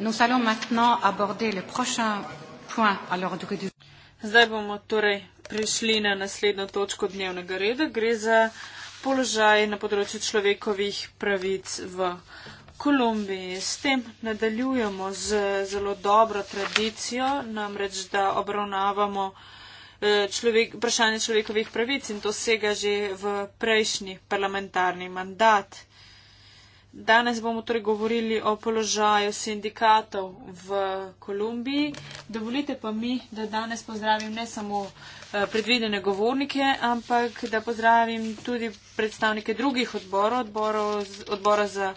Nous allons maintenant aborder le prochain point à l'ordre du jour. Torej prišli na naslednjo točko dnevnega reda. Gre za položaj na področju človekovih pravic v Kolumbiji. S tem nadaljujemo z zelo dobro tradicijo, namreč da obravnavamo eh, človek, vprašanje človekovih pravic in to sega že v prejšnji parlamentarni mandat. Danes bomo torej govorili o položaju sindikatov v Kolumbiji. Dovolite pa mi, da danes pozdravim ne samo eh, predvidene govornike, ampak da pozdravim tudi predstavnike drugih odborov, odborov odbora za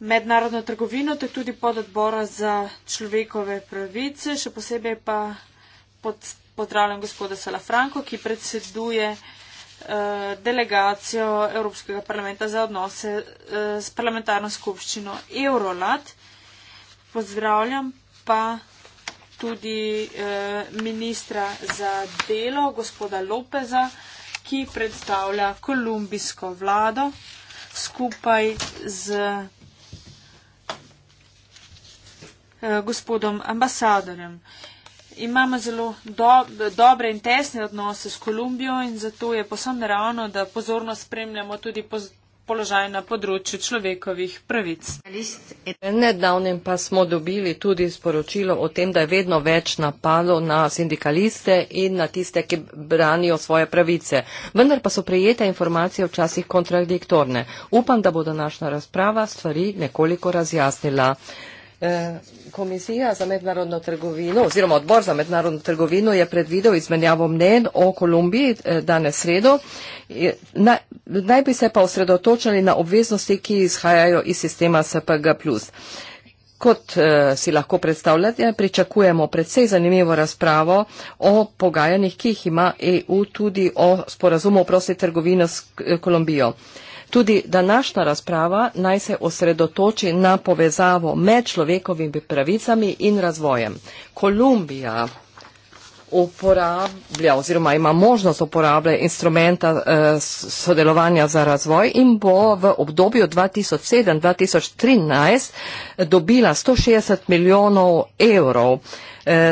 mednarodno trgovino, te tudi pod odbora za človekove pravice. Še posebej pa pod, pozdravljam gospoda Salafranko, ki predseduje. Eh, delegacijo Evropskega parlamenta za odnose eh, s parlamentarno skupščino Eurolat. Pozdravljam pa tudi eh, ministra za delo, gospoda Lopeza, ki predstavlja kolumbijsko vlado skupaj z gospodom ambasadorjem. Imamo zelo do, dobre in tesne odnose s Kolumbijo in zato je posebno naravno, da pozorno spremljamo tudi poz, položaj na področju človekovih pravic. Nedavnem pa smo dobili tudi sporočilo o tem, da je vedno več napalo na sindikaliste in na tiste, ki branijo svoje pravice. Vendar pa so prijete informacije včasih kontradiktorne. Upam, da bo današnja razprava stvari nekoliko razjasnila. Eh, komisija za mednarodno trgovino oziroma odbor za mednarodno trgovino je predvidel izmenjavo mnen o Kolumbiji eh, danes sredo. Na, naj bi se pa osredotočali na obveznosti, ki izhajajo iz sistema SPG. Kot eh, si lahko predstavljate, pričakujemo predvsej zanimivo razpravo o pogajanjih, ki jih ima EU tudi o sporazumu o prosti trgovino s eh, Kolumbijo. Tudi današnja razprava naj se osredotoči na povezavo med človekovimi pravicami in razvojem. Kolumbija uporablja oziroma ima možnost uporabljati instrumenta eh, sodelovanja za razvoj in bo v obdobju 2007-2013 dobila 160 milijonov evrov eh,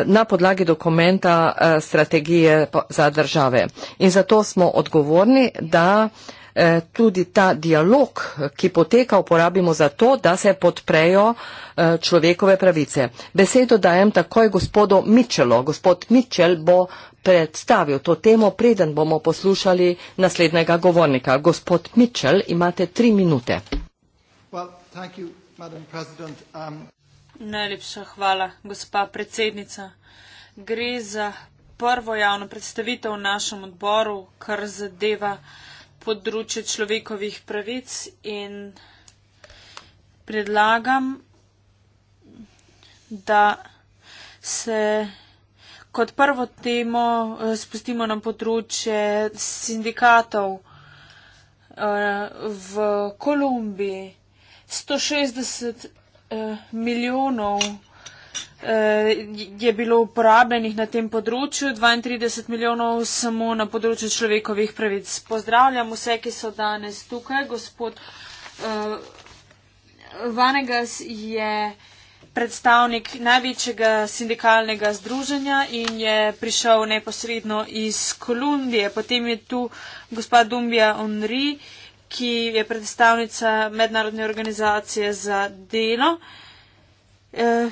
na podlagi dokumenta eh, strategije za države. In zato smo odgovorni, da Eh, tudi ta dialog, ki poteka, uporabimo za to, da se podprejo eh, človekove pravice. Besedo dajem takoj gospodu Mičelo. Gospod Mičel bo predstavil to temo, preden bomo poslušali naslednjega govornika. Gospod Mičel, imate tri minute. Well, you, um... Najlepša hvala, gospa predsednica. Gre za prvo javno predstavitev v našem odboru, kar zadeva področje človekovih pravic in predlagam, da se kot prvo temo eh, spustimo na področje sindikatov eh, v Kolumbiji. 160 eh, milijonov Eh, je bilo uporabljenih na tem področju, 32 milijonov samo na področju človekovih pravic. Pozdravljam vse, ki so danes tukaj. Gospod uh, Vanegas je predstavnik največjega sindikalnega združenja in je prišel neposredno iz Kolumbije. Potem je tu gospa Dumbia Onri, ki je predstavnica Mednarodne organizacije za delo. Uh,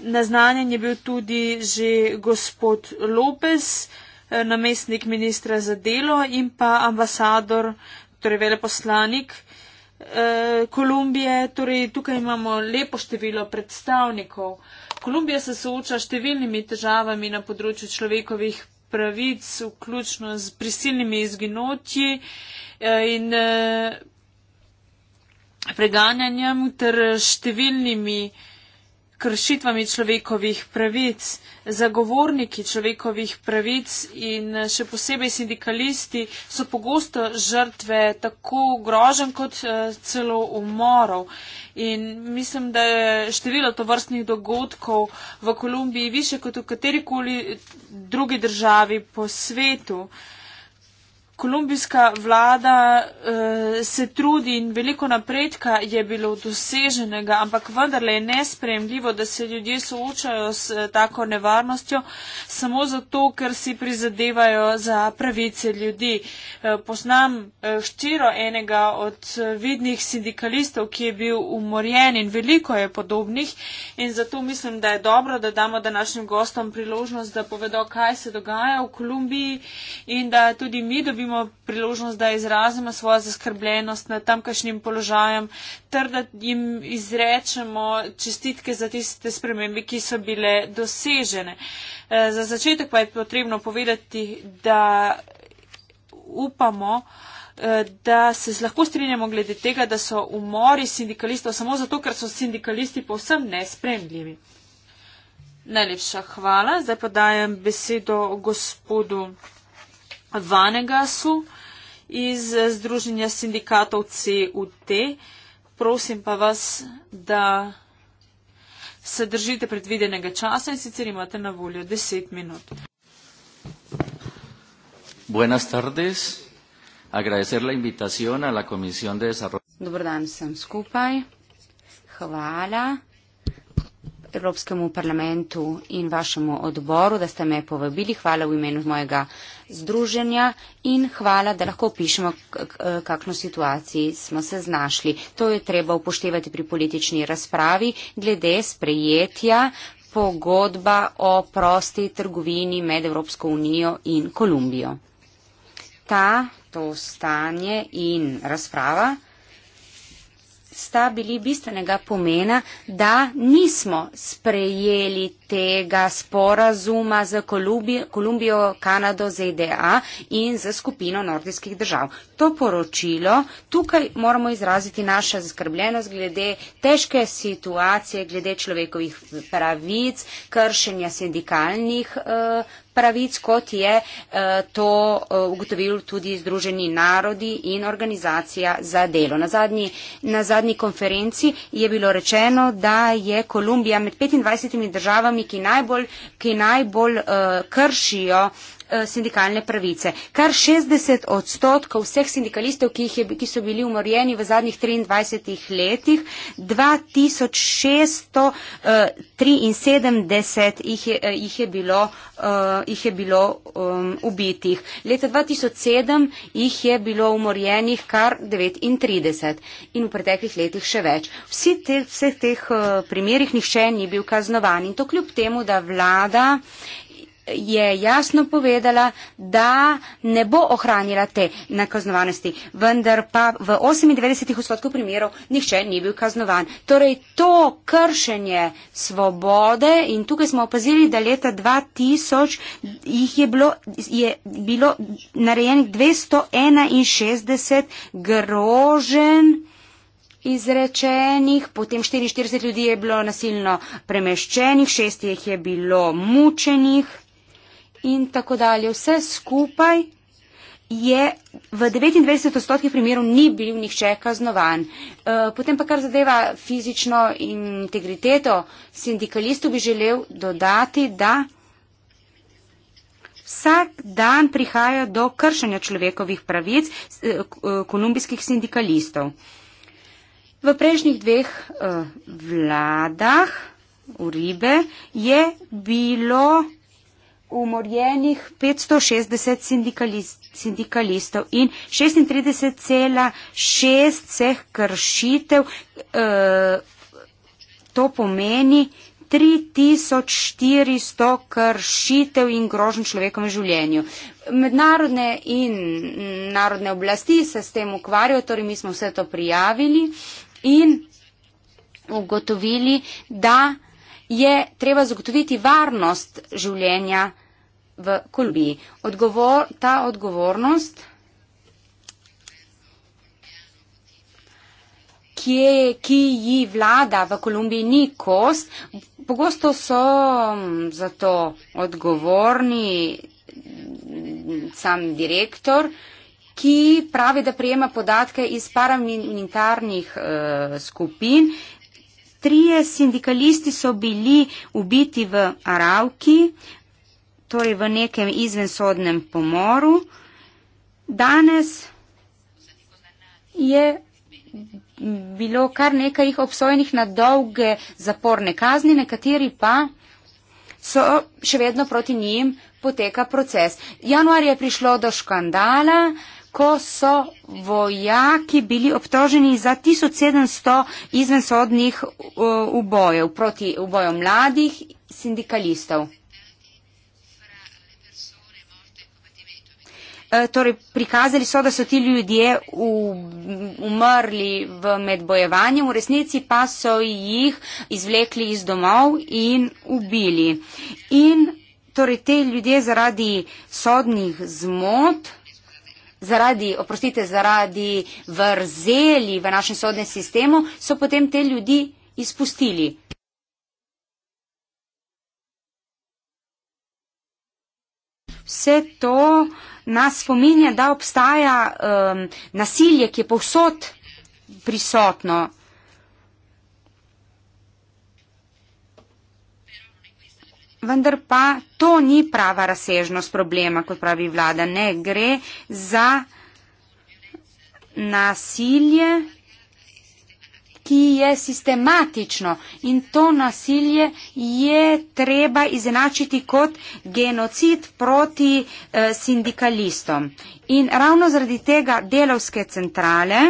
Naznanjen je bil tudi že gospod Lopez, eh, namestnik ministra za delo in pa ambasador, torej veleposlanik eh, Kolumbije. Torej tukaj imamo lepo število predstavnikov. Kolumbija se sooča s številnimi težavami na področju človekovih pravic, vključno s prisilnimi izginotji eh, in preganjanjem ter številnimi eh, kršitvami človekovih pravic, zagovorniki človekovih pravic in še posebej sindikalisti so pogosto žrtve tako grožen kot eh, celo umorov. In mislim, da je število tovrstnih dogodkov v Kolumbiji više kot v katerikoli drugi državi po svetu. Uh, kolumbijska vlada uh, se trudi in veliko napredka je bilo doseženega, ampak vendarle je nespremljivo, da se ljudje soočajo s uh, tako nevarnostjo samo zato, ker si prizadevajo za pravice ljudi. Uh, poznam uh, štiro enega od uh, vidnih sindikalistov, ki je bil umorjen in veliko je podobnih in zato mislim, da je dobro, da damo današnjim gostom priložnost, da povedo, kaj se dogaja v Kolumbiji in da tudi mi dobimo dobimo priložnost, da izrazimo svojo zaskrbljenost nad tamkajšnjim položajem, ter da jim izrečemo čestitke za tiste spremembe, ki so bile dosežene. Eh, za začetek pa je potrebno povedati, da upamo, eh, da se lahko strinjamo glede tega, da so umori sindikalistov samo zato, ker so sindikalisti povsem nespremljivi. Najlepša hvala. Zdaj podajam besedo gospodu Vanegasu iz Združenja sindikatov CUT. Prosim pa vas, da se držite predvidenega časa in sicer imate na voljo 10 minut. Buenas tardes. Agradecer la invitación a la Comisión de Desarrollo. Dobro dan sem skupaj. Hvala Evropskemu parlamentu in vašemu odboru, da ste me povabili. Hvala v imenu mojega združenja in hvala, da lahko pišemo, kakšno situaciji smo se znašli. To je treba upoštevati pri politični razpravi glede sprejetja pogodba o prosti trgovini med Evropsko unijo in Kolumbijo. Ta, to stanje in razprava sta bili bistvenega pomena, da nismo sprejeli tega sporazuma z Kolumbijo, Kolumbijo Kanado, ZDA in z skupino nordijskih držav. To poročilo, tukaj moramo izraziti naša zaskrbljenost glede težke situacije, glede človekovih pravic, kršenja sindikalnih eh, pravic, kot je eh, to eh, ugotovil tudi Združeni narodi in organizacija za delo. Na zadnji, na zadnji konferenci je bilo rečeno, da je Kolumbija med 25 državami, ki najbolj, ki najbolj eh, kršijo Eh, sindikalne pravice. Kar 60 odstotkov vseh sindikalistov, ki, je, ki so bili umorjeni v zadnjih 23 letih, 2673 eh, jih je, eh, jih je bilo, uh, jih je bilo um, ubitih. Leta 2007 jih je bilo umorjenih kar 39 in v preteklih letih še več. Vsi te, vseh teh uh, primerih nihče ni bil kaznovan in to kljub temu, da vlada je jasno povedala, da ne bo ohranila te nakaznovanosti, vendar pa v 98 odstotkov primerov nihče ni bil kaznovan. Torej to kršenje svobode in tukaj smo opazili, da leta 2000 jih je bilo, je bilo narejenih 261 grožen izrečenih, potem 44 ljudi je bilo nasilno premeščenih, 6 jih je bilo mučenih in tako dalje. Vse skupaj je v 29 odstotkih primerov ni bil nihče kaznovan. Eh, potem pa kar zadeva fizično integriteto, sindikalistu bi želel dodati, da vsak dan prihaja do kršenja človekovih pravic eh, eh, kolumbijskih sindikalistov. V prejšnjih dveh vladah Uribe je bilo umorjenih 560 sindikalist, sindikalistov in 36,6 vseh kršitev. E, to pomeni 3400 kršitev in grožen človekom življenju. Mednarodne in narodne oblasti se s tem ukvarjajo, torej mi smo vse to prijavili in ugotovili, da je treba zagotoviti varnost življenja v Kolumbiji. Odgovor, ta odgovornost, kje, ki ji vlada v Kolumbiji ni kost, pogosto so mm, za to odgovorni mm, sam direktor, ki pravi, da prijema podatke iz paramilitarnih uh, skupin, trije sindikalisti so bili ubiti v Aravki, torej v nekem izvensodnem pomoru. Danes je bilo kar nekaj jih obsojenih na dolge zaporne kazni, nekateri pa so še vedno proti njim poteka proces. Januar je prišlo do škandala, ko so vojaki bili obtoženi za 1700 izvensodnih ubojev proti ubojom mladih sindikalistov. E, torej, prikazali so, da so ti ljudje umrli v medbojevanju, v resnici pa so jih izvlekli iz domov in ubili. In torej, te ljudje zaradi sodnih zmot zaradi, oprostite, zaradi vrzeli v našem sodnem sistemu, so potem te ljudi izpustili. Vse to nas spominja, da obstaja um, nasilje, ki je povsod prisotno Vendar pa to ni prava razsežnost problema, kot pravi vlada. Ne gre za nasilje, ki je sistematično in to nasilje je treba izenačiti kot genocid proti eh, sindikalistom. In ravno zaradi tega delovske centrale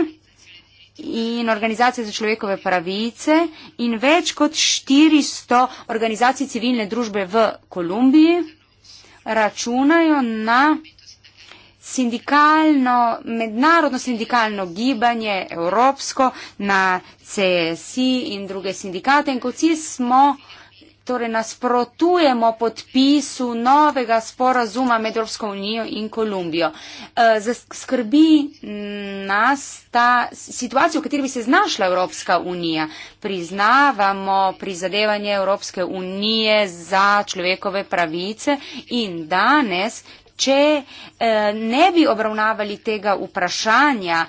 in organizacije za človekove pravice in več kot 400 organizacij civilne družbe v Kolumbiji računajo na sindikalno, mednarodno sindikalno gibanje, evropsko, na CSI in druge sindikate. In kot si smo torej nasprotujemo podpisu novega sporazuma med Evropsko unijo in Kolumbijo. E, skrbi nas ta situacija, v kateri bi se znašla Evropska unija. Priznavamo prizadevanje Evropske unije za človekove pravice in danes, če e, ne bi obravnavali tega vprašanja,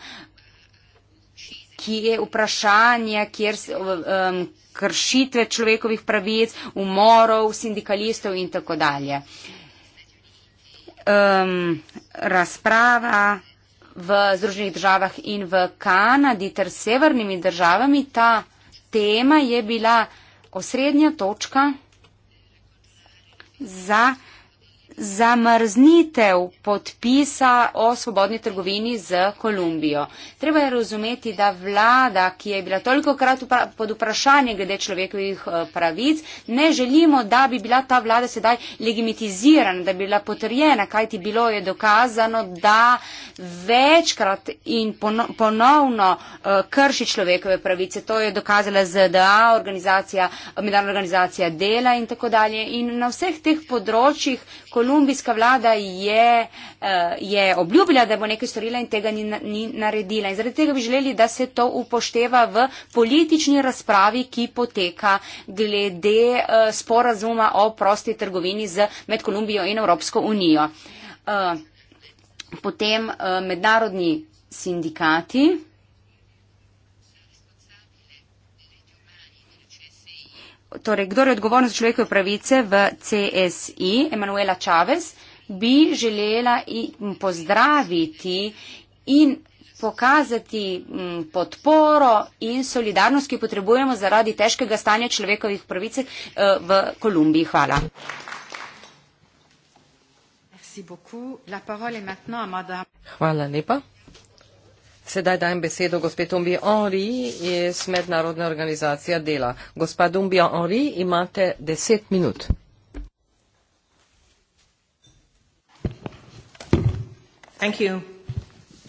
ki je vprašanje, kjer, um, kršitve človekovih pravic, umorov, sindikalistov in tako dalje. Um, razprava v Združenih državah in v Kanadi ter severnimi državami, ta tema je bila osrednja točka za zamrznitev podpisa o svobodni trgovini z Kolumbijo. Treba je razumeti, da vlada, ki je bila toliko krat upra pod vprašanje glede človekovih eh, pravic, ne želimo, da bi bila ta vlada sedaj legitimizirana, da bi bila potrjena, kajti bilo je dokazano, da večkrat in pono ponovno uh, krši človekove pravice. To je dokazala ZDA, organizacija, eh, mednarodna organizacija dela in tako dalje. In na vseh teh področjih, kolumbijska vlada je, eh, je obljubila, da bo nekaj storila in tega ni, ni naredila. In zaradi tega bi želeli, da se to upošteva v politični razpravi, ki poteka glede eh, sporazuma o prosti trgovini z, med Kolumbijo in Evropsko unijo. Eh, potem mednarodni sindikati. torej kdo je odgovoren za človekove pravice v CSI, Emanuela Čavez, bi želela pozdraviti in pokazati mm, podporo in solidarnost, ki jo potrebujemo zaradi težkega stanja človekovih pravic eh, v Kolumbiji. Hvala. Hvala lepa. Sedaj dajem besedo gospe Dumbi Ori iz Mednarodne organizacije dela. Gospa Dumbi Ori, imate deset minut. Thank you.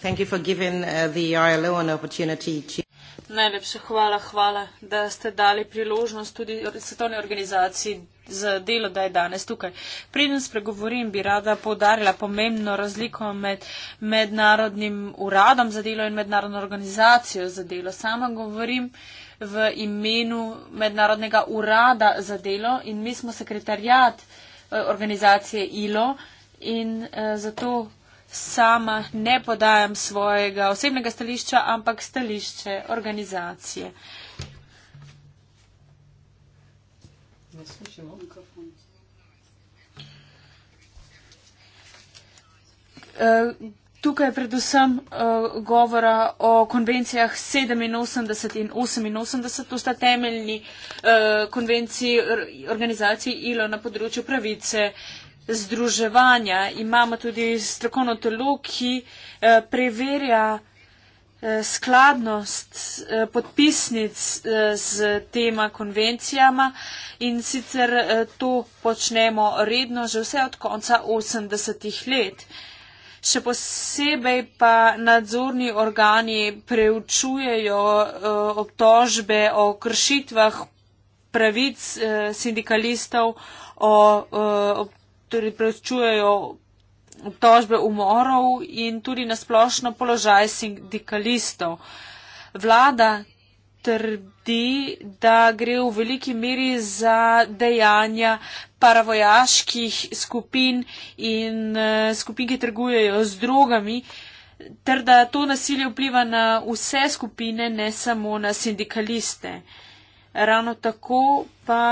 Thank you for giving uh, the ILO an opportunity to... Najlepša hvala, hvala, da ste dali priložnost tudi svetovni organizaciji za delo, da je danes tukaj. Preden spregovorim, bi rada podarila pomembno razliko med mednarodnim uradom za delo in mednarodno organizacijo za delo. Sama govorim v imenu mednarodnega urada za delo in mi smo sekretarjat eh, organizacije ILO in eh, zato sama ne podajam svojega osebnega stališča, ampak stališče organizacije. Eh, tukaj je predvsem eh, govora o konvencijah 87 in 88, to sta temeljni eh, konvenciji organizacije ILO na področju pravice združevanja. Imamo tudi strokovno telo, ki eh, preverja eh, skladnost eh, podpisnic z tema konvencijama in sicer to počnemo redno že vse od konca 80-ih let. Še posebej pa nadzorni organi preučujejo obtožbe o kršitvah pravic sindikalistov, o, o torej preučujejo tožbe umorov in tudi nasplošno položaj sindikalistov. Vlada trdi, da gre v veliki meri za dejanja paravojaških skupin in eh, skupin, ki trgujejo z drogami, ter da to nasilje vpliva na vse skupine, ne samo na sindikaliste. Ravno tako pa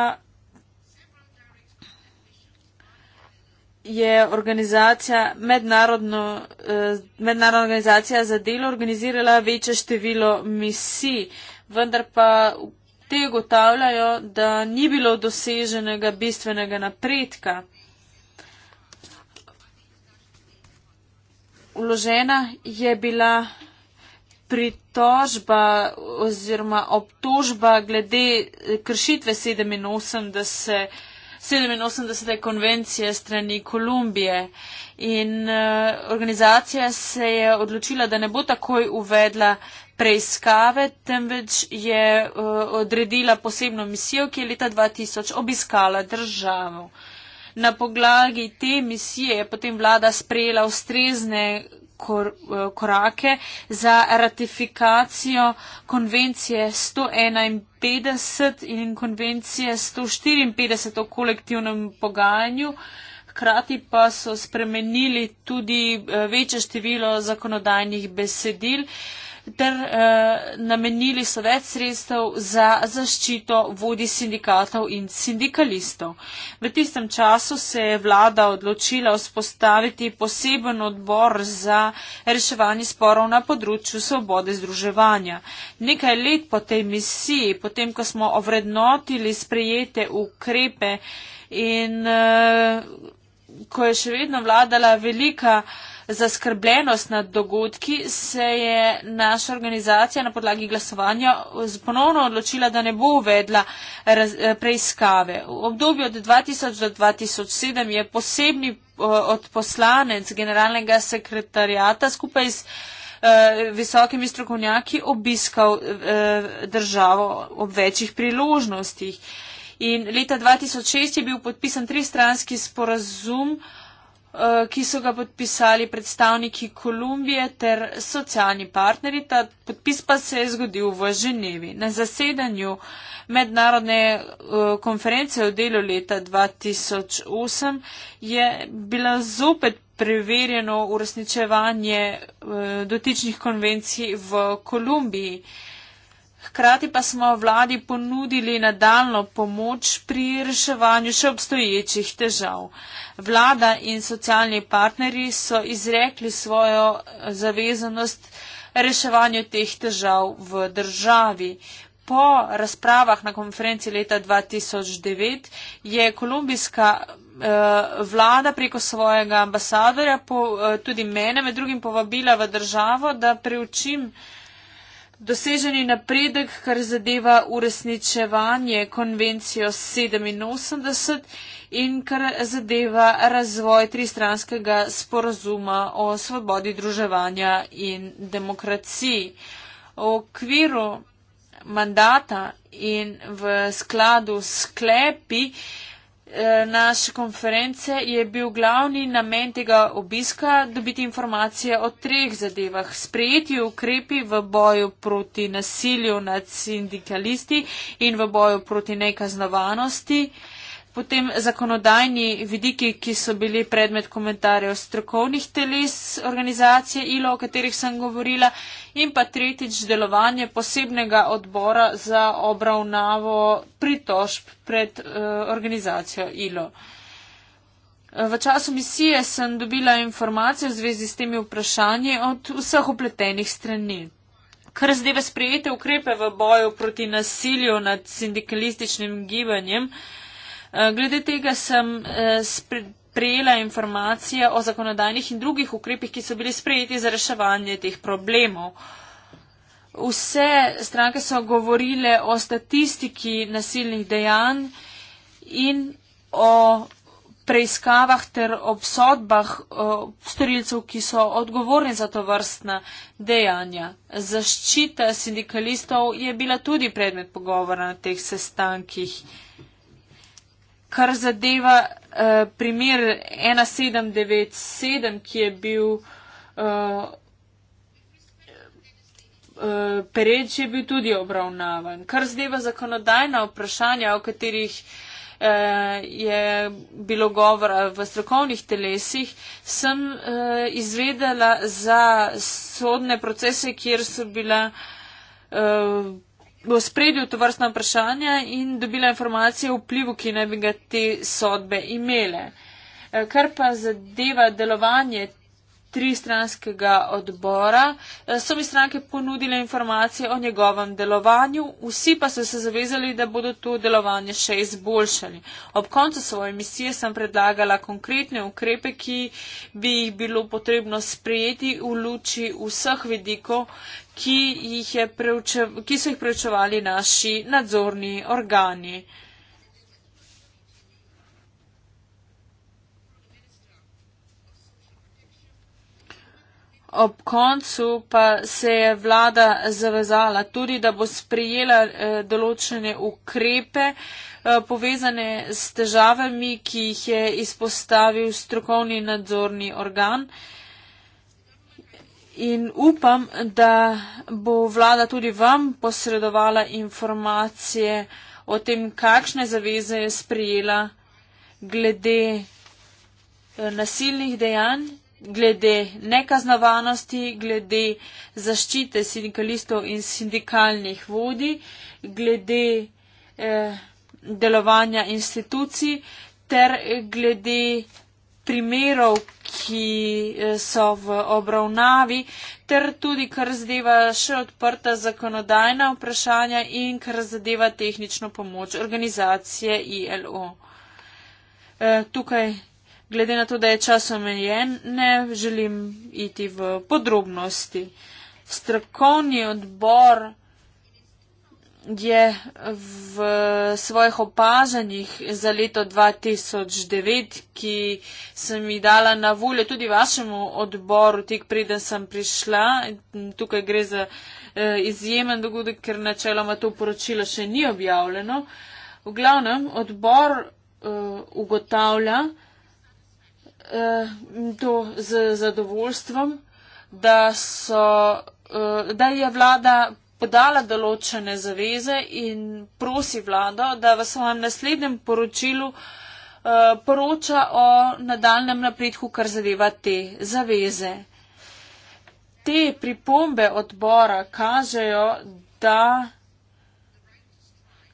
je organizacija, mednarodno, eh, mednarodna organizacija za delo organizirala večje število misij, vendar pa te ugotavljajo, da ni bilo doseženega bistvenega napredka. Uložena je bila pritožba oziroma obtožba glede kršitve 87, da se 87. konvencije strani Kolumbije. In uh, organizacija se je odločila, da ne bo takoj uvedla preiskave, temveč je uh, odredila posebno misijo, ki je leta 2000 obiskala državo. Na poglagi te misije je potem vlada sprejela ustrezne Eh, korake za ratifikacijo konvencije 151 in konvencije 154 o kolektivnem pogajanju. Hkrati pa so spremenili tudi eh, večje število zakonodajnih besedil. Uh, ter eh, namenili so več sredstev za zaščito vodi sindikatov in sindikalistov. V tistem času se je vlada odločila vzpostaviti poseben odbor za reševanje sporov na področju svobode združevanja. Nekaj let po tej misiji, potem, ko smo ovrednotili sprejete ukrepe in eh, ko je še vedno vladala velika zaskrbljenost nad dogodki, se je naša organizacija na podlagi glasovanja ponovno odločila, da ne bo uvedla raz, eh, preiskave. V obdobju od 2000 do 2007 je posebni eh, odposlanec generalnega sekretarjata skupaj s eh, visokimi strokovnjaki obiskal državo ob večjih priložnostih. In leta 2006 je bil podpisan tristranski sporazum uh, Eh, ki so ga podpisali predstavniki Kolumbije ter socialni partneri. Ta podpis pa se je zgodil v Ženevi na zasedanju mednarodne eh, konference o delu leta 2008 je bila zopet preverjeno uresničevanje eh, dotičnih konvencij v Kolumbiji hkrati pa smo vladi ponudili nadaljno pomoč pri reševanju še obstoječih težav. Vlada in socialni partneri so izrekli svojo zavezanost reševanju teh težav v državi. Po razpravah na konferenci leta 2009 je kolumbijska eh, vlada preko svojega ambasadora eh, tudi mene med drugim povabila v državo, da preučim Doseženi napredek, kar zadeva uresničevanje konvencijo 87 in kar zadeva razvoj tristranskega sporozuma o svobodi druževanja in demokraciji. V okviru mandata in v skladu s sklepi Eh, naše konference je bil glavni namen tega obiska dobiti informacije o treh zadevah. Sprejeti ukrepi v boju proti nasilju nad sindikalisti in v boju proti nekaznovanosti. Potem zakonodajni vidiki, ki so bili predmet komentarjev strokovnih teles organizacije ILO, o katerih sem govorila, in pa tretjič delovanje posebnega odbora za obravnavo pritožb pred uh, organizacijo ILO. V času misije sem dobila informacije v zvezi s temi vprašanji od vseh upletenih strani. Kar zdaj sprejete ukrepe v boju proti nasilju nad sindikalističnim gibanjem, uh, Eh, glede tega sem eh, prejela informacije o zakonodajnih in drugih ukrepih, ki so bili sprejeti za reševanje teh problemov. Vse stranke so govorile o statistiki nasilnih dejanj in o preiskavah ter obsodbah eh, storilcev, ki so odgovorni za to vrstna dejanja. Zaščita sindikalistov je bila tudi predmet pogovora na teh sestankih. Kar zadeva uh, primer 1797, ki je bil uh, Pereč je bil tudi obravnavan. Kar zdeva zakonodajna vprašanja, o katerih eh, je bilo govora v strokovnih telesih, sem eh, izvedela za sodne procese, kjer so bila eh, v spredju to vrstno vprašanje in dobila informacije o vplivu, ki naj bi ga te sodbe imele. Eh, kar pa zadeva delovanje tristranskega odbora, eh, so mi stranke ponudile informacije o njegovem delovanju, vsi pa so se zavezali, da bodo to delovanje še izboljšali. Ob koncu svoje misije sem predlagala konkretne ukrepe, ki bi jih bilo potrebno sprejeti v luči vseh vidikov, ki, jih preučev, ki so jih preučevali naši nadzorni organi. Ob koncu pa se je vlada zavezala tudi, da bo sprejela eh, določene ukrepe eh, povezane s težavami, ki jih je izpostavil strokovni nadzorni organ in upam, da bo vlada tudi vam posredovala informacije o tem, kakšne zaveze je sprijela glede eh, nasilnih dejanj, glede nekaznovanosti, glede zaščite sindikalistov in sindikalnih vodi, glede eh, delovanja institucij ter glede primerov, ki eh, so v obravnavi, ter tudi kar zadeva še odprta zakonodajna vprašanja in kar zadeva tehnično pomoč organizacije ILO. Eh, tukaj, glede na to, da je čas omejen, ne želim iti v podrobnosti. Strokovni odbor je v svojih opažanjih za leto 2009, ki sem jih dala na voljo tudi vašemu odboru, tik preden sem prišla. Tukaj gre za eh, izjemen dogodek, ker načeloma to poročilo še ni objavljeno. V glavnem, odbor uh, ugotavlja uh, to z zadovoljstvom, da, so, uh, da je vlada podala določene zaveze in prosi vlado, da v svojem naslednjem poročilu eh, poroča o nadaljem napredku, kar zadeva te zaveze. Te pripombe odbora kažejo, da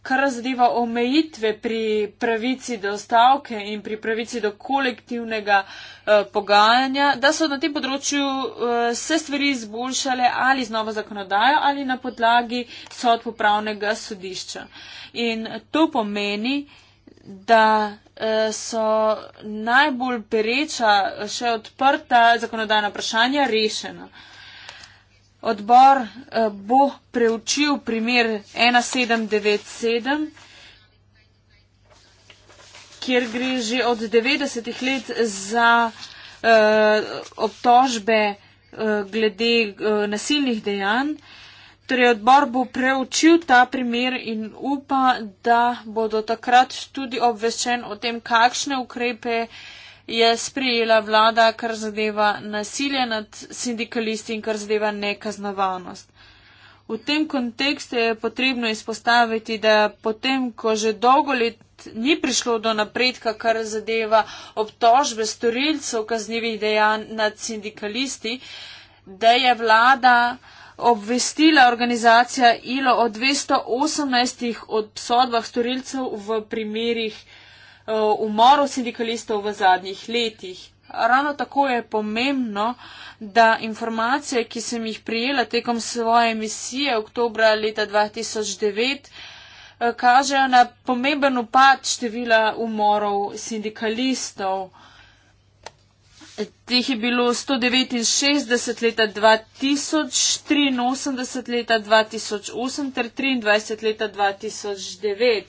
kar zadeva omejitve pri pravici do stavke in pri pravici do kolektivnega eh, pogajanja, da so na tem področju eh, se stvari izboljšale ali z novo zakonodajo ali na podlagi sodb upravnega sodišča. In to pomeni, da eh, so najbolj pereča, še odprta zakonodajna vprašanja rešena. Uh, Odbor eh, bo preučil primer 1797, kjer gre že od 90-ih let za eh, obtožbe eh, glede nasilnih dejanj. Torej, odbor bo preučil ta primer in upa, da bodo takrat tudi obveščen o tem, kakšne ukrepe je sprijela vlada, kar zadeva nasilje nad sindikalisti in kar zadeva nekaznovalnost. V tem kontekstu je potrebno izpostaviti, da potem, ko že dolgo let ni prišlo do napredka, kar zadeva obtožbe storilcev kaznjivih dejanj nad sindikalisti, da je vlada obvestila organizacija ILO o 218 obsodbah storilcev v primerih Eh, umorov sindikalistov v zadnjih letih. Ravno tako je pomembno, da informacije, ki sem jih prijela tekom svoje misije oktobra leta 2009, eh, kažejo na pomemben upad števila umorov sindikalistov. Teh je bilo 169 leta 2000, 83 leta 2008 ter 23 leta 2009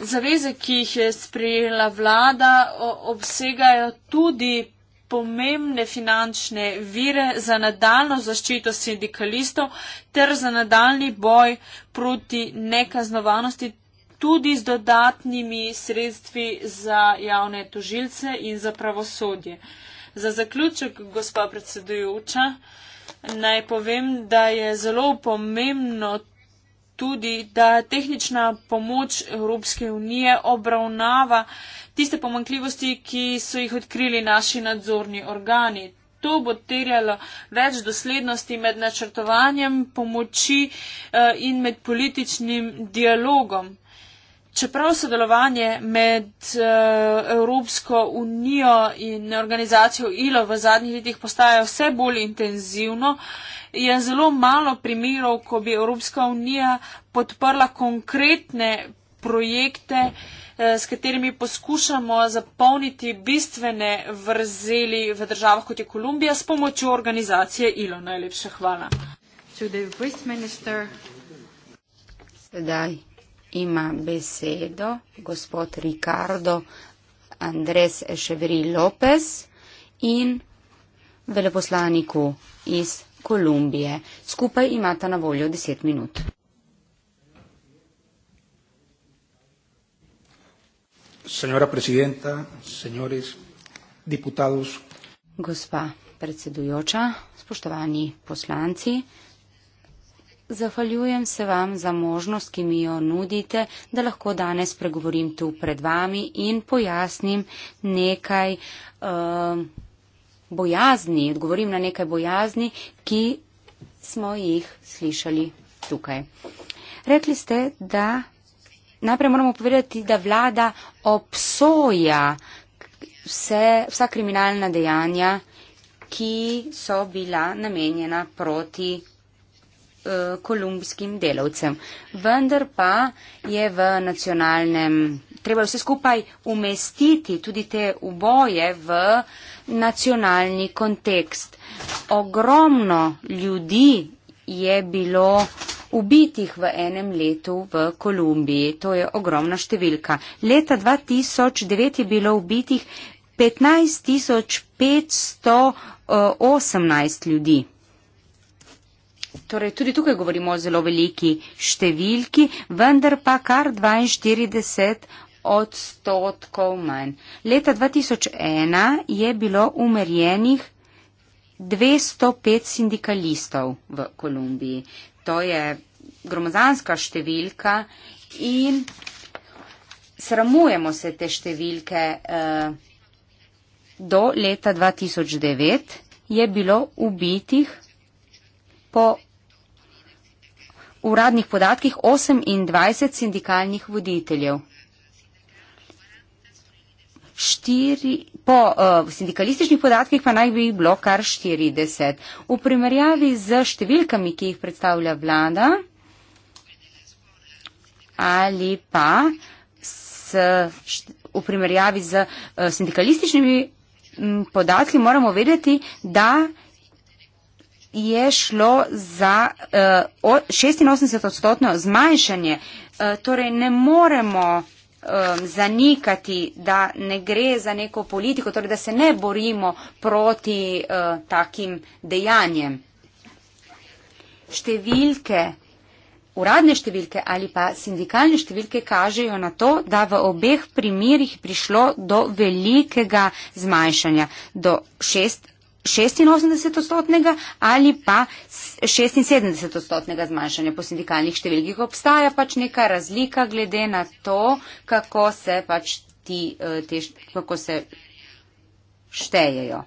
zaveze, ki jih je sprejela vlada, obsegajo tudi pomembne finančne vire za nadaljno zaščito sindikalistov ter za nadaljni boj proti nekaznovanosti tudi z dodatnimi sredstvi za javne tožilce in za pravosodje. Za zaključek, gospa predsedujoča, naj povem, da je zelo pomembno tudi, da tehnična pomoč Evropske unije obravnava tiste pomankljivosti, ki so jih odkrili naši nadzorni organi. To bo terjalo več doslednosti med načrtovanjem pomoči eh, in med političnim dialogom. Čeprav sodelovanje med eh, Evropsko unijo in organizacijo ILO v zadnjih letih postaja vse bolj intenzivno, je zelo malo primerov, ko bi Evropska unija podprla konkretne projekte, eh, s katerimi poskušamo zapolniti bistvene vrzeli v državah kot je Kolumbija s pomočjo organizacije ILO. Najlepša hvala. Sedaj ima besedo gospod Ricardo Andres Echeverri Lopez in veleposlaniku iz Kolumbije. Skupaj imata na voljo 10 minut. Senjora presidenta, senjores, diputados. Gospa predsedujoča, spoštovani poslanci, zahvaljujem se vam za možnost, ki mi jo nudite, da lahko danes pregovorim tu pred vami in pojasnim nekaj. Uh, bojazni, odgovorim na nekaj bojazni, ki smo jih slišali tukaj. Rekli ste, da najprej moramo povedati, da vlada obsoja vse, vsa kriminalna dejanja, ki so bila namenjena proti Eh, kolumbskim delavcem. Vendar pa je v nacionalnem, treba vse skupaj umestiti tudi te uboje v nacionalni kontekst. Ogromno ljudi je bilo ubitih v enem letu v Kolumbiji. To je ogromna številka. Leta 2009 je bilo ubitih 15.518 eh, ljudi. Torej, tudi tukaj govorimo o zelo veliki številki, vendar pa kar 42 odstotkov manj. Leta 2001 je bilo umerjenih 205 sindikalistov v Kolumbiji. To je gromozanska številka in sramujemo se te številke. Eh, do leta 2009 je bilo ubitih po uradnih podatkih 28 sindikalnih voditeljev. Štiri, po uh, sindikalističnih podatkih pa naj bi jih bilo kar 40. V primerjavi z številkami, ki jih predstavlja vlada ali pa s, št, v primerjavi z uh, sindikalističnimi m, podatki moramo vedeti, da je šlo za uh, eh, 86 odstotno zmanjšanje. Uh, torej ne moremo um, zanikati, da ne gre za neko politiko, torej da se ne borimo proti uh, takim dejanjem. Številke, uradne številke ali pa sindikalne številke kažejo na to, da v obeh primerjih prišlo do velikega zmanjšanja, do 6 86-odstotnega ali pa 76-odstotnega zmanjšanja po sindikalnih številkih. Obstaja pač neka razlika glede na to, kako se pač ti, eh, te, kako se štejejo.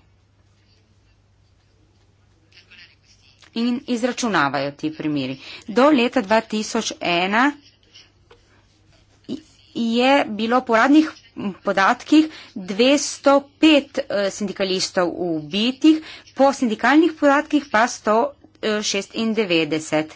In izračunavajo ti primeri. Do leta 2001 je bilo poradnih podatkih 205 eh, sindikalistov ubitih, po sindikalnih podatkih pa 196.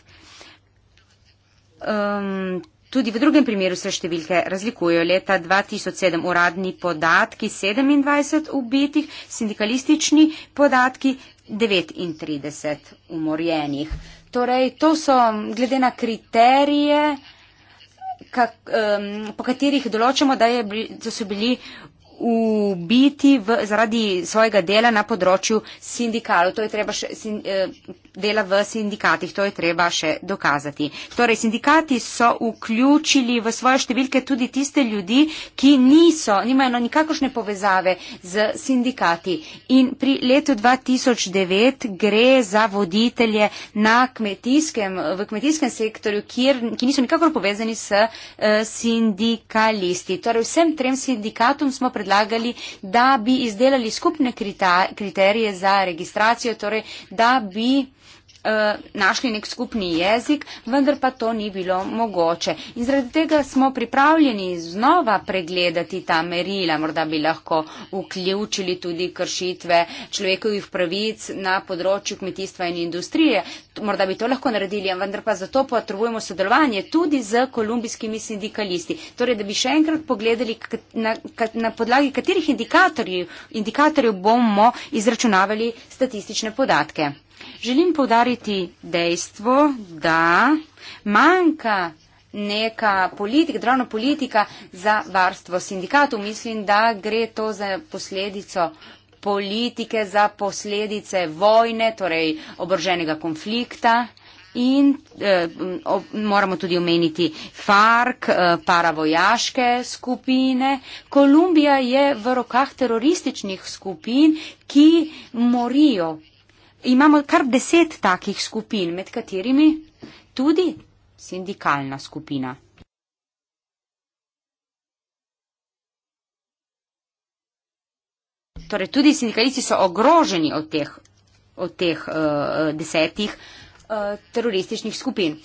Um, eh, ehm, tudi v drugem primeru se številke razlikujejo. Leta 2007 uradni podatki 27 ubitih, sindikalistični podatki 39 umorjenih. Torej, to so glede na kriterije kak, um, po katerih določamo, da, bili, da so bili ubiti v, zaradi svojega dela na področju sindikalov. To je treba še, sin, eh, dela v sindikatih, to je treba še dokazati. Torej, sindikati so vključili v svoje številke tudi tiste ljudi, ki niso, nimajo no nikakršne povezave z sindikati. In pri letu 2009 gre za voditelje na kmetijskem, v kmetijskem sektorju, kjer, ki niso nikakor povezani s uh, sindikalisti. Torej, vsem trem sindikatom smo predvideli, predlagali, da bi izdelali skupne kriterije za registracijo, torej da bi Eh, našli nek skupni jezik, vendar pa to ni bilo mogoče. In zaradi tega smo pripravljeni znova pregledati ta merila. Morda bi lahko vključili tudi kršitve človekovih pravic na področju kmetijstva in industrije. Morda bi to lahko naredili, vendar pa zato potrebujemo sodelovanje tudi z kolumbijskimi sindikalisti. Torej, da bi še enkrat pogledali, na, na podlagi katerih indikatorjev bomo izračunavali statistične podatke. Želim povdariti dejstvo, da manjka neka politika, državna politika za varstvo sindikatov. Mislim, da gre to za posledico politike, za posledice vojne, torej oboroženega konflikta. In eh, ob, moramo tudi omeniti FARC, eh, paravojaške skupine. Kolumbija je v rokah terorističnih skupin, ki morijo imamo kar deset takih skupin, med katerimi tudi sindikalna skupina. Torej, tudi sindikalisti so ogroženi od teh, od teh uh, desetih uh, terorističnih skupin.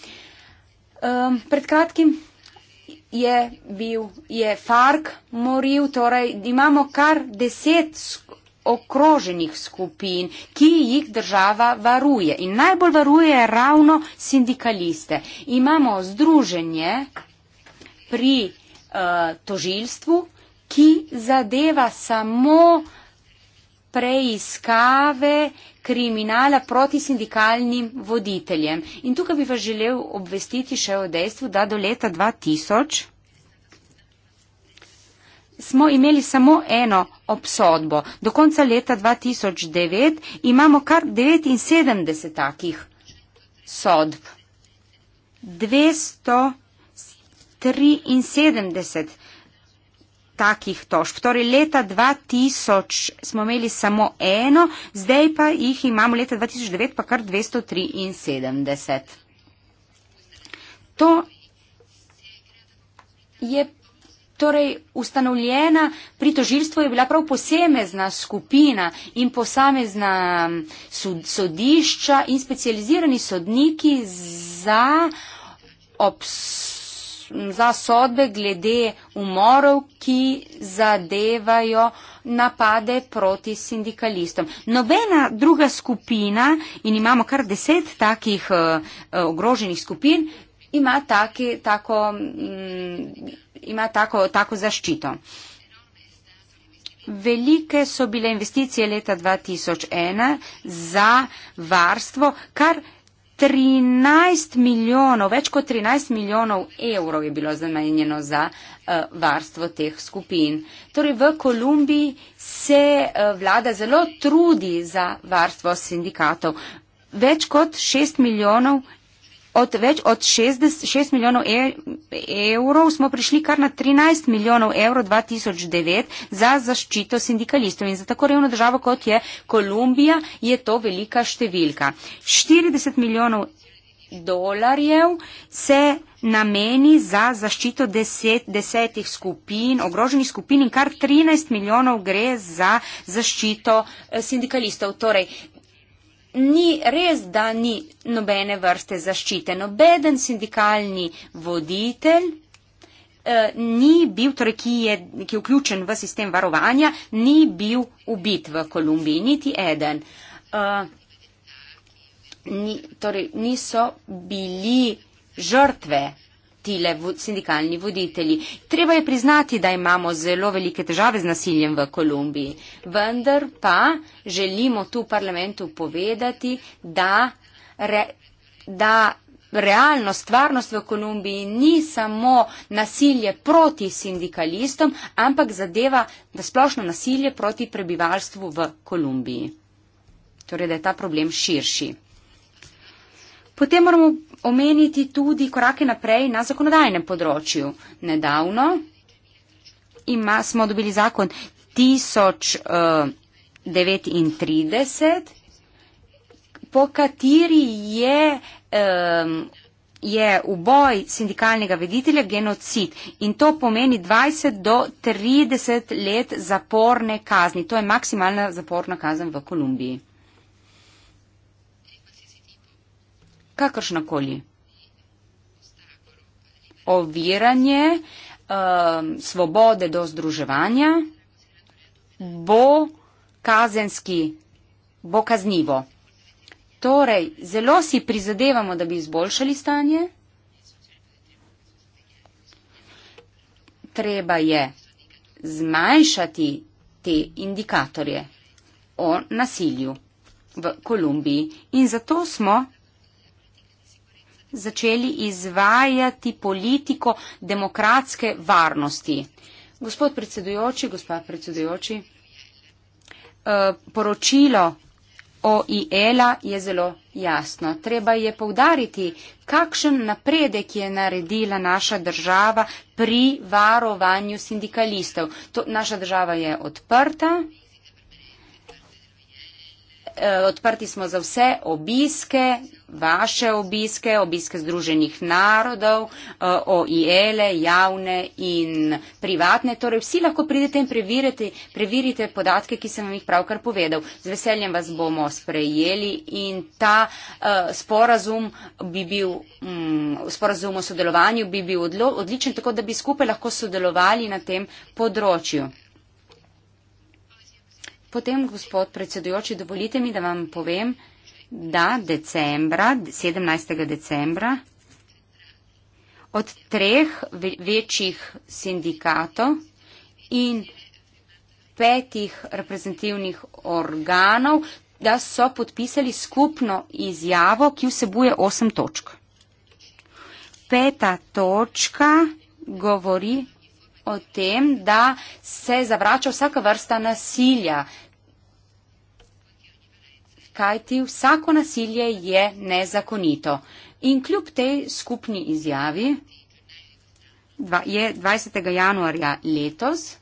Um, pred kratkim je bil, je FARC moril, torej imamo kar deset skupin okroženih skupin, ki jih država varuje. In najbolj varuje ravno sindikaliste. Imamo združenje pri uh, tožilstvu, ki zadeva samo preiskave kriminala proti sindikalnim voditeljem. In tukaj bi vas želel obvestiti še o dejstvu, da do leta 2000 smo imeli samo eno obsodbo. Do konca leta 2009 imamo kar 79 takih sodb. 273 takih tožb. Torej leta 2000 smo imeli samo eno, zdaj pa jih imamo leta 2009 pa kar 273. To je torej ustanovljena pri tožilstvu je bila prav posamezna skupina in posamezna sodišča in specializirani sodniki za, za sodbe glede umorov, ki zadevajo napade proti sindikalistom. Nobena druga skupina in imamo kar deset takih uh, ogroženih skupin ima take, tako. Um, ima tako, tako zaščito. Velike so bile investicije leta 2001 za varstvo, kar 13 milijonov, več kot 13 milijonov evrov je bilo zamenjeno za uh, varstvo teh skupin. Torej v Kolumbiji se uh, vlada zelo trudi za varstvo sindikatov. Več kot 6 milijonov od več od 66 milijonov e evrov smo prišli kar na 13 milijonov evrov 2009 za zaščito sindikalistov. In za tako revno državo, kot je Kolumbija, je to velika številka. 40 milijonov dolarjev se nameni za zaščito deset, desetih skupin, ogroženih skupin in kar 13 milijonov gre za zaščito eh, sindikalistov. Torej, ni res, da ni nobene vrste zaščite. Nobeden sindikalni voditelj eh, ni bil, torej, ki je, ki je vključen v sistem varovanja, ni bil ubit v Kolumbiji, niti eden. Uh, ni, torej, niso bili žrtve tile sindikalni voditelji. Treba je priznati, da imamo zelo velike težave z nasiljem v Kolumbiji, vendar pa želimo tu parlamentu povedati, da, re, da realnost, stvarnost v Kolumbiji ni samo nasilje proti sindikalistom, ampak zadeva na splošno nasilje proti prebivalstvu v Kolumbiji. Torej, da je ta problem širši. Potem moramo omeniti tudi korake naprej na zakonodajnem področju. Nedavno ima, smo dobili zakon 1039, eh, po kateri je, eh, je uboj sindikalnega veditelja genocid in to pomeni 20 do 30 let zaporne kazni. To je maksimalna zaporna kazen v Kolumbiji. kakršnakoli. Oviranje eh, svobode do združevanja bo kazenski, bo kaznivo. Torej, zelo si prizadevamo, da bi izboljšali stanje. Treba je zmanjšati te indikatorje o nasilju v Kolumbiji in zato smo začeli izvajati politiko demokratske varnosti. Gospod predsedujoči, gospod predsedujoči, eh, poročilo OIL-a je zelo jasno. Treba je povdariti, kakšen napredek je naredila naša država pri varovanju sindikalistov. To, naša država je odprta, Eh, odprti smo za vse obiske, vaše obiske, obiske Združenih narodov, eh, OIL-e, javne in privatne. Torej vsi lahko pridete in preverite, preverite podatke, ki sem vam jih pravkar povedal. Z veseljem vas bomo sprejeli in ta eh, sporazum, bi bil, mm, sporazum o sodelovanju bi bil odličen, tako da bi skupaj lahko sodelovali na tem področju. Potem, gospod predsedujoči, dovolite mi, da vam povem, da decembra, 17. decembra od treh večjih sindikatov in petih reprezentativnih organov, da so podpisali skupno izjavo, ki vsebuje osem točk. Peta točka govori o tem, da se zavrača vsaka vrsta nasilja. Kajti vsako nasilje je nezakonito. In kljub tej skupni izjavi je 20. januarja letos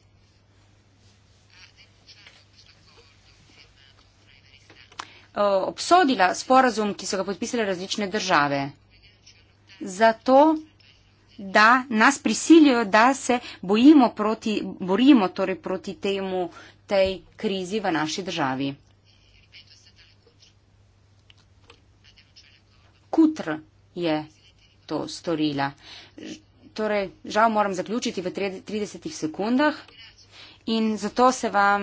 obsodila sporazum, ki so ga podpisali različne države. Zato da nas prisilijo, da se bojimo proti, borimo torej proti temu, tej krizi v naši državi. Kutr je to storila. Torej, žal moram zaključiti v 30 sekundah in zato se vam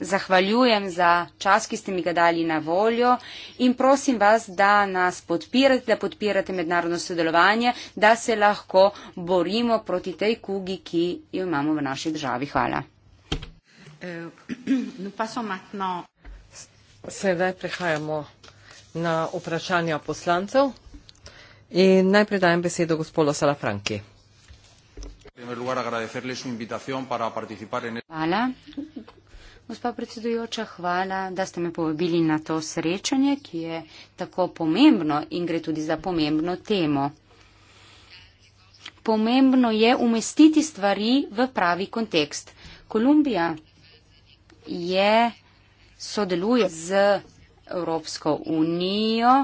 zahvaljujem za čas, ki ste mi ga dali na voljo in prosim vas, da nas podpirate, da podpirate mednarodno sodelovanje, da se lahko borimo proti tej kugi, ki jo imamo v naši državi. Hvala. Eh, no, Sedaj prehajamo na vprašanja poslancev in najprej dajem besedo gospodu Salafranki primer lugar agradecerle su invitación para participar en. Hvala. Gospa predsedujoča, hvala, da ste me povabili na to srečanje, ki je tako pomembno in gre tudi za pomembno temo. Pomembno je umestiti stvari v pravi kontekst. Kolumbija je sodeluje z Evropsko unijo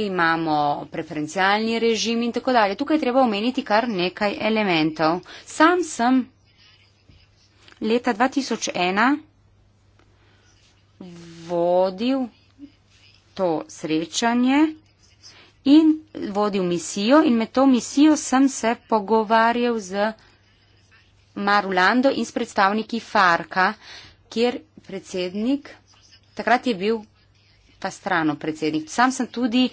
imamo preferencialni režim in tako dalje. Tukaj treba omeniti kar nekaj elementov. Sam sem leta 2001 vodil to srečanje in vodil misijo in med to misijo sem se pogovarjal z Marulando in s predstavniki Farka, kjer predsednik, takrat je bil pa strano predsednik. Sam sem tudi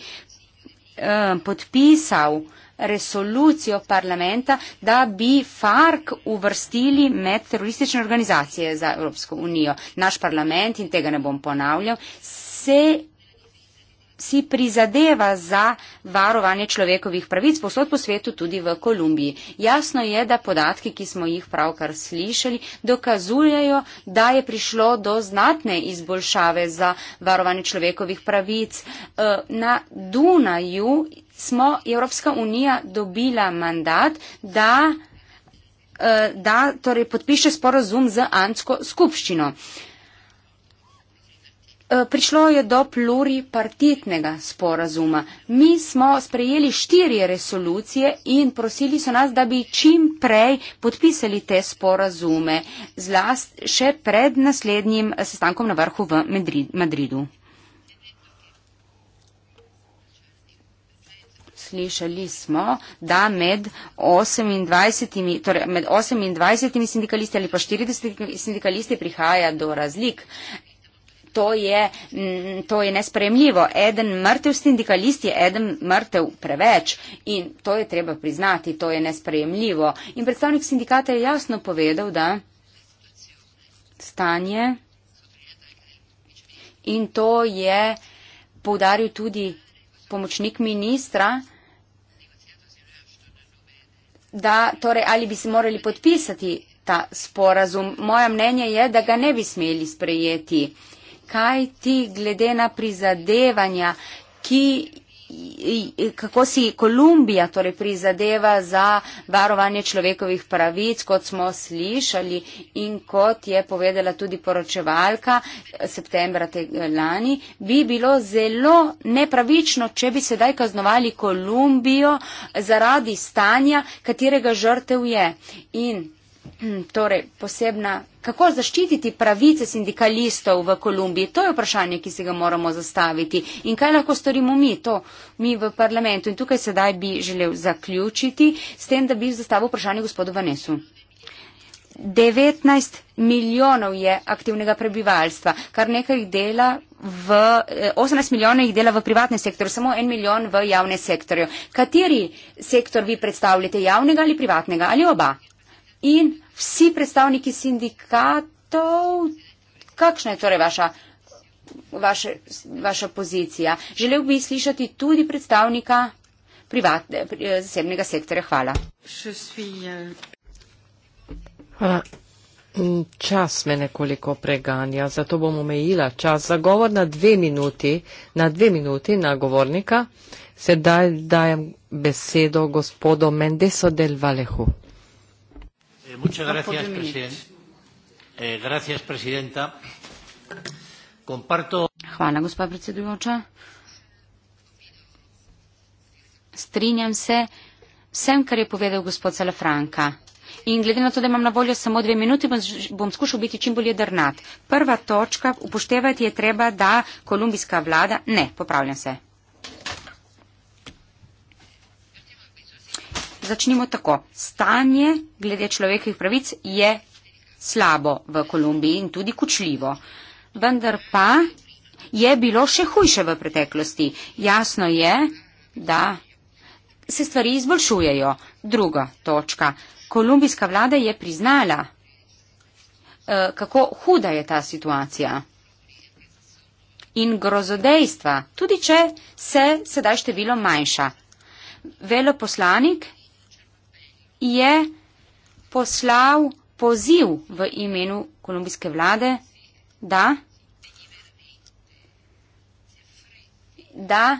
um, podpisal resolucijo parlamenta, da bi FARC uvrstili med teroristične organizacije za Evropsko unijo. Naš parlament, in tega ne bom ponavljal, se si prizadeva za varovanje človekovih pravic posod po svetu, tudi v Kolumbiji. Jasno je, da podatki, ki smo jih pravkar slišali, dokazujejo, da je prišlo do znatne izboljšave za varovanje človekovih pravic. E, na Dunaju smo Evropska unija dobila mandat, da e, da torej, podpiše sporozum z Antsko skupščino. Uh, Eh, prišlo je do pluripartitnega sporazuma. Mi smo sprejeli štiri resolucije in prosili so nas, da bi čim prej podpisali te sporazume, zlast še pred naslednjim sestankom na vrhu v Madridu. Slišali smo, da med 28, torej med 28 sindikalisti ali pa 40 sindikalisti prihaja do razlik to je, mm, to je nespremljivo. Eden mrtev sindikalist je eden mrtev preveč in to je treba priznati, to je nespremljivo. In predstavnik sindikata je jasno povedal, da stanje in to je poudaril tudi pomočnik ministra, da torej ali bi se morali podpisati ta sporazum. Moje mnenje je, da ga ne bi smeli sprejeti kaj ti glede na prizadevanja, ki, kako si Kolumbija torej prizadeva za varovanje človekovih pravic, kot smo slišali in kot je povedala tudi poročevalka eh, septembra eh, lani, bi bilo zelo nepravično, če bi sedaj kaznovali Kolumbijo zaradi stanja, katerega žrtev je. In Hmm, torej, posebna, kako zaščititi pravice sindikalistov v Kolumbiji, to je vprašanje, ki se ga moramo zastaviti in kaj lahko storimo mi, to mi v parlamentu in tukaj sedaj bi želel zaključiti s tem, da bi zastavil vprašanje gospodu Vanesu. 19 milijonov je aktivnega prebivalstva, kar nekaj dela v, 18 eh, milijonov jih dela v privatnem sektorju, samo en milijon v javnem sektorju. Kateri sektor vi predstavljate, javnega ali privatnega ali oba? in vsi predstavniki sindikatov, kakšna je torej vaša, vaše, vaša pozicija. Želel bi slišati tudi predstavnika private, eh, zasebnega sektorja. Hvala. Eh, Hvala. Mm, čas me nekoliko preganja, zato bom omejila čas za govor na dve minuti, na dve minuti na govornika. Sedaj dajem besedo gospodu Mendeso del Valehu. Eh, muchas gracias, presidenta. Eh, gracias, presidenta. Comparto... Hvala, gospa predsedujoča. Strinjam se vsem, kar je povedal gospod Salafranka. In glede na to, da imam na voljo samo dve minuti, bom, bom skušal biti čim bolje drnat. Prva točka, upoštevati je treba, da kolumbijska vlada. Ne, popravljam se. začnimo tako. Stanje glede človekovih pravic je slabo v Kolumbiji in tudi kučljivo. Vendar pa je bilo še hujše v preteklosti. Jasno je, da se stvari izboljšujejo. Druga točka. Kolumbijska vlada je priznala, eh, kako huda je ta situacija. In grozodejstva, tudi če se sedaj število manjša. Veloposlanik je poslal poziv v imenu kolumbijske vlade, da, da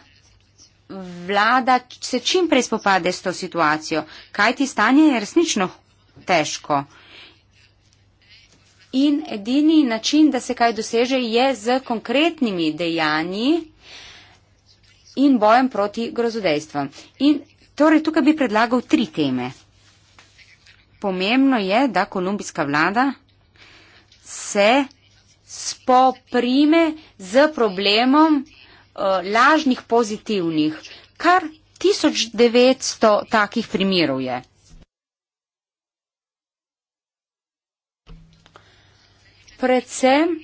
vlada se čim prej spopade s to situacijo, kajti stanje je resnično težko. In edini način, da se kaj doseže, je z konkretnimi dejanji in bojem proti grozodejstvom. In torej tukaj bi predlagal tri teme pomembno je, da kolumbijska vlada se spoprime z problemom uh, lažnih pozitivnih. Kar 1900 takih primerov je. Predvsem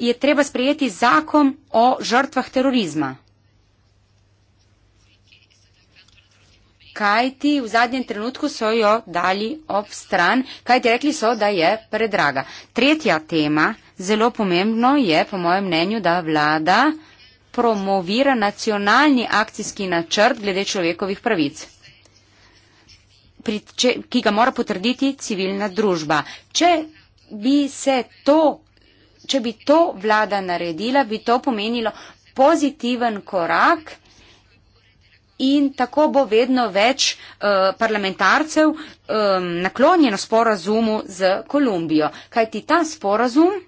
je treba sprejeti zakon o žrtvah terorizma. kaj ti v zadnjem trenutku so jo dali ob stran, kaj ti rekli so, da je predraga. Tretja tema, zelo pomembno je, po mojem mnenju, da vlada promovira nacionalni akcijski načrt glede človekovih pravic, če, ki ga mora potrditi civilna družba. Če bi se to, če bi to vlada naredila, bi to pomenilo pozitiven korak in tako bo vedno več uh, parlamentarcev um, naklonjeno sporazumu z Kolumbijo. Kaj ti ta sporazum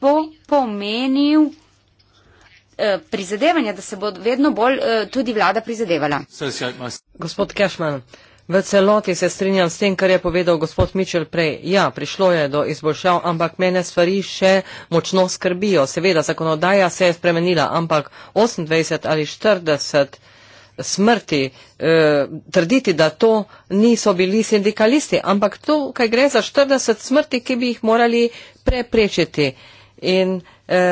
bo pomenil eh, prizadevanja, da se bo vedno bolj eh, tudi vlada prizadevala. Gospod Kešman, V celoti se strinjam s tem, kar je povedal gospod Mičel prej. Ja, prišlo je do izboljšav, ampak mene stvari še močno skrbijo. Seveda, zakonodaja se je spremenila, ampak 28 ali 40 smrti, e, trditi, da to niso bili sindikalisti, ampak to, kaj gre za 40 smrti, ki bi jih morali preprečiti. In, e,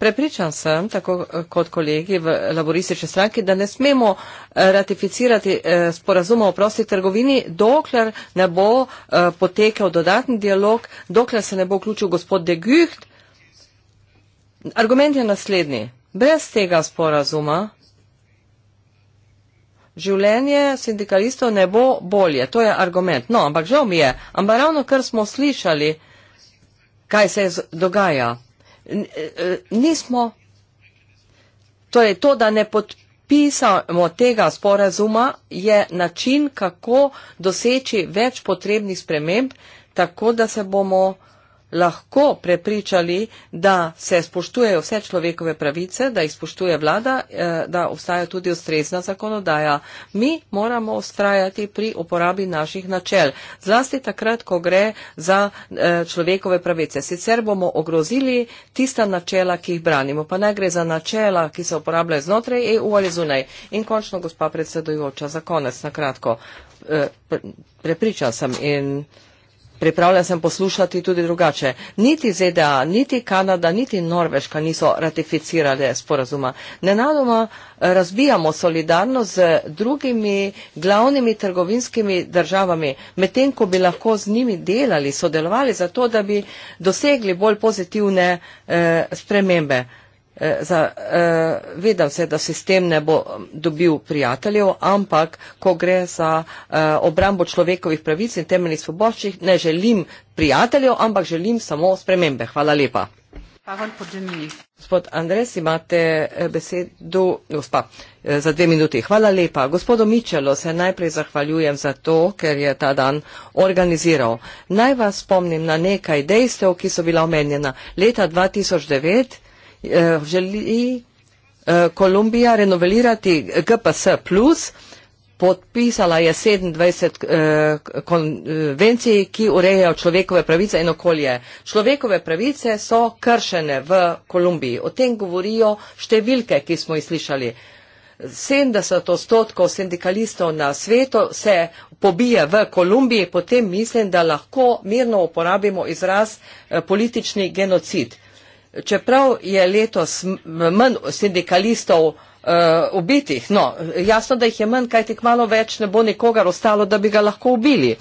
Prepričan sem, tako eh, kot kolegi v laboristične stranke, da ne smemo eh, ratificirati eh, sporazuma o prosti trgovini, dokler ne bo potekal dodatni dialog, dokler se ne bo vključil gospod de Gucht. Argument je naslednji. Brez tega sporazuma življenje sindikalistov ne bo bolje. To je argument. No, ampak žal mi je. Ampak ravno kar smo slišali, kaj se dogaja. E, e, nismo, torej to, da ne podpisamo tega sporazuma, je način, kako doseči več potrebnih sprememb, tako da se bomo lahko prepričali, da se spoštujejo vse človekove pravice, da jih spoštuje vlada, eh, da obstaja tudi ustrezna zakonodaja. Mi moramo ustrajati pri uporabi naših načel, zlasti takrat, ko gre za eh, človekove pravice. Sicer bomo ogrozili tista načela, ki jih branimo, pa ne gre za načela, ki se uporabljajo znotraj EU ali zunaj. In končno, gospa predsedujoča, za konec, na kratko, eh, prepričan sem in pripravljen sem poslušati tudi drugače. Niti ZDA, niti Kanada, niti Norveška niso ratificirale sporazuma. Nenadoma eh, razbijamo solidarnost z drugimi glavnimi trgovinskimi državami, medtem ko bi lahko z njimi delali, sodelovali za to, da bi dosegli bolj pozitivne eh, spremembe. Eh, Eh, za, uh, vedel se, da sistem ne bo mm, dobil prijateljev, ampak ko gre za uh, obrambo človekovih pravic in temeljnih svoboščih, ne želim prijateljev, ampak želim samo spremembe. Hvala lepa. Gospod Andres, imate besedo, gospa, za dve minuti. Hvala lepa. Gospodu Mičelo se najprej zahvaljujem za to, ker je ta dan organiziral. Naj vas spomnim na nekaj dejstev, ki so bila omenjena leta 2009. Eh, želi eh, Kolumbija renovelirati GPS+, podpisala je 27 eh, konvencij, ki urejajo človekove pravice in okolje. Človekove pravice so kršene v Kolumbiji. O tem govorijo številke, ki smo jih slišali. 70 odstotkov sindikalistov na svetu se pobije v Kolumbiji, potem mislim, da lahko mirno uporabimo izraz politični genocid čeprav je letos manj sindikalistov uh, ubitih, no, jasno, da jih je manj, kaj tik malo več ne bo nikogar ostalo, da bi ga lahko ubili.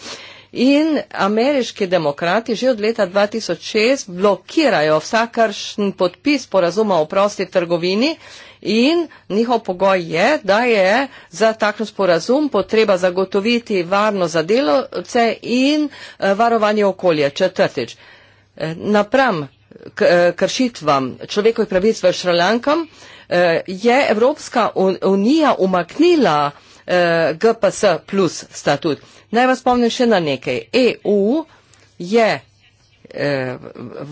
In ameriški demokrati že od leta 2006 blokirajo vsakršen podpis porazuma o prosti trgovini in njihov pogoj je, da je za takšen sporazum potreba zagotoviti varno za delovce in eh, varovanje okolja. Četrtič, eh, napram Eh, kršitvam človekovih pravic v Šralankam, eh, je Evropska unija umaknila eh, GPS plus statut. Naj vas spomnim še na nekaj. EU je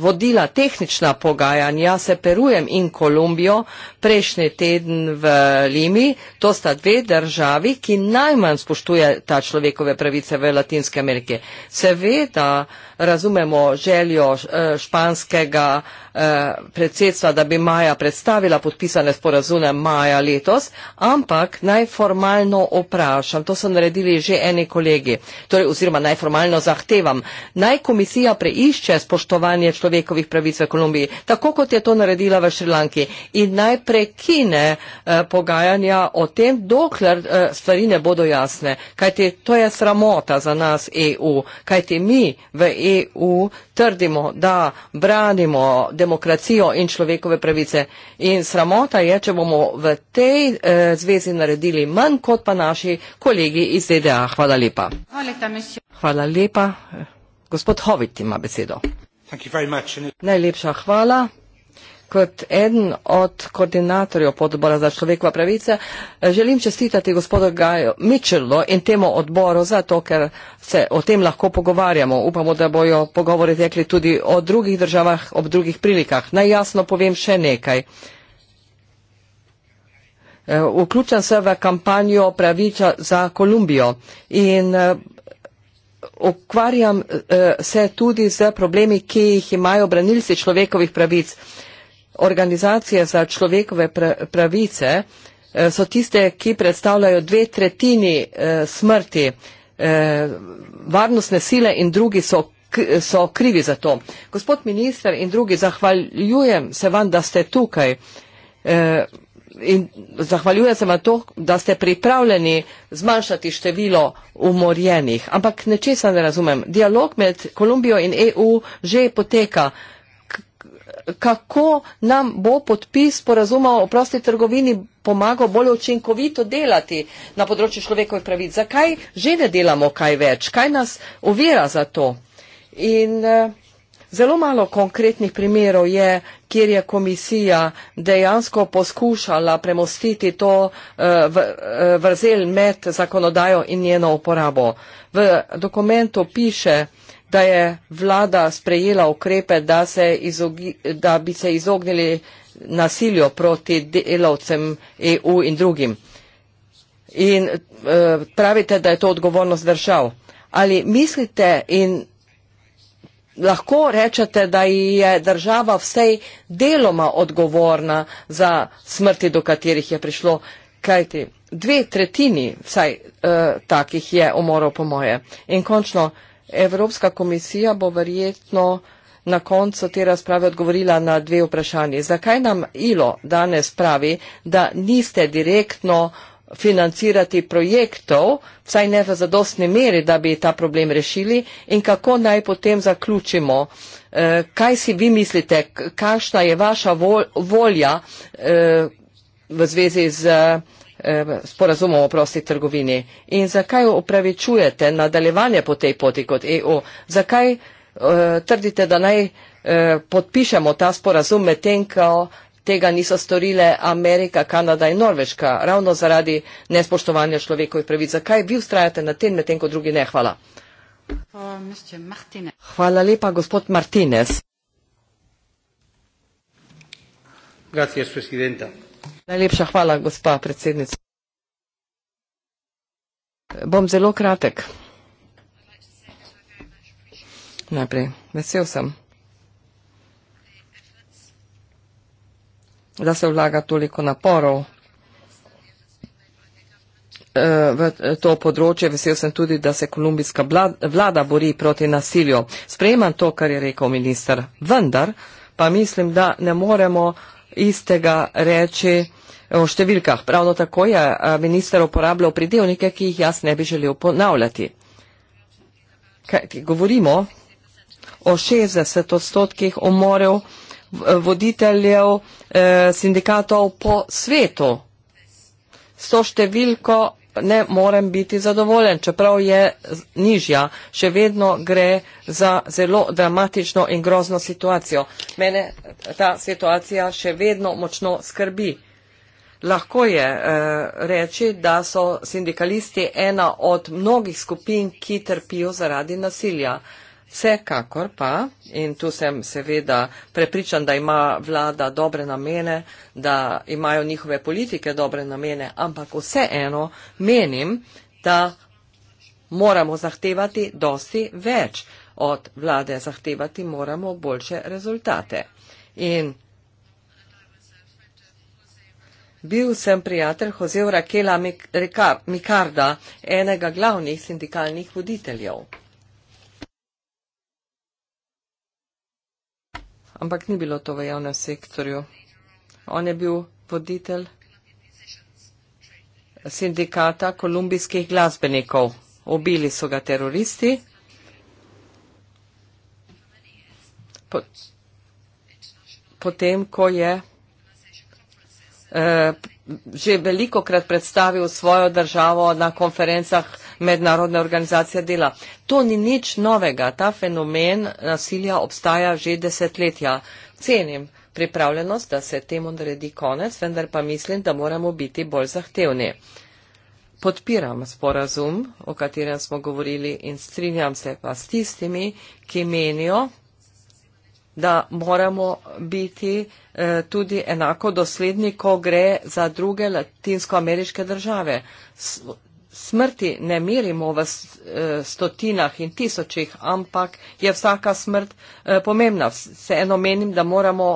vodila tehnična pogajanja se Perujem in Kolumbijo prejšnji teden v Limi. To sta dve državi, ki najmanj spoštuje ta človekove pravice v Latinske Amerike. Seveda, razumemo željo eh, španskega eh, predsedstva, da bi maja predstavila podpisane sporazume maja letos, ampak najformalno vprašam, to so naredili že eni kolegi, torej oziroma najformalno zahtevam, naj komisija preišče spoštovanje človekovih pravic v Kolumbiji, tako kot je to naredila v Šrilanki in naj prekine eh, pogajanja o tem, dokler stvari ne bodo jasne, kajte to je sramota za nas EU, kajte mi v EU EU trdimo, da branimo demokracijo in človekove pravice. In sramota je, če bomo v tej eh, zvezi naredili manj kot pa naši kolegi iz ZDA. Hvala lepa. Hvala lepa. Gospod Hovit ima besedo. Najlepša hvala. Kot eden od koordinatorjev podbora za človekova pravica eh, želim čestitati gospodu Gaju Mičelu in temu odboru za to, ker se o tem lahko pogovarjamo. Upamo, da bojo pogovore tekli tudi o drugih državah ob drugih prilikah. Naj jasno povem še nekaj. Eh, Vključam se v kampanjo pravica za Kolumbijo in eh, ukvarjam se tudi z problemi, ki jih imajo branilci človekovih pravic organizacije za človekove pravice eh, so tiste, ki predstavljajo dve tretjini eh, smrti. Eh, varnostne sile in drugi so, so krivi za to. Gospod minister in drugi, zahvaljujem se vam, da ste tukaj. In zahvaljujem se vam to, da ste pripravljeni zmanjšati število umorjenih. Ampak nečesa ne razumem. Dialog med Kolumbijo in EU že poteka kako nam bo podpis porazuma o prosti trgovini pomagal bolj učinkovito delati na področju človekovih pravic. Zakaj že ne delamo kaj več? Kaj nas ovira za to? In eh, zelo malo konkretnih primerov je, kjer je komisija dejansko poskušala premostiti to eh, eh, vrzel med zakonodajo in njeno uporabo. V dokumentu piše, da je vlada sprejela ukrepe, da, da bi se izognili nasilju proti delavcem EU in drugim. In uh, pravite, da je to odgovornost držav. Ali mislite in lahko rečete, da je država vsej deloma odgovorna za smrti, do katerih je prišlo? Kajti dve tretjini vsaj uh, takih je umoral po moje. In končno, uh, Evropska komisija bo verjetno na koncu te razprave odgovorila na dve vprašanje. Zakaj nam ILO danes pravi, da niste direktno financirati projektov, vsaj ne v zadostni meri, da bi ta problem rešili in kako naj potem zaključimo, eh, kaj si vi mislite, kakšna je vaša volja eh, v zvezi z Eh, sporazumov o prosti trgovini. In zakaj upravičujete nadaljevanje po tej poti kot EU? Zakaj eh, trdite, da naj eh, podpišemo ta sporazum med tem, ko tega niso storile Amerika, Kanada in Norveška, ravno zaradi nespoštovanja človekovih pravic? Zakaj vi ustrajate na tem, med tem, ko drugi ne? Hvala. Hvala lepa, gospod Martinez. Grazie, presidenta. Najlepša hvala, gospa predsednica. Bom zelo kratek. Najprej, vesel sem, da se vlaga toliko naporov eh, v to področje. Vesel sem tudi, da se kolumbijska vlada bori proti nasilju. Sprejemam to, kar je rekel minister, vendar pa mislim, da ne moremo istega reči o številkah. Pravno tako je minister uporabljal pridevnike, ki jih jaz ne bi želel ponavljati. Kaj, govorimo o 60 odstotkih omorev voditeljev e, sindikatov po svetu. S to številko ne morem biti zadovoljen, čeprav je nižja. Še vedno gre za zelo dramatično in grozno situacijo. Mene ta situacija še vedno močno skrbi. Lahko je eh, reči, da so sindikalisti ena od mnogih skupin, ki trpijo zaradi nasilja. Vsekakor pa, in tu sem seveda prepričan, da ima vlada dobre namene, da imajo njihove politike dobre namene, ampak vseeno menim, da moramo zahtevati dosti več od vlade, zahtevati moramo boljše rezultate. In Bil sem prijatelj Hozeura Kela Mikarda, enega glavnih sindikalnih voditeljev. Ampak ni bilo to v javnem sektorju. On je bil voditelj sindikata kolumbijskih glasbenikov. Ubili so ga teroristi. Po, potem, ko je Eh, že veliko krat predstavil svojo državo na konferencah mednarodne organizacije dela. To ni nič novega, ta fenomen nasilja obstaja že desetletja. Cenim pripravljenost, da se temu naredi konec, vendar pa mislim, da moramo biti bolj zahtevni. Podpiram sporazum, o katerem smo govorili in strinjam se pa s tistimi, ki menijo, da moramo biti eh, tudi enako dosledni, ko gre za druge latinskoameriške države. Smrti ne merimo v eh, stotinah in tisočih, ampak je vsaka smrt eh, pomembna. Vseeno menim, da moramo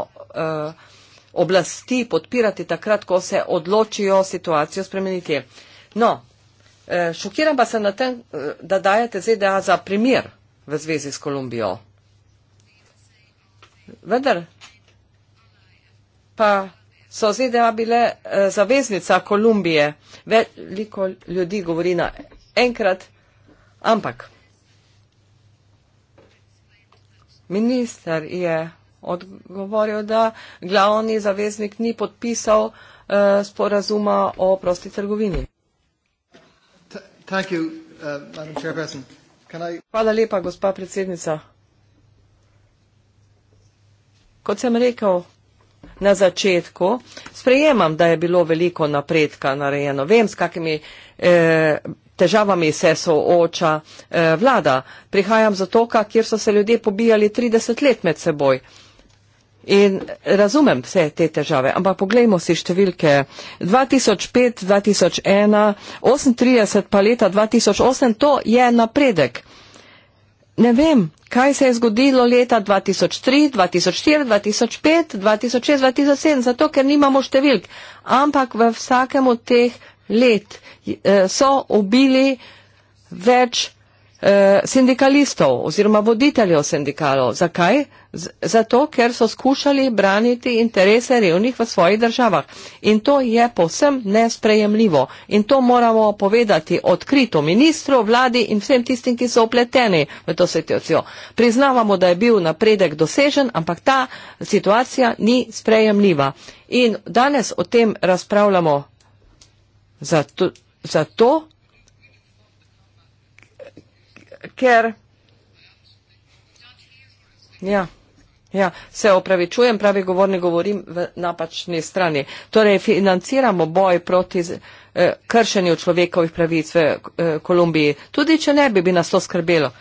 oblasti podpirati takrat, ko se odločijo situacijo spremeniti. No, šokiram pa se na tem, da dajete ZDA za primer v zvezi s Kolumbijo. Vendar pa so ZDA bile uh, zaveznica Kolumbije. Veliko ljudi govori na enkrat, ampak minister je odgovoril, da glavni zaveznik ni podpisal uh, sporazuma o prosti trgovini. Eh, Hvala lepa, gospa predsednica kot sem rekel na začetku, sprejemam, da je bilo veliko napredka narejeno. Vem, s kakimi eh, težavami se sooča eh, vlada. Prihajam za to, kjer so se ljudje pobijali 30 let med seboj. In razumem vse te težave, ampak poglejmo si številke. 2005-2001, 38 pa leta 2008, to je napredek ne vem, kaj se je zgodilo leta 2003, 2004, 2005, 2006, 2007, zato ker nimamo številk. Ampak v vsakem od teh let eh, so ubili več Eh, sindikalistov oziroma voditeljev sindikalov. Zakaj? Z, zato, ker so skušali braniti interese revnih v svojih državah. In to je povsem nesprejemljivo. In to moramo povedati odkrito ministru, vladi in vsem tistim, ki so opleteni v to situacijo. Priznavamo, da je bil napredek dosežen, ampak ta situacija ni sprejemljiva. In danes o tem razpravljamo zato, zato ker. Ja. Ja, se opravičujem, pravi govorni govorim v napačni strani. Torej, financiramo boj proti eh, kršenju človekovih pravic v eh, Kolumbiji, tudi če ne bi, bi nas to skrbelo.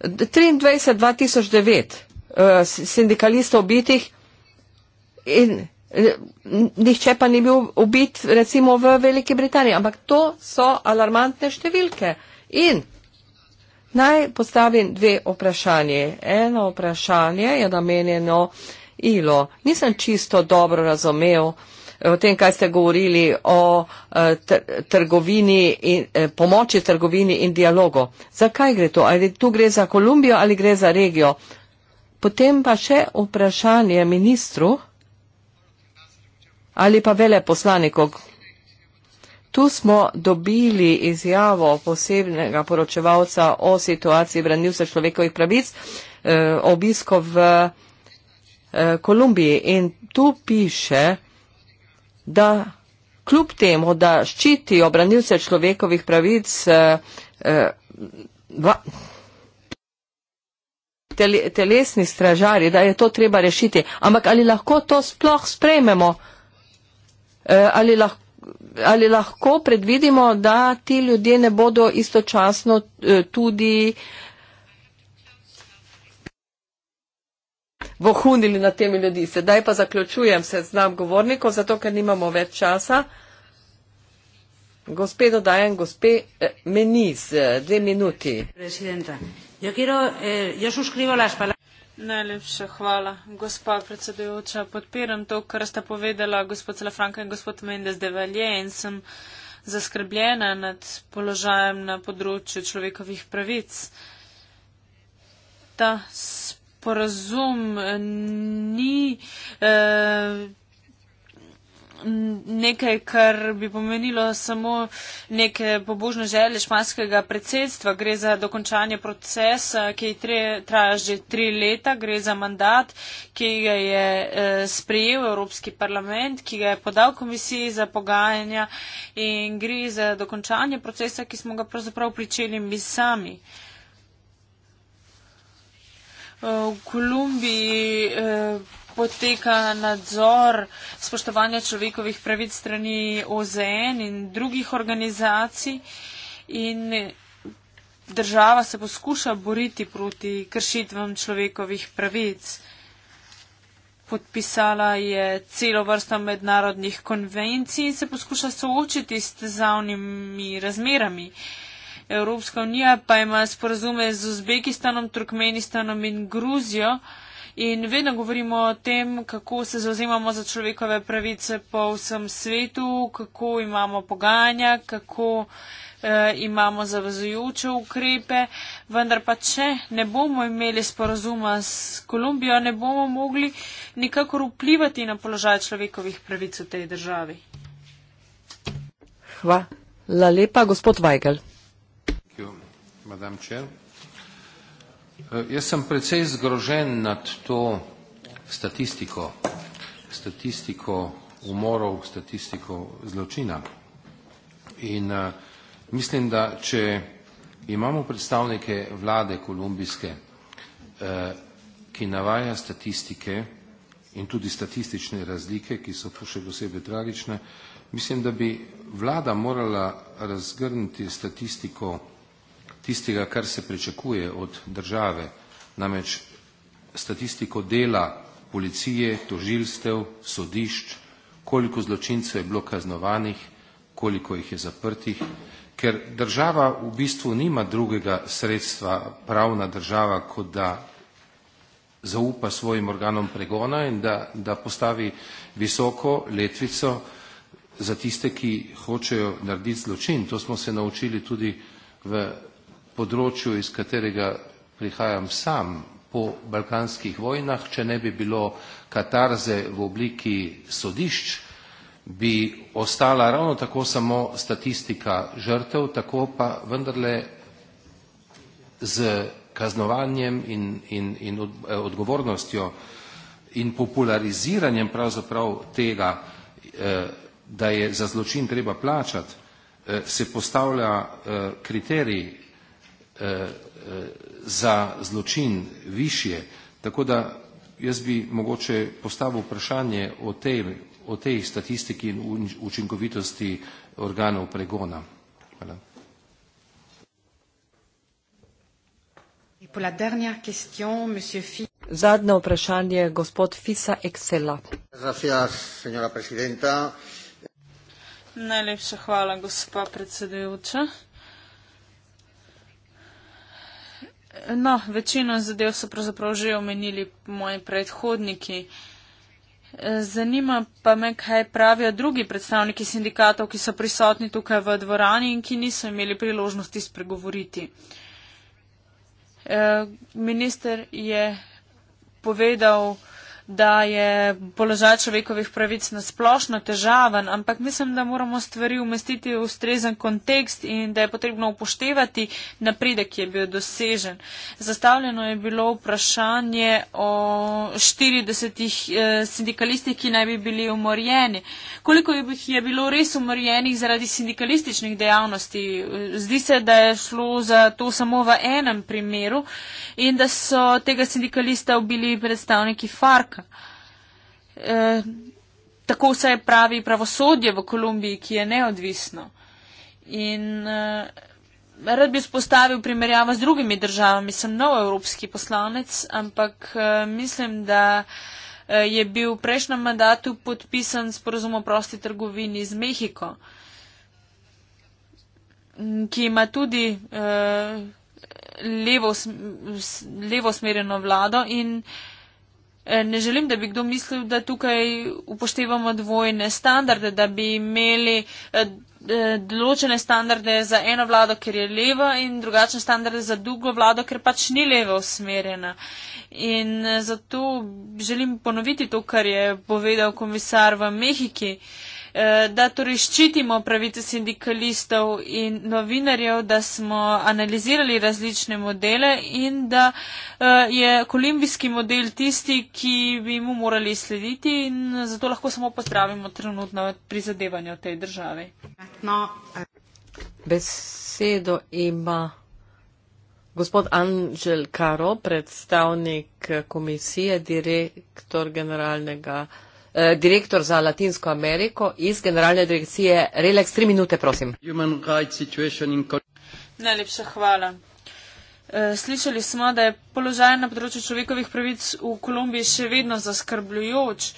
23.2009 eh, sindikalistov obitih in eh, nihče pa ni bil ubit recimo v Veliki Britaniji, ampak to so alarmantne številke. In Naj postavim dve vprašanje. Eno vprašanje je namenjeno Ilo. Nisem čisto dobro razumel eh, o tem, kaj ste govorili o eh, trgovini in eh, pomoči trgovini in dialogu. Zakaj gre to? Ali tu gre za Kolumbijo ali gre za regijo? Potem pa še vprašanje ministru ali pa vele poslanikov, Tu smo dobili izjavo posebnega poročevalca o situaciji branilce človekovih pravic, eh, obisko v eh, Kolumbiji in tu piše, da kljub temu, da ščiti obranilce človekovih pravic eh, telesni stražari, da je to treba rešiti. Ampak ali lahko to sploh sprejmemo? Ali lahko ali lahko predvidimo, da ti ljudje ne bodo istočasno eh, tudi vohunili na temi ljudi. Sedaj pa zaključujem se z nam govornikom, zato ker nimamo več časa. Gospe dodajem, gospe eh, Meniz, eh, dve minuti. Najlepša hvala, gospa predsedujoča. Podpiram to, kar sta povedala gospod Celefranka in gospod Mendes de Valje in sem zaskrbljena nad položajem na področju človekovih pravic. Ta sporazum eh, ni. Eh, nekaj, kar bi pomenilo samo neke pobožne želje španskega predsedstva. Gre za dokončanje procesa, ki traja že tri leta. Gre za mandat, ki ga je eh, sprejel Evropski parlament, ki ga je podal komisiji za pogajanja in gre za dokončanje procesa, ki smo ga pravzaprav pričeli mi sami. Eh, v Kolumbiji. Eh, poteka nadzor spoštovanja človekovih pravic strani OZN in drugih organizacij in država se poskuša boriti proti kršitvam človekovih pravic. Podpisala je celo vrsto mednarodnih konvencij in se poskuša soočiti s težavnimi razmerami. Evropska unija pa ima sporazume z Uzbekistanom, Turkmenistanom in Gruzijo, In vedno govorimo o tem, kako se zauzemamo za človekove pravice po vsem svetu, kako imamo poganja, kako eh, imamo zavezujoče ukrepe, vendar pa če ne bomo imeli sporozuma s Kolumbijo, ne bomo mogli nikakor vplivati na položaj človekovih pravic v tej državi. Hvala lepa, gospod Vajgel. Madame Chair, Eh, jaz sem precej zgrožen nad to statistiko, statistiko umorov, statistiko zločina. In eh, mislim, da če imamo predstavnike vlade kolumbijske, eh, ki navaja statistike in tudi statistične razlike, ki so tu še posebej tragične, mislim, da bi vlada morala razgrniti statistiko tistega, kar se pričakuje od države, namreč statistiko dela policije, tožilstev, sodišč, koliko zločincev je bilo kaznovanih, koliko jih je zaprtih, ker država v bistvu nima drugega sredstva, pravna država, kot da zaupa svojim organom pregona in da, da postavi visoko letvico za tiste, ki hočejo narediti zločin. To smo se naučili tudi v področju, iz katerega prihajam sam po balkanskih vojnah, če ne bi bilo katarze v obliki sodišč, bi ostala ravno tako samo statistika žrtev, tako pa vendarle z kaznovanjem in, in, in eh, odgovornostjo in populariziranjem pravzaprav tega, eh, da je za zločin treba plačati, eh, se postavlja kriterij Eh, za zločin višje. Tako da jaz bi mogoče postavil vprašanje o tej, o tej statistiki in učinkovitosti organov pregona. Hvala. Zadnje vprašanje, gospod Fisa Excela. Najlepša hvala, gospa predsedujoča. No, večino zadev so pravzaprav že omenili moji predhodniki. E, zanima pa me, kaj pravijo drugi predstavniki sindikatov, ki so prisotni tukaj v dvorani in ki niso imeli priložnosti spregovoriti. E, minister je povedal, da je položaj človekovih pravic nasplošno težaven, ampak mislim, da moramo stvari umestiti v ustrezen kontekst in da je potrebno upoštevati napredek, ki je bil dosežen. Zastavljeno je bilo vprašanje o 40 eh, sindikalistih, ki naj bi bili umorjeni. Koliko jih je bilo res umorjenih zaradi sindikalističnih dejavnosti? Zdi se, da je šlo za to samo v enem primeru in da so tega sindikalista ubili predstavniki FARC stranka. E, tako se pravi pravosodje v Kolumbiji, ki je neodvisno. In e, rad bi spostavil primerjavo z drugimi državami. Sem nov evropski poslanec, ampak e, mislim, da e, je bil v prejšnjem mandatu podpisan sporozum o prosti trgovini z Mehiko, ki ima tudi e, levo, levo smerjeno vlado in Ne želim, da bi kdo mislil, da tukaj upoštevamo dvojne standarde, da bi imeli eh, določene standarde za eno vlado, ker je leva in drugačne standarde za drugo vlado, ker pač ni leva usmerjena. In eh, zato želim ponoviti to, kar je povedal komisar v Mehiki. Uh, Eh, da torej ščitimo pravice sindikalistov in novinarjev, da smo analizirali različne modele in da eh, je kolumbijski model tisti, ki bi mu morali slediti in zato lahko samo pozdravimo trenutno prizadevanje v tej državi. No. Besedo ima gospod Anžel Karo, predstavnik eh, komisije, direktor generalnega. Eh, direktor za Latinsko Ameriko iz Generalne direkcije Relax. Tri minute, prosim. Najlepša hvala. Eh, slišali smo, da je položaj na področju človekovih pravic v Kolumbiji še vedno zaskrbljujoč.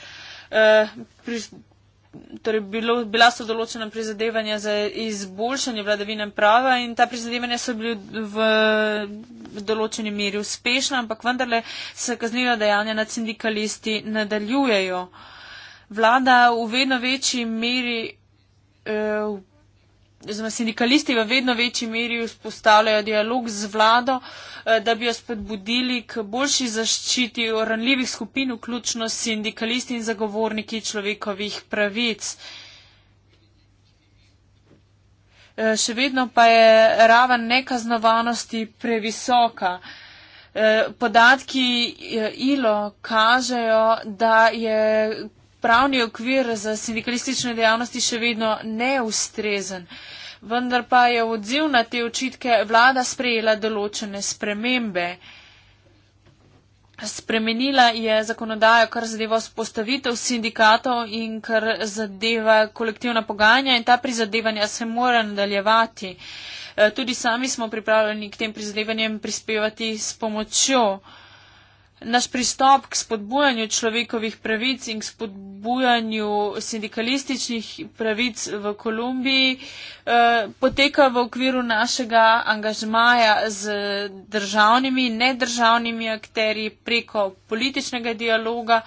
Eh, pri, torej bilo, bila so določena prizadevanja za izboljšanje vladavine prava in ta prizadevanja so bili v določeni meri uspešna, ampak vendarle se kazniva dejanja nad sindikalisti nadaljujejo. Uh, vlada v vedno večji meri, eh, oziroma eh, sindikalisti v vedno večji meri vzpostavljajo dialog z vlado, eh, da bi jo spodbudili k boljši zaščiti ranljivih skupin, vključno sindikalisti in zagovorniki človekovih pravic. Eh, še vedno pa je raven nekaznovanosti previsoka. Eh, podatki ILO kažejo, da je pravni okvir za sindikalistične dejavnosti še vedno neustrezen. Vendar pa je v odziv na te očitke vlada sprejela določene spremembe. Spremenila je zakonodajo, kar zadeva spostavitev sindikatov in kar zadeva kolektivna pogajanja in ta prizadevanja se mora nadaljevati. Eh, tudi sami smo pripravljeni k tem prizadevanjem prispevati s pomočjo naš pristop k spodbujanju človekovih pravic in k spodbujanju sindikalističnih pravic v Kolumbiji eh, poteka v okviru našega angažmaja z državnimi in nedržavnimi akteri preko političnega dialoga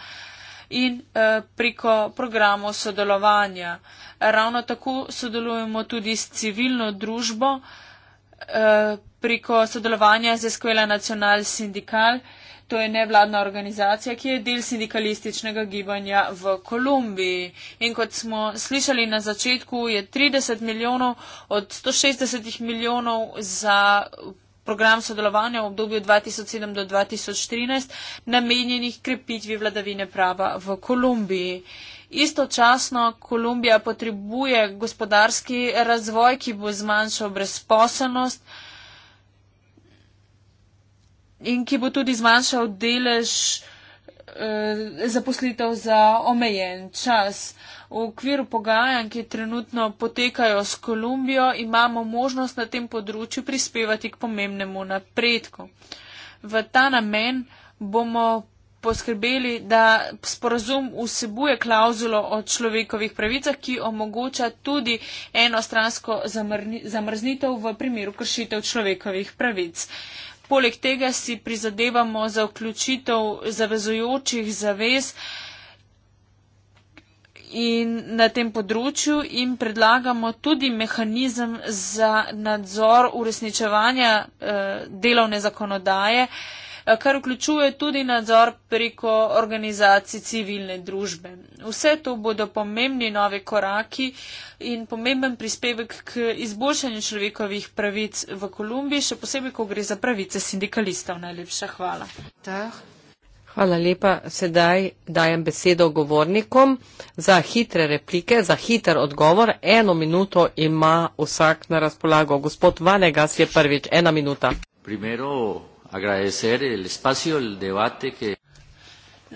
in eh, preko programov sodelovanja. Ravno tako sodelujemo tudi s civilno družbo eh, preko sodelovanja z Eskola Nacional Sindikal, to je nevladna organizacija, ki je del sindikalističnega gibanja v Kolumbiji. In kot smo slišali na začetku, je 30 milijonov od 160 milijonov za program sodelovanja v obdobju 2007 do 2013 namenjenih krepitvi vladavine prava v Kolumbiji. Istočasno Kolumbija potrebuje gospodarski razvoj, ki bo zmanjšal brezposobnost, in ki bo tudi zmanjšal delež eh, zaposlitev za omejen čas. V okviru pogajanj, ki trenutno potekajo s Kolumbijo, imamo možnost na tem področju prispevati k pomembnemu napredku. V ta namen bomo poskrbeli, da sporazum vsebuje klauzulo o človekovih pravicah, ki omogoča tudi enostransko zamrznitev v primeru kršitev človekovih pravic poleg tega si prizadevamo za vključitev zavezujočih zavez in na tem področju in predlagamo tudi mehanizem za nadzor uresničevanja eh, delovne zakonodaje eh, Eh, kar vključuje tudi nadzor preko organizacij civilne družbe. Vse to bodo pomembni nove koraki in pomemben prispevek k izboljšanju človekovih pravic v Kolumbiji, še posebej, ko gre za pravice sindikalistov. Najlepša hvala. Hvala lepa. Sedaj dajem besedo govornikom za hitre replike, za hiter odgovor. Eno minuto ima vsak na razpolago. Gospod Vanegas je prvič. Ena minuta. Primero agradecer el espacio, el debate que.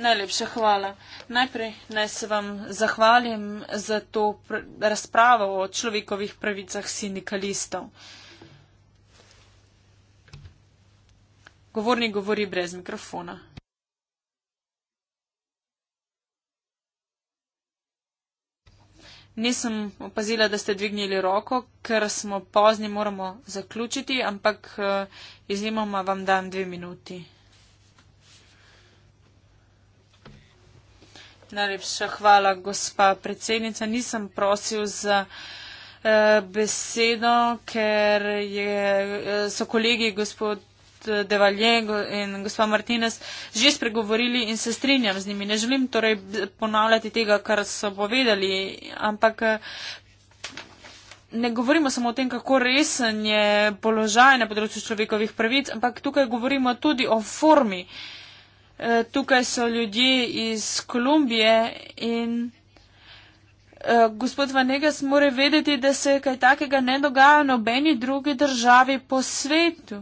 Najlepša hvala. Najprej naj se vam zahvalim za to pr razpravo o človekovih pravicah sindikalistov. Govornik govori brez mikrofona. Nisem opazila, da ste dvignili roko, ker smo pozni, moramo zaključiti, ampak eh, izjemoma vam dam dve minuti. Najlepša hvala, gospa predsednica. Nisem prosil za eh, besedo, ker je, eh, so kolegi gospod Devalje in gospa Martinez že spregovorili in se strinjam z njimi. Ne želim torej ponavljati tega, kar so povedali, ampak eh, ne govorimo samo o tem, kako resen je položaj na področju človekovih pravic, ampak tukaj govorimo tudi o formi. Eh, tukaj so ljudje iz Kolumbije in. Eh, gospod Vanegas mora vedeti, da se kaj takega ne dogaja v nobeni drugi državi po svetu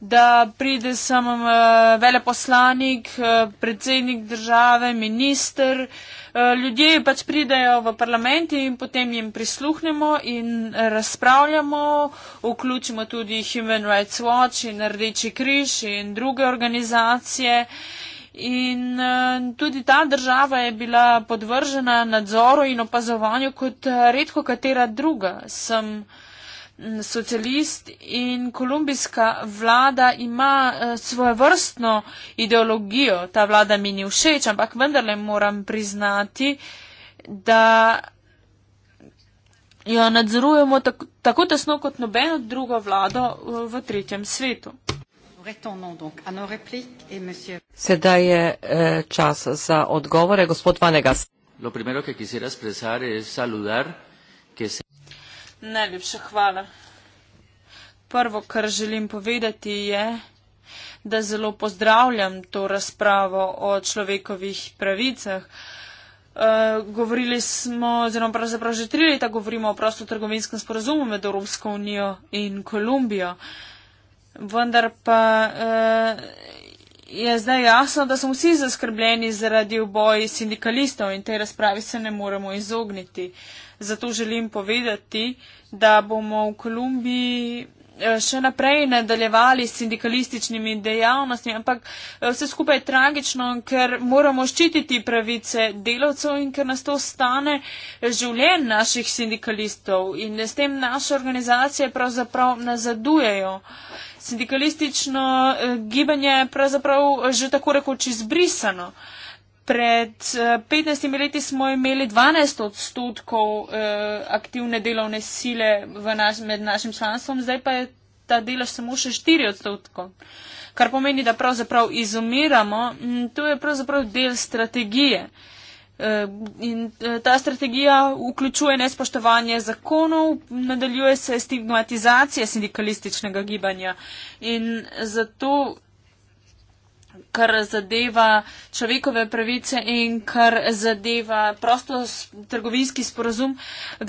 da pride sem eh, veleposlanik, eh, predsednik države, minister. Eh, ljudje pač pridejo v parlament in potem jim prisluhnemo in razpravljamo, vključimo tudi Human Rights Watch in Rdeči križ in druge organizacije. In tudi ta država je bila podvržena nadzoru in opazovanju kot redko katera druga. Sem uh, socialist in kolumbijska vlada ima e, svoje vrstno ideologijo. Ta vlada mi ni všeč, ampak vendarle moram priznati, da jo nadzorujemo tako, tako tesno kot nobeno drugo vlado e, v tretjem svetu. Sedaj je e, čas za odgovore. Gospod Vanegas. Najlepša hvala. Prvo, kar želim povedati, je, da zelo pozdravljam to razpravo o človekovih pravicah. Uh, govorili smo, oziroma pravzaprav že tri leta govorimo o prostotrgovinskem sporazumu med Evropsko unijo in Kolumbijo. Vendar pa uh, je zdaj jasno, da smo vsi zaskrbljeni zaradi oboj sindikalistov in tej razpravi se ne moremo izogniti. Uh, Zato želim povedati, da bomo v Kolumbiji eh, še naprej nadaljevali s sindikalističnimi dejavnostmi, ampak eh, vse skupaj je tragično, ker moramo ščititi pravice delavcev in ker nas to stane življen naših sindikalistov in s tem naše organizacije pravzaprav nazadujejo. Sindikalistično eh, gibanje je pravzaprav že tako rekoč izbrisano. Pred 15 eh, leti smo imeli 12 odstotkov eh, aktivne delovne sile naš, med našim članstvom, zdaj pa je ta delež samo še 4 odstotkov, kar pomeni, da pravzaprav izumiramo. Mm, to je pravzaprav del strategije. Eh, in eh, ta strategija vključuje nespoštovanje zakonov, nadaljuje se stigmatizacija sindikalističnega gibanja. In zato kar zadeva človekove pravice in kar zadeva prosto trgovinski sporozum.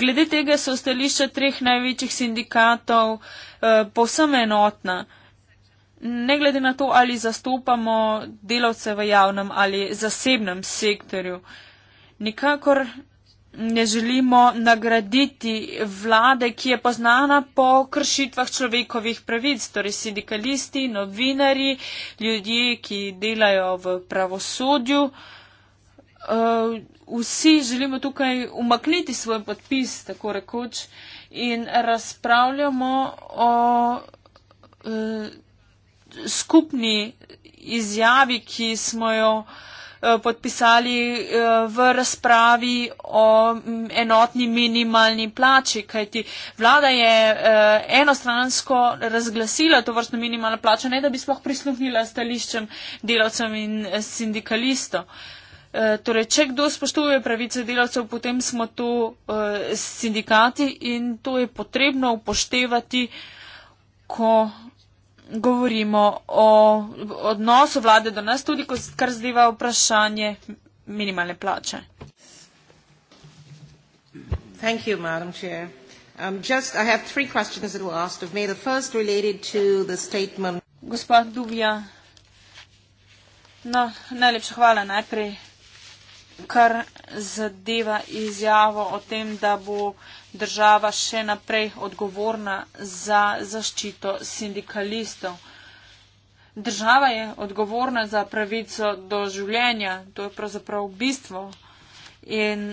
Glede tega so stališča treh največjih sindikatov eh, povsem enotna. Ne glede na to, ali zastopamo delavce v javnem ali zasebnem sektorju. Nikakor ne želimo nagraditi vlade, ki je poznana po kršitvah človekovih pravic, torej sindikalisti, novinari, ljudje, ki delajo v pravosodju. Eh, vsi želimo tukaj umakniti svoj podpis, tako rekoč, in razpravljamo o eh, skupni izjavi, ki smo jo Eh, podpisali eh, v razpravi o mm, enotni minimalni plači, kajti vlada je eh, enostransko razglasila to vrstno minimalno plačo, ne da bi sploh prisluhnila stališčem delavcem in sindikalistov. Torej, če kdo spoštuje pravice delavcev, potem smo to sindikati in to je potrebno upoštevati, ko govorimo o odnosu vlade do nas, tudi kot kar zdiva vprašanje minimalne plače. Thank you, Madam Chair. Um, just, I have three questions that were asked of me. The first related to the statement. Gospod Dubija, no, najlepša hvala najprej, kar zadeva izjavo o tem, da bo uh, država še naprej odgovorna za zaščito sindikalistov. Država je odgovorna za pravico do življenja, to je pravzaprav bistvo. In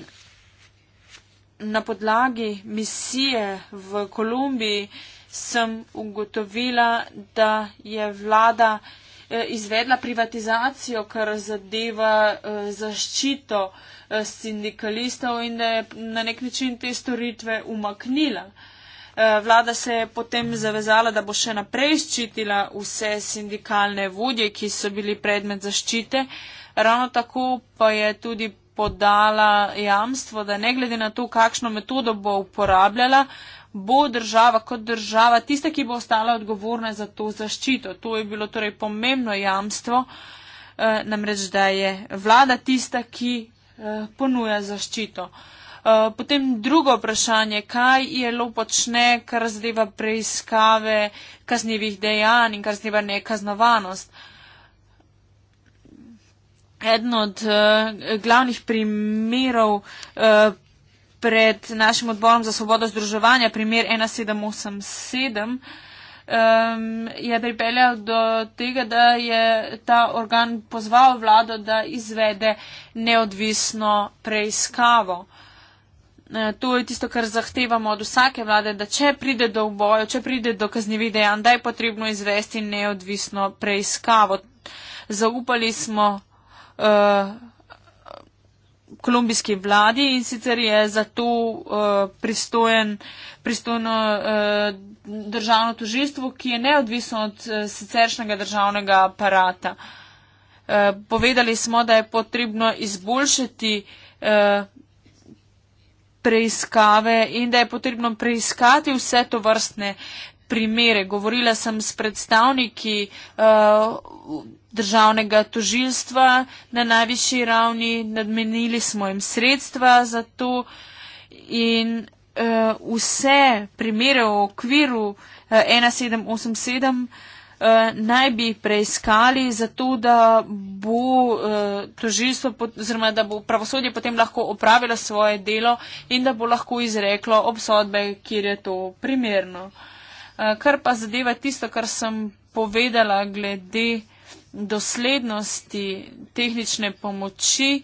na podlagi misije v Kolumbiji sem ugotovila, da je vlada Eh, izvedla privatizacijo, kar zadeva eh, zaščito eh, sindikalistov in da je na nek način te storitve umaknila. Vlada se je potem zavezala, da bo še naprej ščitila vse sindikalne vodje, ki so bili predmet zaščite. Ravno tako pa je tudi podala jamstvo, da ne glede na to, kakšno metodo bo uporabljala, bo država kot država tista, ki bo ostala odgovorna za to zaščito. To je bilo torej pomembno jamstvo, eh, namreč da je vlada tista, ki eh, ponuja zaščito. Eh, potem drugo vprašanje, kaj je lo počne, kar zadeva preiskave kaznjevih dejanj in kar zadeva nekaznovanost. Eden od uh, glavnih primerov uh, pred našim odborom za svobodo združevanja, primer 1787, je pripeljal do tega, da je ta organ pozval vlado, da izvede neodvisno preiskavo. E, to je tisto, kar zahtevamo od vsake vlade, da če pride do boja, če pride do kaznjivih dejanj, da je potrebno izvesti neodvisno preiskavo. Zaupali smo. Uh, kolumbijski vladi in sicer je za to uh, pristojen, pristojno uh, državno tožilstvo, ki je neodvisno od uh, siceršnjega državnega aparata. Uh, povedali smo, da je potrebno izboljšati uh, preiskave in da je potrebno preiskati vse to vrstne primere. Govorila sem s predstavniki. Uh, državnega tožilstva na najvišji ravni, nadmenili smo jim sredstva za to in uh, vse primere v okviru uh, 1787 uh, naj bi preiskali za to, da bo uh, tožilstvo oziroma da bo pravosodje potem lahko opravilo svoje delo in da bo lahko izreklo obsodbe, kjer je to primerno. Uh, kar pa zadeva tisto, kar sem povedala glede doslednosti tehnične pomoči,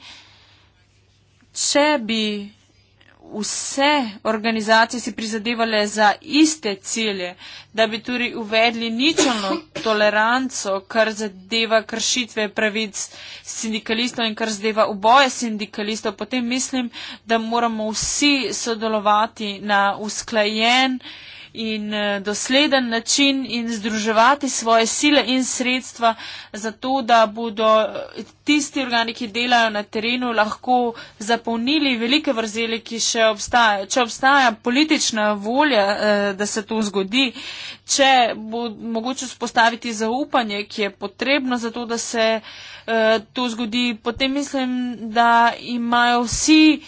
če bi vse organizacije si prizadevale za iste cilje, da bi tudi uvedli ničelno toleranco, kar zadeva kršitve pravic sindikalistov in kar zadeva oboje sindikalistov, potem mislim, da moramo vsi sodelovati na usklajen način, in eh, dosleden način in združevati svoje sile in sredstva za to, da bodo eh, tisti organi, ki delajo na terenu, lahko zapolnili velike vrzeli, ki še obstajajo. Če obstaja politična volja, eh, da se to zgodi, če bo mogoče spostaviti zaupanje, ki je potrebno za to, da se to zgodi, potem mislim, da imajo vsi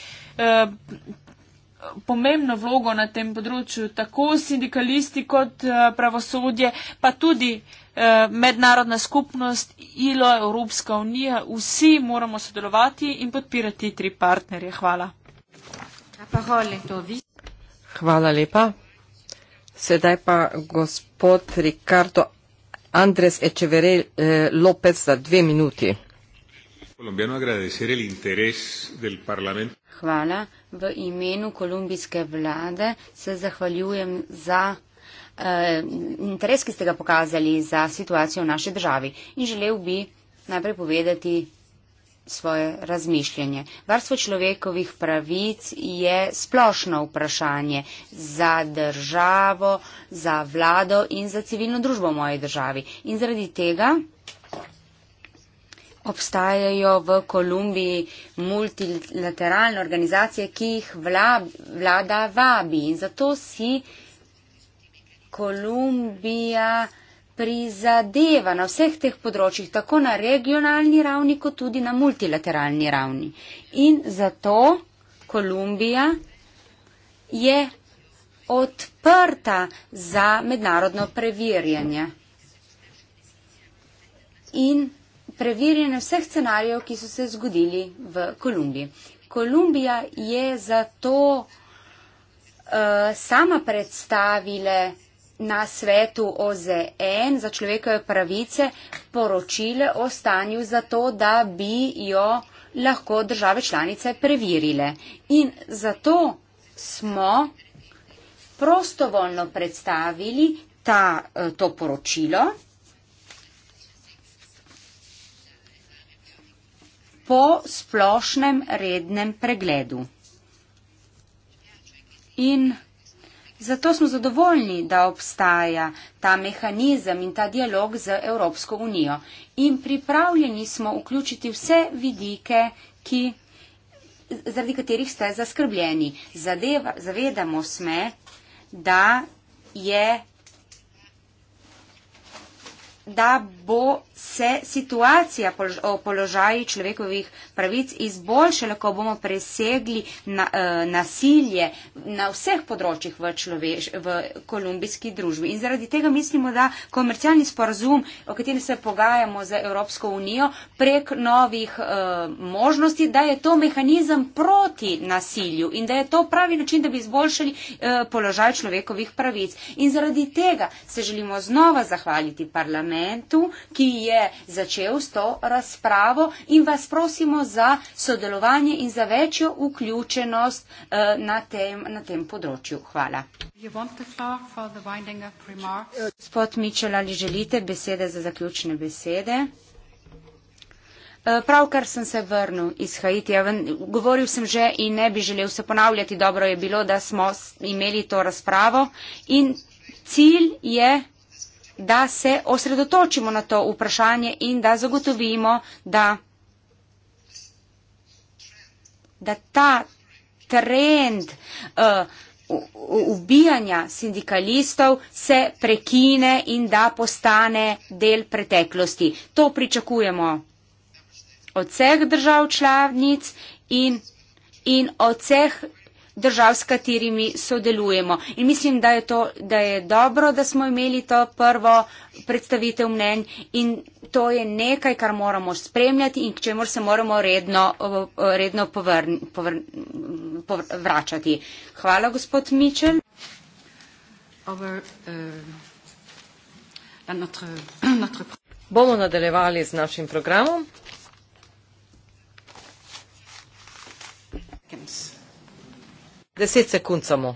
pomembno vlogo na tem področju, tako sindikalisti kot eh, pravosodje, pa tudi eh, mednarodna skupnost, ILO, Evropska unija, vsi moramo sodelovati in podpirati tri partnerje. Hvala. Hvala lepa. Sedaj pa gospod Ricardo Andres Echeverel eh, Lopez za dve minuti. Hvala. V imenu kolumbijske vlade se zahvaljujem za eh, interes, ki ste ga pokazali za situacijo v naši državi. In želel bi najprej povedati svoje razmišljanje. Varstvo človekovih pravic je splošno vprašanje za državo, za vlado in za civilno družbo v moji državi. In zaradi tega Obstajajo v Kolumbiji multilateralne organizacije, ki jih vla, vlada vabi in zato si Kolumbija prizadeva na vseh teh področjih, tako na regionalni ravni, kot tudi na multilateralni ravni. In zato Kolumbija je odprta za mednarodno preverjanje. In preverjanje vseh scenarijev, ki so se zgodili v Kolumbiji. Kolumbija je zato uh, sama predstavile na svetu OZN za človekove pravice poročile o stanju za to, da bi jo lahko države članice preverile. In zato smo prostovoljno predstavili ta, eh, to poročilo. po splošnem rednem pregledu. In zato smo zadovoljni, da obstaja ta mehanizem in ta dialog z Evropsko unijo. In pripravljeni smo vključiti vse vidike, ki, zaradi katerih ste zaskrbljeni. Zadeva, zavedamo se, da je da bo se situacija o položaju človekovih pravic izboljšala, ko bomo presegli na, uh, nasilje na vseh področjih v, človeš, v kolumbijski družbi. In zaradi tega mislimo, da komercialni sporazum, o katerem se pogajamo z Evropsko unijo, prek novih uh, možnosti, da je to mehanizem proti nasilju in da je to pravi način, da bi izboljšali uh, položaj človekovih pravic. In zaradi tega se želimo znova zahvaliti parlamentu parlamentu, ki je začel s to razpravo in vas prosimo za sodelovanje in za večjo vključenost eh, na, tem, na tem področju. Hvala. Gospod Mičel, ali želite besede za zaključne besede? Eh, pravkar sem se vrnil iz Haitija. Govoril sem že in ne bi želel se ponavljati. Dobro je bilo, da smo imeli to razpravo. In cilj je da se osredotočimo na to vprašanje in da zagotovimo, da, da ta trend uh, ubijanja sindikalistov se prekine in da postane del preteklosti. To pričakujemo od vseh držav članic in, in od vseh držav, s katerimi sodelujemo. In mislim, da je, to, da je dobro, da smo imeli to prvo predstavitev mnenj in to je nekaj, kar moramo spremljati in k čemu se moramo redno, redno povrn, povrn, povr, vračati. Hvala, gospod Mičel. Uh, Bomo nadaljevali z našim programom. deset sekund samo.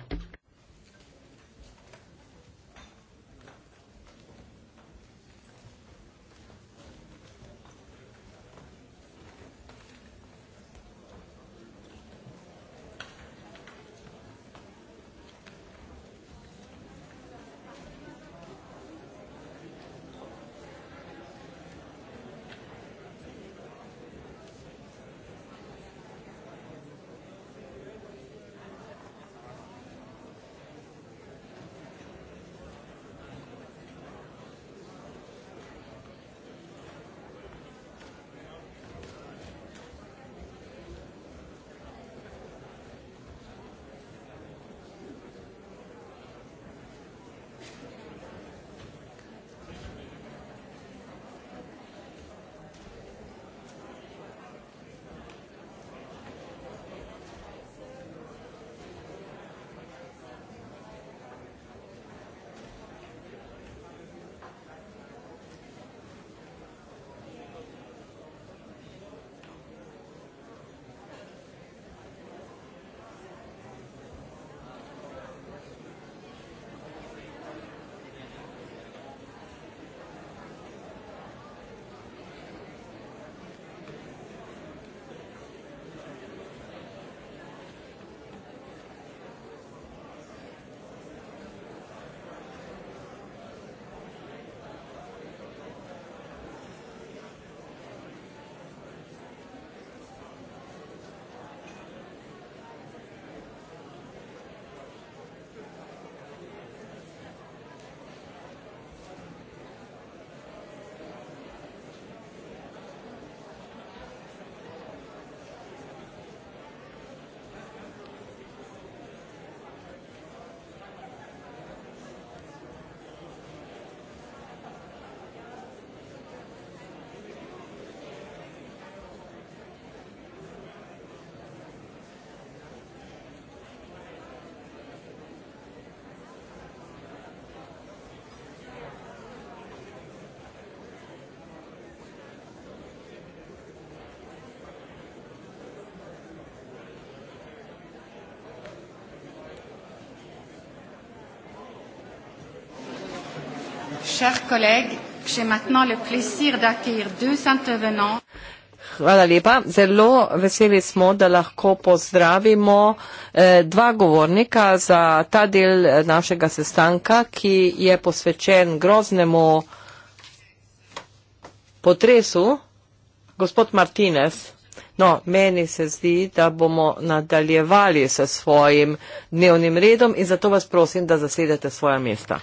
chers collègues, j'ai maintenant le plaisir d'accueillir deux intervenants. Hvala lepa. Zelo veseli smo, da lahko pozdravimo eh, dva govornika za ta del eh, našega sestanka, ki je posvečen groznemu potresu. Gospod Martinez, no, meni se zdi, da bomo nadaljevali s svojim dnevnim redom in zato vas prosim, da zasedete svoja mesta.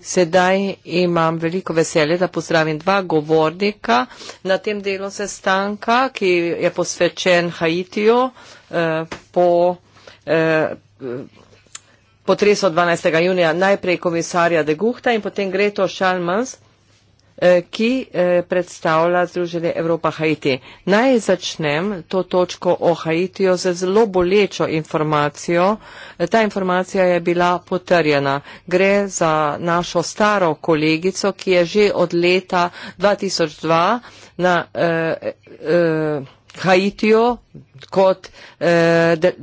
Sedaj imam veliko veselje, da pozdravim dva govornika na tem delu sestanka, ki je posvečen Haitiju eh, po eh, potresu 12. junija, najprej komisarja de Guhta in potem Greto Šalmans. Eh, ki eh, predstavlja Združenje Evropa Haiti. Naj začnem to točko o Haitiju z zelo bolečo informacijo. Eh, ta informacija je bila potrjena. Gre za našo staro kolegico, ki je že od leta 2002 na eh, eh, Haitiju kot eh, de,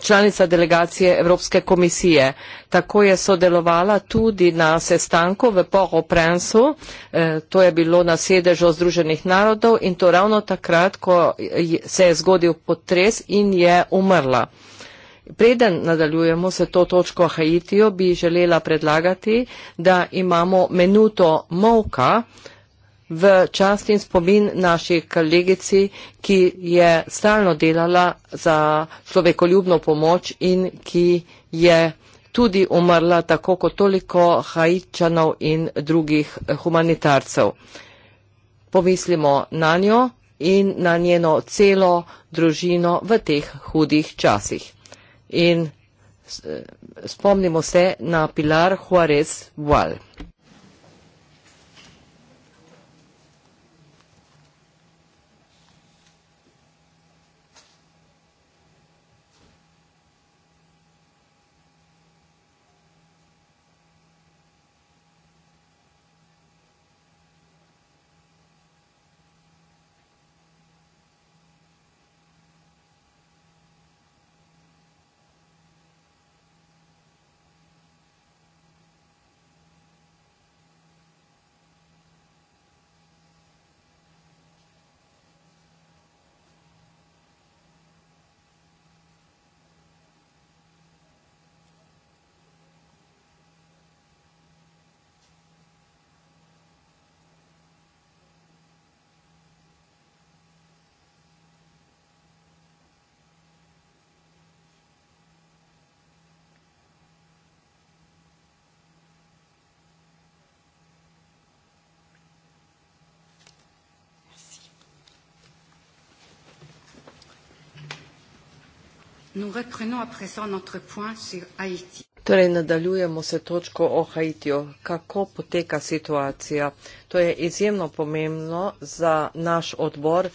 članica delegacije Evropske komisije. Tako je sodelovala tudi na sestanku v Port-au-Prince, eh, to je bilo na sedežu Združenih narodov in to ravno takrat, ko se je zgodil potres in je umrla. Preden nadaljujemo se to točko Haitijo, bi želela predlagati, da imamo minuto molka v čast in spomin naši kolegici, ki je stalno delala za človekoljubno pomoč in ki je tudi umrla tako kot toliko hajičanov in drugih humanitarcev. Pomislimo na njo in na njeno celo družino v teh hudih časih. In spomnimo se na Pilar Juarez Val. Torej, nadaljujemo se točko o Haitiju. Kako poteka situacija? To je izjemno pomembno za naš odbor,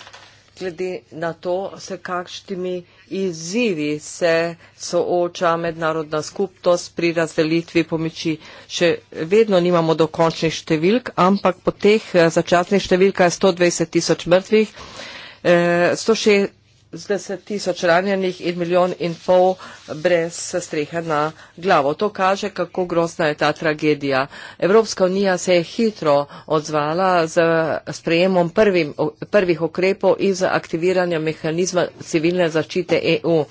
glede na to, s kakšnimi izzivi se sooča mednarodna skupnost pri razdelitvi pomoči. Še vedno nimamo dokončnih številk, ampak po teh eh, začasnih številkah je 120 tisoč mrtvih. 160 eh, z deset tisoč ranjenih in milijon in pol brez strehe na glavo. To kaže, kako grozna je ta tragedija. Evropska unija se je hitro odzvala z sprejemom prvim, prvih ukrepov in z aktiviranjem mehanizma civilne zaščite EU.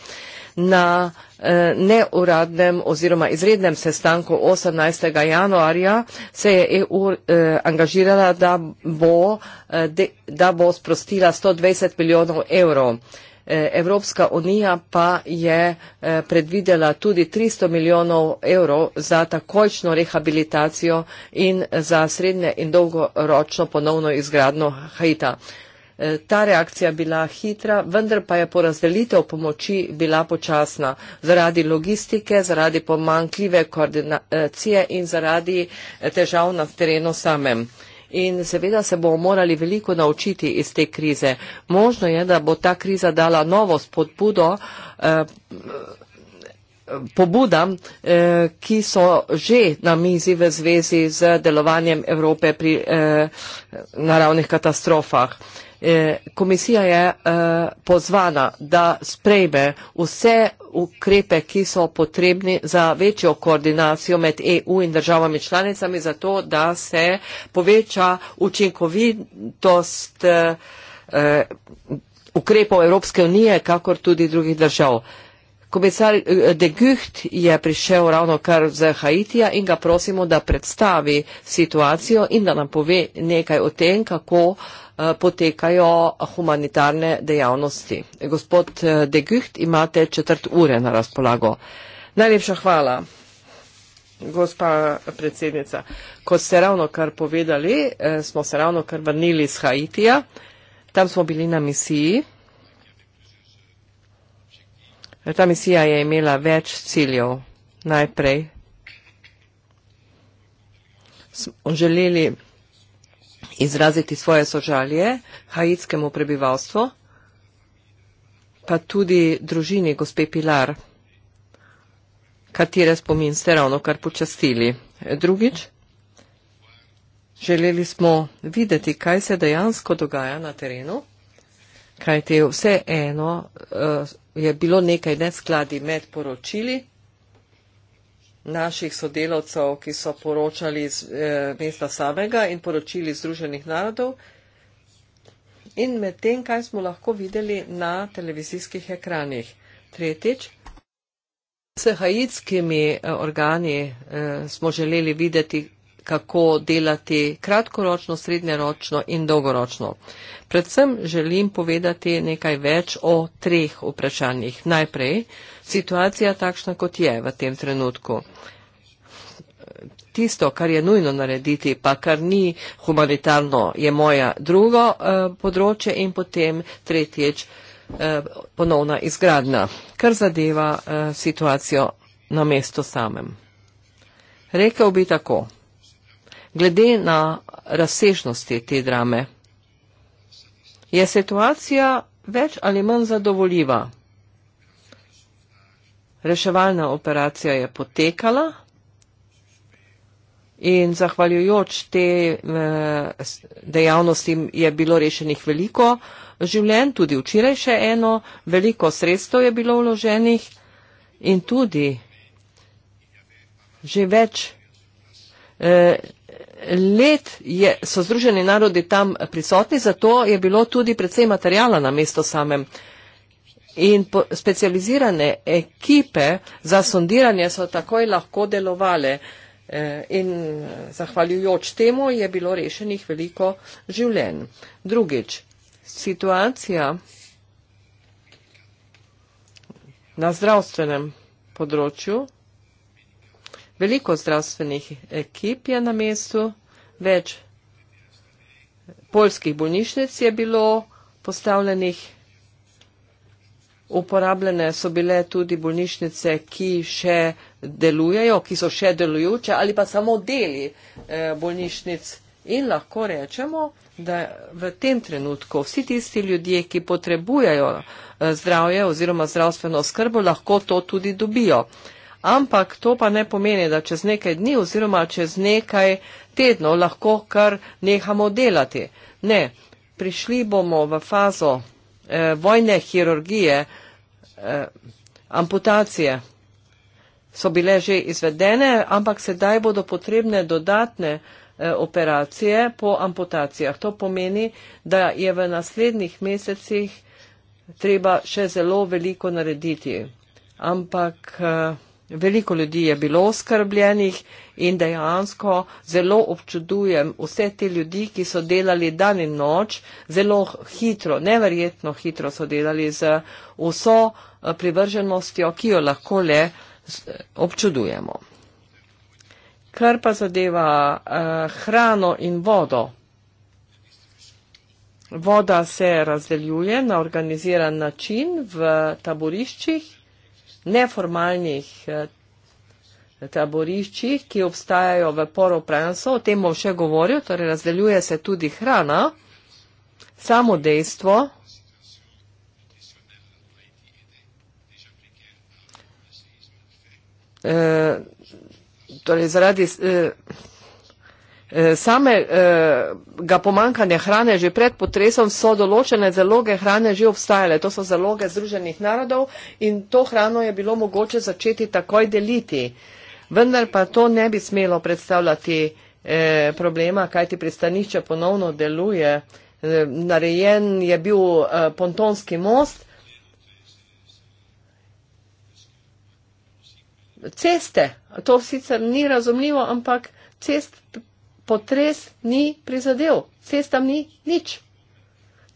Na eh, neuradnem oziroma izrednem sestanku 18. januarja se je EU eh, angažirala, da bo, eh, da bo sprostila 120 milijonov evrov. Eh, Evropska unija pa je eh, predvidela tudi 300 milijonov evrov za takojšno rehabilitacijo in za srednje in dolgoročno ponovno izgradno Haita. Eh, ta reakcija bila hitra, vendar pa je porazdelitev pomoči bila počasna zaradi logistike, zaradi pomankljive koordinacije in zaradi težav na terenu samem in seveda se bomo morali veliko naučiti iz te krize. Možno je, da bo ta kriza dala novo spodbudo. Eh, pobuda, eh, ki so že na mizi v zvezi z delovanjem Evrope pri eh, naravnih katastrofah. Eh, Eh, komisija je eh, pozvana, da sprejme vse ukrepe, ki so potrebni za večjo koordinacijo med EU in državami članicami, zato da se poveča učinkovitost eh, ukrepov Evropske unije, kakor tudi drugih držav. Komisar De Gucht je prišel ravno kar z Haitija in ga prosimo, da predstavi situacijo in da nam pove nekaj o tem, kako uh, Eh, potekajo humanitarne dejavnosti. Gospod eh, De Gucht, imate četrt ure na razpolago. Najlepša hvala, gospa predsednica. Ko ste ravno kar povedali, eh, smo se ravno kar vrnili iz Haitija, tam smo bili na misiji. Ta misija je imela več ciljev. Najprej smo želeli izraziti svoje sožalje haitskemu prebivalstvu, pa tudi družini gospe Pilar, katere spomin ste ravno kar počastili. Drugič, želeli smo videti, kaj se dejansko dogaja na terenu, kajte vse eno eh, je bilo nekaj neskladi med poročili naših sodelavcev, ki so poročali iz eh, mesta samega in poročili Združenih narodov. In med tem, kaj smo lahko videli na televizijskih ekranih. Tretjič, s haitskimi eh, organi eh, smo želeli videti, kako delati kratkoročno, srednjeročno in dolgoročno. Predvsem želim povedati nekaj več o treh vprašanjih. Najprej, situacija takšna, kot je v tem trenutku. Tisto, kar je nujno narediti, pa kar ni humanitarno, je moja drugo eh, področje in potem tretjič eh, ponovna izgradna, kar zadeva eh, situacijo na mestu samem. Rekel bi tako glede na razsežnosti te drame. Je situacija več ali manj zadovoljiva? Reševalna operacija je potekala in zahvaljujoč te eh, dejavnosti je bilo rešenih veliko življenj, tudi včeraj še eno, veliko sredstev je bilo vloženih in tudi že več eh, let je, so združeni narodi tam prisotni, zato je bilo tudi predvsej materijala na mesto samem. In specializirane ekipe za sondiranje so takoj lahko delovale eh, in zahvaljujoč temu je bilo rešenih veliko življenj. Drugič, situacija na zdravstvenem področju Veliko zdravstvenih ekip je na mestu, več polskih bolnišnic je bilo postavljenih. Uporabljene so bile tudi bolnišnice, ki še delujejo, ki so še delujoče ali pa samo deli eh, bolnišnic. In lahko rečemo, da v tem trenutku vsi tisti ljudje, ki potrebujejo eh, zdravje oziroma zdravstveno skrbo, lahko to tudi dobijo. Ampak to pa ne pomeni, da čez nekaj dni oziroma čez nekaj tednov lahko kar nehamo delati. Ne, prišli bomo v fazo eh, vojne kirurgije, eh, amputacije so bile že izvedene, ampak sedaj bodo potrebne dodatne eh, operacije po amputacijah. To pomeni, da je v naslednjih mesecih treba še zelo veliko narediti. Ampak. Eh, Veliko ljudi je bilo oskrbljenih in dejansko zelo občudujem vse te ljudi, ki so delali dan in noč, zelo hitro, neverjetno hitro so delali z vso eh, privrženostjo, ki jo lahko le eh, občudujemo. Kar pa zadeva eh, hrano in vodo. Voda se razdeljuje na organiziran način v taboriščih neformalnih eh, taboriščih, ki obstajajo v poro prenso, o tem bom še govoril, torej razdeljuje se tudi hrana, samo dejstvo, eh, torej zaradi eh, Eh, samega eh, pomankanja hrane že pred potresom so določene zaloge hrane že obstajale. To so zaloge Združenih narodov in to hrano je bilo mogoče začeti takoj deliti. Vendar pa to ne bi smelo predstavljati eh, problema, kajti pristanišče ponovno deluje. Eh, narejen je bil eh, pontonski most. Ceste, to sicer ni razumljivo, ampak cest potres ni prizadel, cestam ni nič.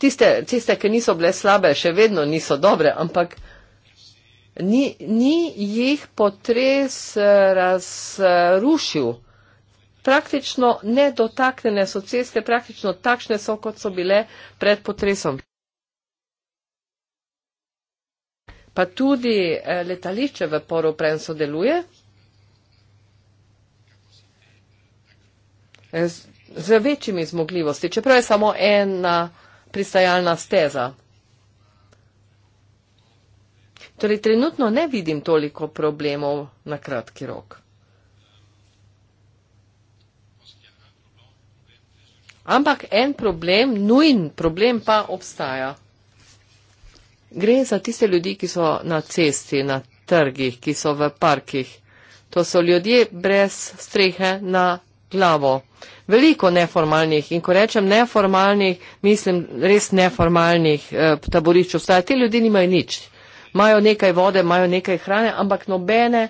Tiste ceste, ki niso bile slabe, še vedno niso dobre, ampak ni, ni jih potres eh, razrušil. Praktično nedotaknjene so ceste, praktično takšne so, kot so bile pred potresom. Pa tudi eh, letališče v Poroprensu deluje. z, z večjimi zmogljivosti, čeprav je samo ena pristajalna steza. Torej, trenutno ne vidim toliko problemov na kratki rok. Ampak en problem, nujen problem pa obstaja. Gre za tiste ljudi, ki so na cesti, na trgih, ki so v parkih. To so ljudje brez strehe na glavo. Veliko neformalnih in ko rečem neformalnih, mislim res neformalnih eh, taborišč obstaja. Ti ljudje nimajo nič. Imajo nekaj vode, imajo nekaj hrane, ampak nobene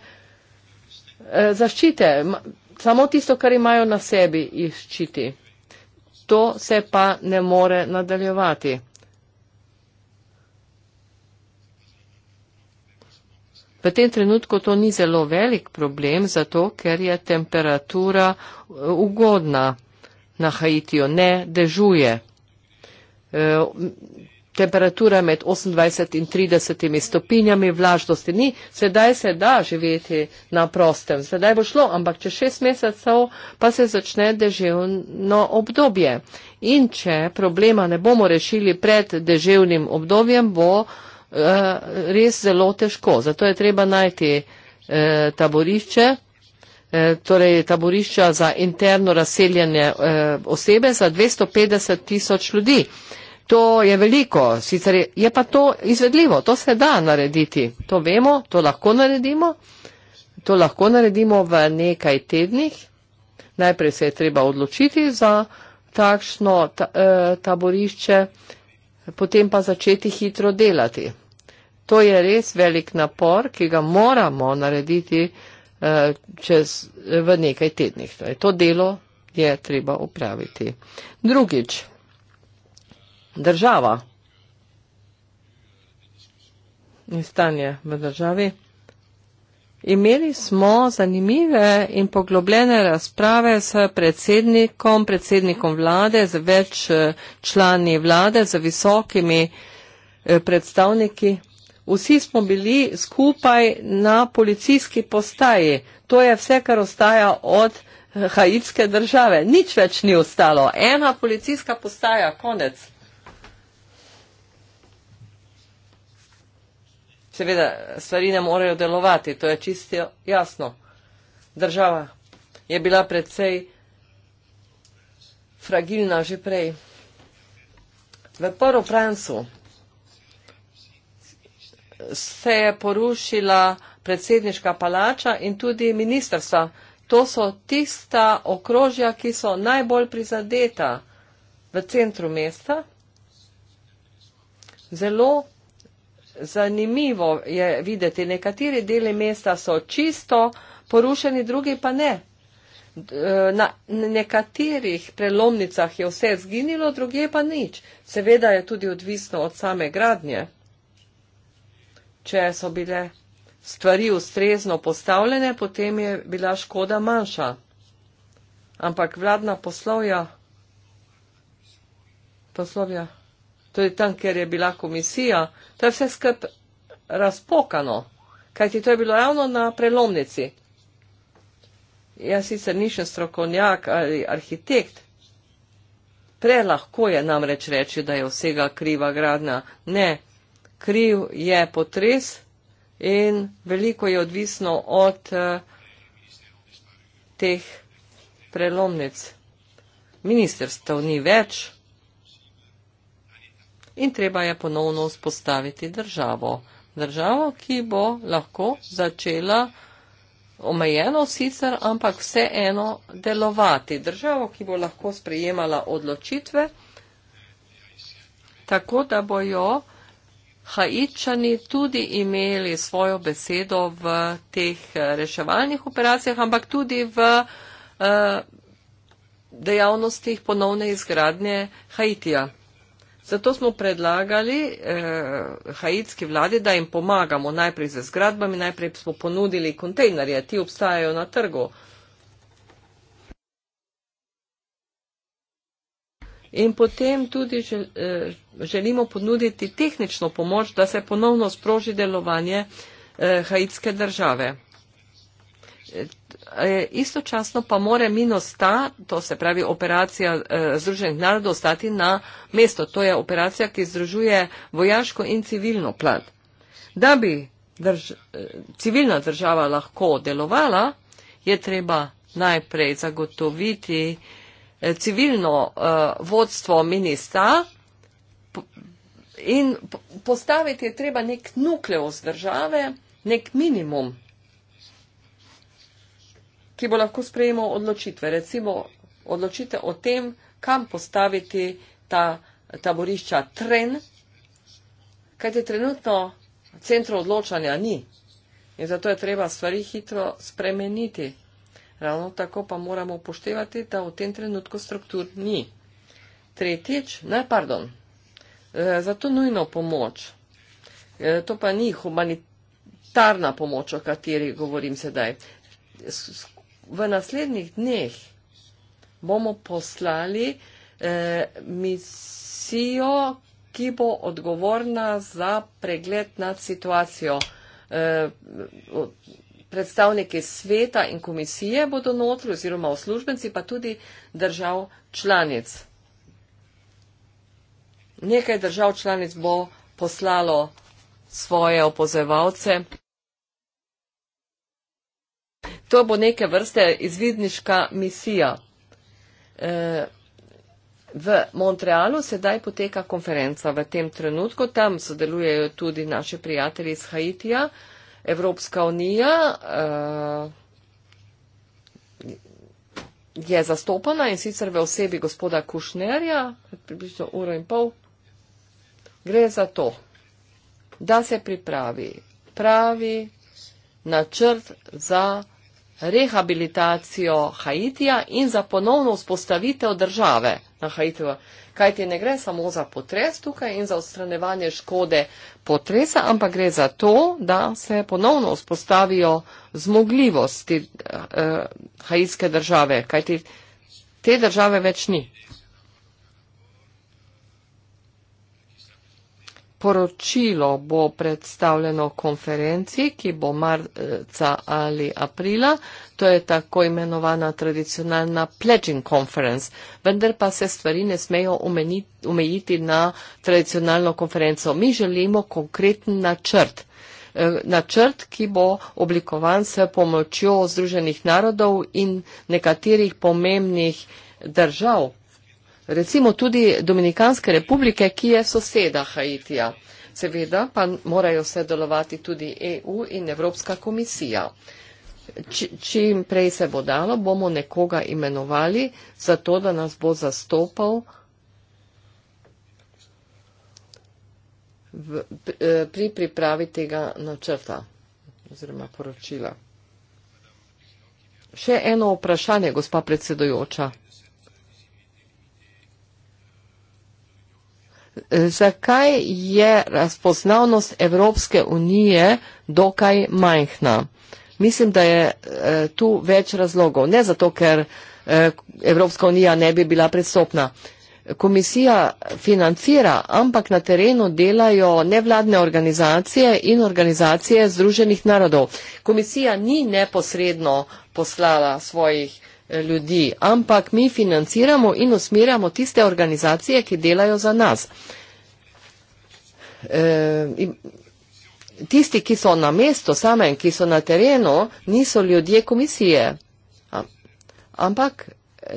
eh, zaščite. Samo tisto, kar imajo na sebi, jih ščiti. To se pa ne more nadaljevati. V tem trenutku to ni zelo velik problem, zato ker je temperatura eh, ugodna na Haitiju, ne dežuje. Eh, temperatura med 28 in 30 stopinjami vlažnosti ni, sedaj se da živeti na prostem, sedaj bo šlo, ampak čez šest mesecev pa se začne deževno obdobje. In če problema ne bomo rešili pred deževnim obdobjem, bo. Eh, res zelo težko. Zato je treba najti eh, taborišče, eh, torej taborišča za interno razseljanje eh, osebe za 250 tisoč ljudi. To je veliko, sicer je, je pa to izvedljivo, to se da narediti, to vemo, to lahko naredimo, to lahko naredimo v nekaj tednih. Najprej se je treba odločiti za takšno ta, eh, taborišče, potem pa začeti hitro delati. To je res velik napor, ki ga moramo narediti eh, čez, v nekaj tednih. To delo je treba upraviti. Drugič, država in stanje v državi. Imeli smo zanimive in poglobljene razprave s predsednikom, predsednikom vlade, z več eh, člani vlade, z visokimi eh, predstavniki Vsi smo bili skupaj na policijski postaji. To je vse, kar ostaja od eh, haitske države. Nič več ni ostalo. Ena policijska postaja, konec. Seveda, stvari ne morejo delovati, to je čisto jasno. Država je bila predvsej fragilna že prej. V prvem prancu se je porušila predsedniška palača in tudi ministrstva. To so tista okrožja, ki so najbolj prizadeta v centru mesta. Zelo zanimivo je videti, nekateri deli mesta so čisto porušeni, drugi pa ne. Na nekaterih prelomnicah je vse zginilo, druge pa nič. Seveda je tudi odvisno od same gradnje če so bile stvari ustrezno postavljene, potem je bila škoda manjša. Ampak vladna poslovja, poslovja, tudi tam, kjer je bila komisija, to je vse skrb razpokano, kajti to je bilo ravno na prelomnici. Jaz sicer nišem strokovnjak ali arhitekt, prelahko je namreč reči, da je vsega kriva gradna. Ne kriv je potres in veliko je odvisno od eh, teh prelomnic. Ministrstv ni več in treba je ponovno vzpostaviti državo. Državo, ki bo lahko začela omejeno sicer, ampak vseeno delovati. Državo, ki bo lahko sprejemala odločitve, tako da bojo. Haitčani tudi imeli svojo besedo v teh eh, reševalnih operacijah, ampak tudi v uh, dejavnostih ponovne izgradnje Haitija. Zato smo predlagali eh, haitski vladi, da jim pomagamo najprej z zgradbami, najprej smo ponudili kontejnerje, ti obstajajo na trgu. Eh, In potem tudi eh, želimo ponuditi tehnično pomoč, da se ponovno sproži delovanje eh, haitske države. Eh, istočasno pa more minus ta, to se pravi operacija Združenih narodov, ostati na mesto. To je operacija, ki združuje vojaško in civilno plat. Da bi drž civilna država lahko delovala, je treba najprej zagotoviti eh, civilno uh, vodstvo ministra in postaviti je treba nek nukleus države, nek minimum, ki bo lahko sprejemal odločitve. Recimo odločite o tem, kam postaviti ta taborišča tren, kajte trenutno centro odločanja ni. In zato je treba stvari hitro spremeniti. Ravno tako pa moramo upoštevati, da v tem trenutku struktur ni. Tretjič, ne, pardon, e, zato nujno pomoč. E, to pa ni humanitarna pomoč, o kateri govorim sedaj. V naslednjih dneh bomo poslali e, misijo, ki bo odgovorna za pregled nad situacijo. E, predstavniki sveta in komisije bodo notri oziroma uslužbenci pa tudi držav članic. Nekaj držav članic bo poslalo svoje opozevalce. To bo neke vrste izvidniška misija. E, v Montrealu sedaj poteka konferenca. V tem trenutku tam sodelujejo tudi naše prijatelji iz Haitija. E, Evropska unija uh, je zastopana in sicer v osebi gospoda Kušnerja, približno uro in pol. Gre za to, da se pripravi pravi načrt za rehabilitacijo Haitija in za ponovno vzpostavitev države na Haitiju kajti ne gre samo za potres tukaj in za odstranevanje škode potresa, ampak gre za to, da se ponovno vzpostavijo zmogljivosti eh, eh hajitske države, kajti te države več ni. Poročilo bo predstavljeno konferenci, ki bo marca ali aprila, to je tako imenovana tradicionalna pledging conference, vendar pa se stvari ne smejo omejiti na tradicionalno konferenco. Mi želimo konkreten načrt, e, načrt, ki bo oblikovan s pomočjo Združenih narodov in nekaterih pomembnih držav recimo tudi Dominikanske republike, ki je soseda Haitija. Seveda pa morajo sodelovati tudi EU in Evropska komisija. Čim prej se bo dalo, bomo nekoga imenovali za to, da nas bo zastopal v, pri eh, pripravi tega načrta oziroma poročila. Še eno vprašanje, gospa predsedujoča. zakaj je razpoznavnost Evropske unije dokaj majhna. Mislim, da je eh, tu več razlogov. Ne zato, ker eh, Evropska unija ne bi bila predstopna. Komisija financira, ampak na terenu delajo nevladne organizacije in organizacije Združenih narodov. Komisija ni neposredno poslala svojih ljudi, ampak mi financiramo in usmiramo tiste organizacije, ki delajo za nas. E, tisti, ki so na mesto samem, ki so na terenu, niso ljudje komisije, ampak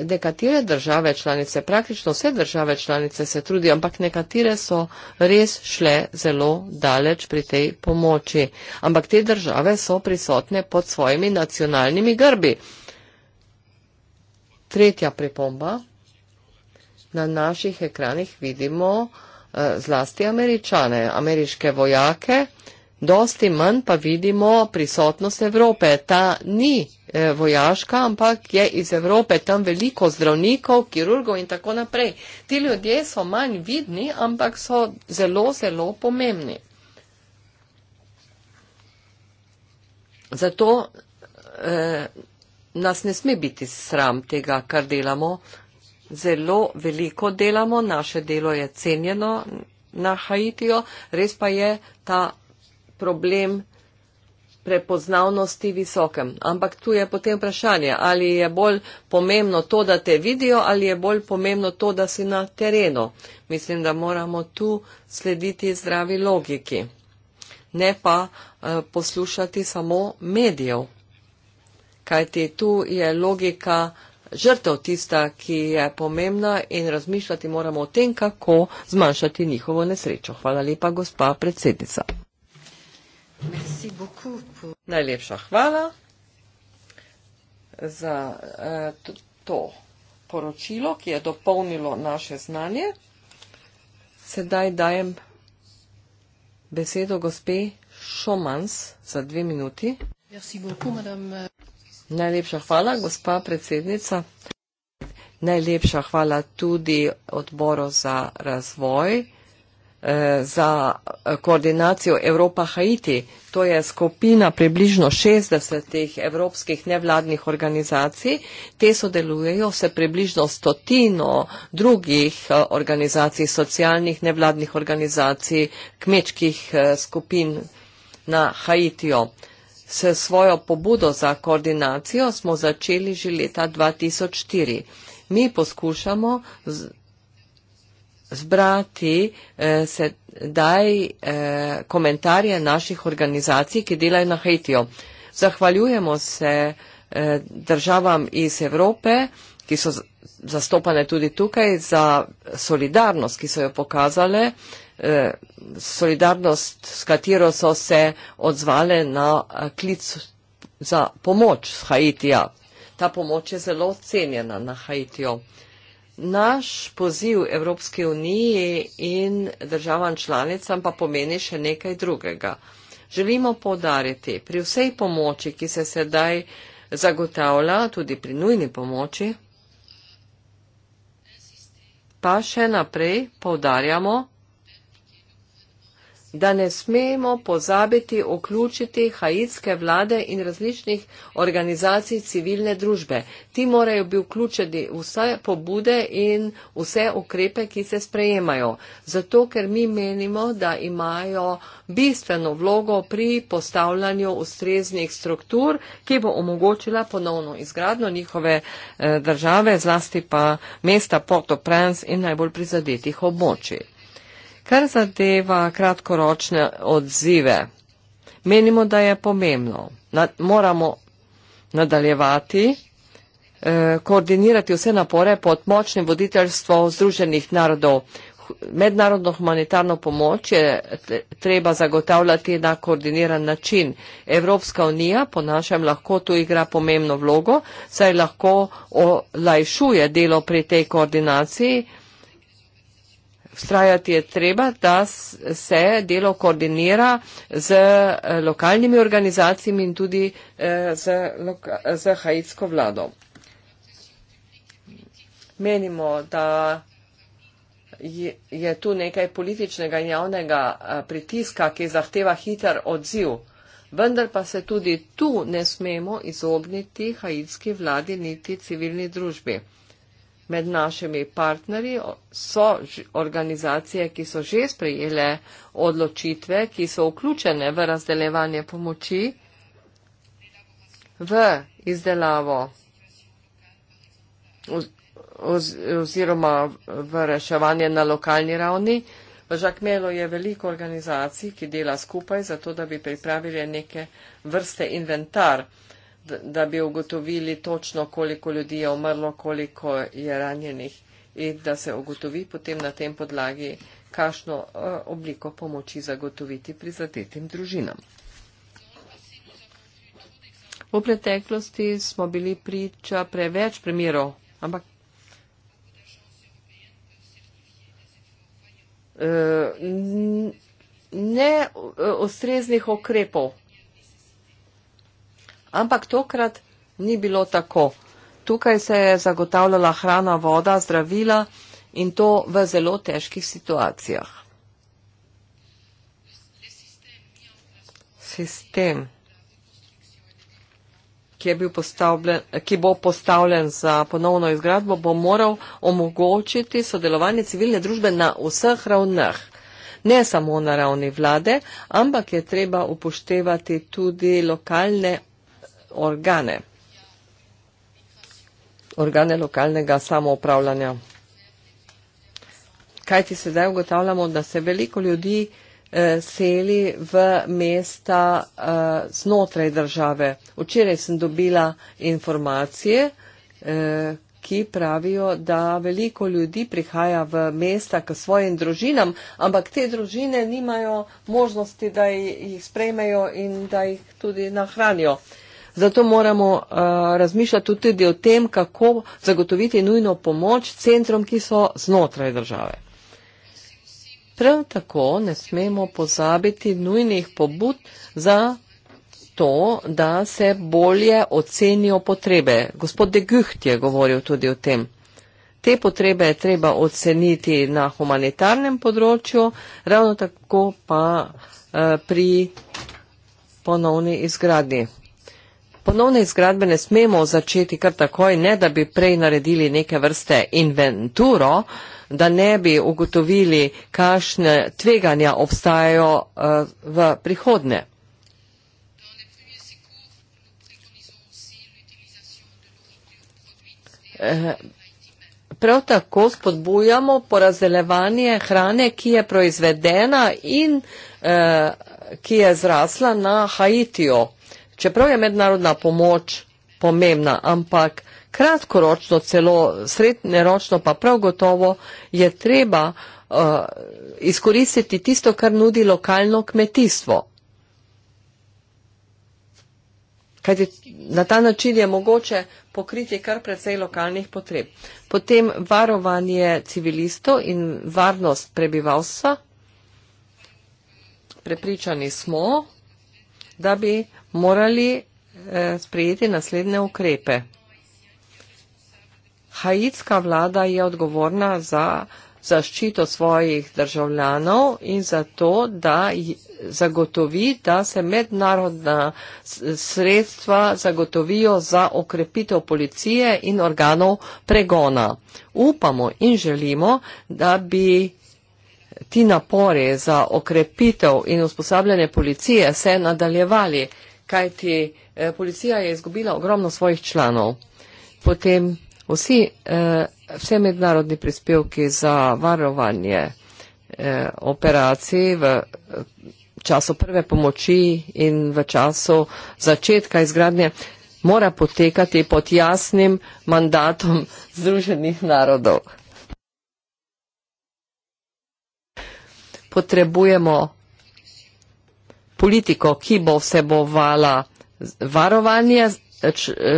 nekatere države članice, praktično vse države članice se trudijo, ampak nekatere so res šle zelo daleč pri tej pomoči. Ampak te države so prisotne pod svojimi nacionalnimi grbi. Tretja pripomba. Na naših ekranih vidimo eh, zlasti američane, ameriške vojake, dosti manj pa vidimo prisotnost Evrope. Ta ni eh, vojaška, ampak je iz Evrope tam veliko zdravnikov, kirurgov in tako naprej. Ti ljudje so manj vidni, ampak so zelo, zelo pomembni. Zato eh, nas ne sme biti sram tega, kar delamo. Zelo veliko delamo, naše delo je cenjeno na Haitijo, res pa je ta problem prepoznavnosti visokem. Ampak tu je potem vprašanje, ali je bolj pomembno to, da te vidijo, ali je bolj pomembno to, da si na terenu. Mislim, da moramo tu slediti zdravi logiki, ne pa uh, poslušati samo medijev kajti tu je logika žrtev tista, ki je pomembna in razmišljati moramo o tem, kako zmanjšati njihovo nesrečo. Hvala lepa, gospa predsednica. Merci beaucoup. Najlepša hvala za eh, to poročilo, ki je dopolnilo naše znanje. Sedaj dajem besedo gospe Šomans za dve minuti. Merci beaucoup, madame. Najlepša hvala, gospa predsednica. Najlepša hvala tudi odboru za razvoj, eh, za koordinacijo Evropa Haiti. To je skupina približno 60 evropskih nevladnih organizacij. Te sodelujejo se približno stotino drugih eh, organizacij, socialnih nevladnih organizacij, kmečkih eh, skupin na Haitijo. S svojo pobudo za koordinacijo smo začeli že leta 2004. Mi poskušamo zbrati eh, sedaj eh, komentarje naših organizacij, ki delajo na Haitiju. Zahvaljujemo se eh, državam iz Evrope, ki so zastopane tudi tukaj, za solidarnost, ki so jo pokazale eh, Eh, solidarnost, s katero so se odzvale na eh, klic za pomoč z Haitija. Ta pomoč je zelo cenjena na Haitijo. Naš poziv Evropske unije in državam članicam pa pomeni še nekaj drugega. Želimo povdariti, pri vsej pomoči, ki se sedaj zagotavlja, tudi pri nujni pomoči, pa še naprej povdarjamo, da ne smemo pozabiti vključiti haitske vlade in različnih organizacij civilne družbe. Ti morajo biti vključeni vse pobude in vse ukrepe, ki se sprejemajo. Zato, ker mi menimo, da imajo bistveno vlogo pri postavljanju ustreznih struktur, ki bo omogočila ponovno izgradno njihove eh, države, zlasti pa mesta Porto Prens in najbolj prizadetih območij. Kar zadeva kratkoročne odzive, menimo, da je pomembno. Nad, moramo nadaljevati, eh, koordinirati vse napore pod močnim voditeljstvom Združenih narodov. Mednarodno humanitarno pomoč je treba zagotavljati na koordiniran način. Evropska unija, po našem, lahko tu igra pomembno vlogo, saj lahko olajšuje delo pri tej koordinaciji. Vztrajati je treba, da se delo koordinira z eh, lokalnimi organizacijami in tudi eh, z, z haitsko vlado. Menimo, da je tu nekaj političnega in javnega eh, pritiska, ki zahteva hiter odziv. Vendar pa se tudi tu ne smemo izogniti haitski vladi niti civilni družbi. Med našimi partnerji so organizacije, ki so že sprejele odločitve, ki so vključene v razdelevanje pomoči, v izdelavo oziroma v reševanje na lokalni ravni. V Žakmelu je veliko organizacij, ki dela skupaj, zato da bi pripravili neke vrste inventar da bi ugotovili točno, koliko ljudi je umrlo, koliko je ranjenih in da se ugotovi potem na tem podlagi, kakšno eh, obliko pomoči zagotoviti prizadetim družinam. V preteklosti smo bili priča preveč primerov, ampak eh, ne eh, ustreznih ukrepov Ampak tokrat ni bilo tako. Tukaj se je zagotavljala hrana, voda, zdravila in to v zelo težkih situacijah. Sistem, ki, ki bo postavljen za ponovno izgradbo, bo moral omogočiti sodelovanje civilne družbe na vseh ravneh. Ne samo na ravni vlade, ampak je treba upoštevati tudi lokalne organe, organe lokalnega samoupravljanja. Kaj ti sedaj ugotavljamo, da se veliko ljudi eh, seli v mesta eh, znotraj države. Včeraj sem dobila informacije, eh, ki pravijo, da veliko ljudi prihaja v mesta k svojim družinam, ampak te družine nimajo možnosti, da jih sprejmejo in da jih tudi nahranijo. Eh, Zato moramo uh, razmišljati tudi o tem, kako zagotoviti nujno pomoč centrom, ki so znotraj države. Prav tako ne smemo pozabiti nujnih pobud za to, da se bolje ocenijo potrebe. Gospod De Gucht je govoril tudi o tem. Te potrebe je treba oceniti na humanitarnem področju, ravno tako pa eh, pri ponovni izgradnji ponovne izgradbe ne smemo začeti kar takoj, ne da bi prej naredili neke vrste inventuro, da ne bi ugotovili, kakšne tveganja obstajajo eh, v prihodne. Eh, prav tako spodbujamo porazdelevanje hrane, ki je proizvedena in eh, ki je zrasla na Haitiju čeprav je mednarodna pomoč pomembna, ampak kratkoročno, celo srednjeročno, pa prav gotovo je treba uh, izkoristiti tisto, kar nudi lokalno kmetijstvo. Kajti na ta način je mogoče pokriti kar precej lokalnih potreb. Potem varovanje civilistov in varnost prebivalstva. Prepričani smo, da bi morali eh, sprejeti naslednje ukrepe. Haitska vlada je odgovorna za zaščito svojih državljanov in za to, da zagotovi, da se mednarodna sredstva zagotovijo za okrepitev policije in organov pregona. Upamo in želimo, da bi ti napori za okrepitev in usposabljanje policije se nadaljevali kajti eh, policija je izgubila ogromno svojih članov. Potem vsi, eh, vse mednarodni prispevki za varovanje eh, operacij v eh, času prve pomoči in v času začetka izgradnje mora potekati pod jasnim mandatom Združenih narodov. Potrebujemo politiko, ki bo vsebovala varovanje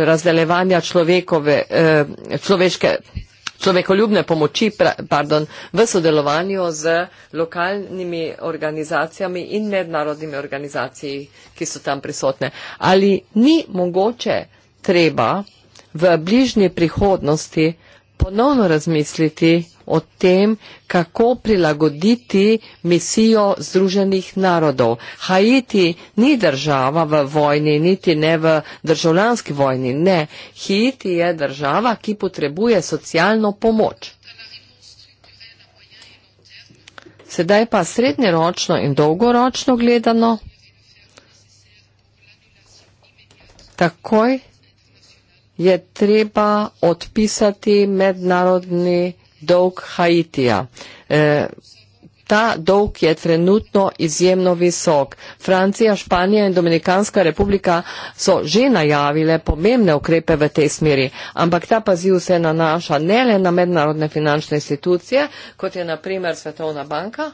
razdelevanja človekove, eh, človeške, človekoljubne pomoči pardon, v sodelovanju z lokalnimi organizacijami in mednarodnimi organizacijami, ki so tam prisotne. Ali ni mogoče treba v bližnji prihodnosti ponovno razmisliti o tem, kako prilagoditi misijo Združenih narodov. Haiti ni država v vojni, niti ne v državljanski vojni, ne. Haiti je država, ki potrebuje socialno pomoč. Sedaj pa srednjeročno in dolgoročno gledano, takoj je treba odpisati mednarodni dolg Haitija. E, Ta dolg je trenutno izjemno visok. Francija, Španija in Dominikanska republika so že najavile pomembne ukrepe v tej smeri, ampak ta paziv se nanaša ne le na mednarodne finančne institucije, kot je naprimer Svetovna banka,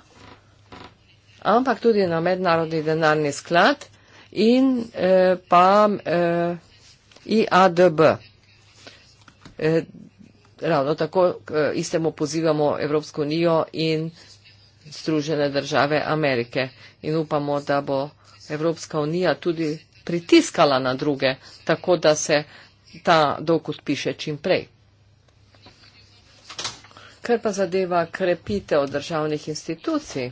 ampak tudi na mednarodni denarni sklad in eh, pa. Eh, IADB. E, ravno tako e, istemu pozivamo Evropsko unijo in Združene države Amerike in upamo, da bo Evropska unija tudi pritiskala na druge, tako da se ta dolg odpiše čim prej. Kar pa zadeva krepitev državnih institucij,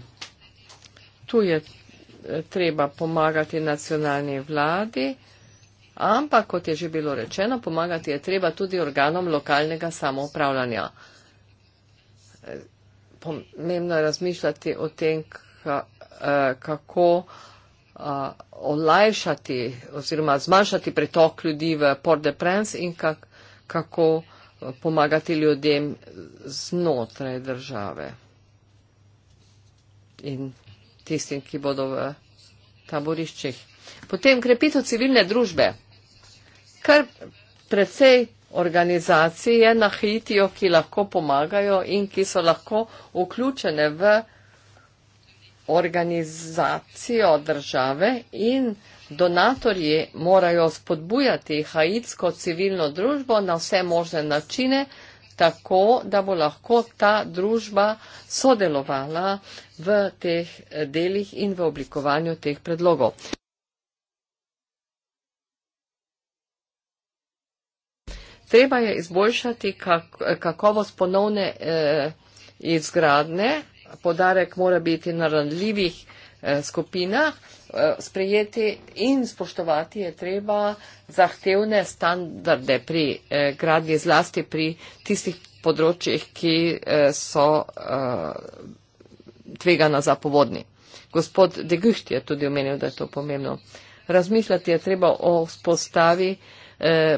tu je e, treba pomagati nacionalni vladi. Ampak, kot je že bilo rečeno, pomagati je treba tudi organom lokalnega samoupravljanja. Pomembno je razmišljati o tem, eh, kako eh, olajšati oziroma zmanjšati pretok ljudi v Port-de-Prince in kako eh, pomagati ljudem znotraj države in tistim, ki bodo v taboriščih. Potem krepitev civilne družbe kar precej organizacije na hitijo, ki lahko pomagajo in ki so lahko vključene v organizacijo države in donatorji morajo spodbujati haitsko civilno družbo na vse možne načine, tako da bo lahko ta družba sodelovala v teh delih in v oblikovanju teh predlogov. Treba je izboljšati kakovost ponovne eh, izgradne, podarek mora biti na ranljivih eh, skupinah, eh, sprejeti in spoštovati je treba zahtevne standarde pri gradnji zlasti pri tistih področjih, ki so tvegana za povodni. Gospod Degušt je tudi omenil, da je to pomembno. Razmisljati je treba o spostavi eh,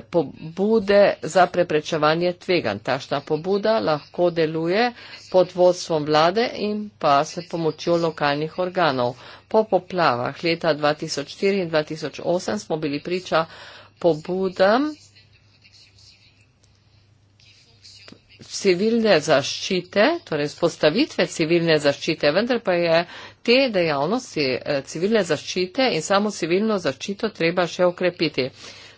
pobude za preprečevanje tvegan. Tašna pobuda lahko deluje pod vodstvom vlade in pa s pomočjo lokalnih organov. Po poplavah leta 2004 in 2008 smo bili priča pobudam civilne zaščite, torej spostavitve civilne zaščite, vendar pa je te dejavnosti eh, civilne zaščite in samo civilno zaščito treba še okrepiti.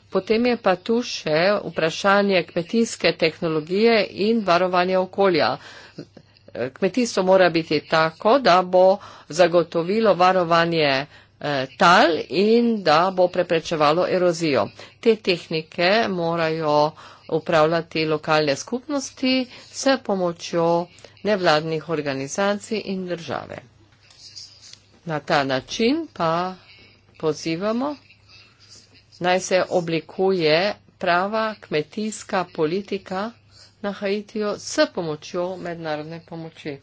Potem je pa tu še vprašanje kmetijske tehnologije in varovanja okolja. Kmetijstvo mora biti tako, da bo zagotovilo varovanje eh, tal in da bo preprečevalo erozijo. Te tehnike morajo upravljati lokalne skupnosti s pomočjo nevladnih organizacij in države. Na ta način pa pozivamo naj se oblikuje prava kmetijska politika na Haitiju s pomočjo mednarodne pomoči.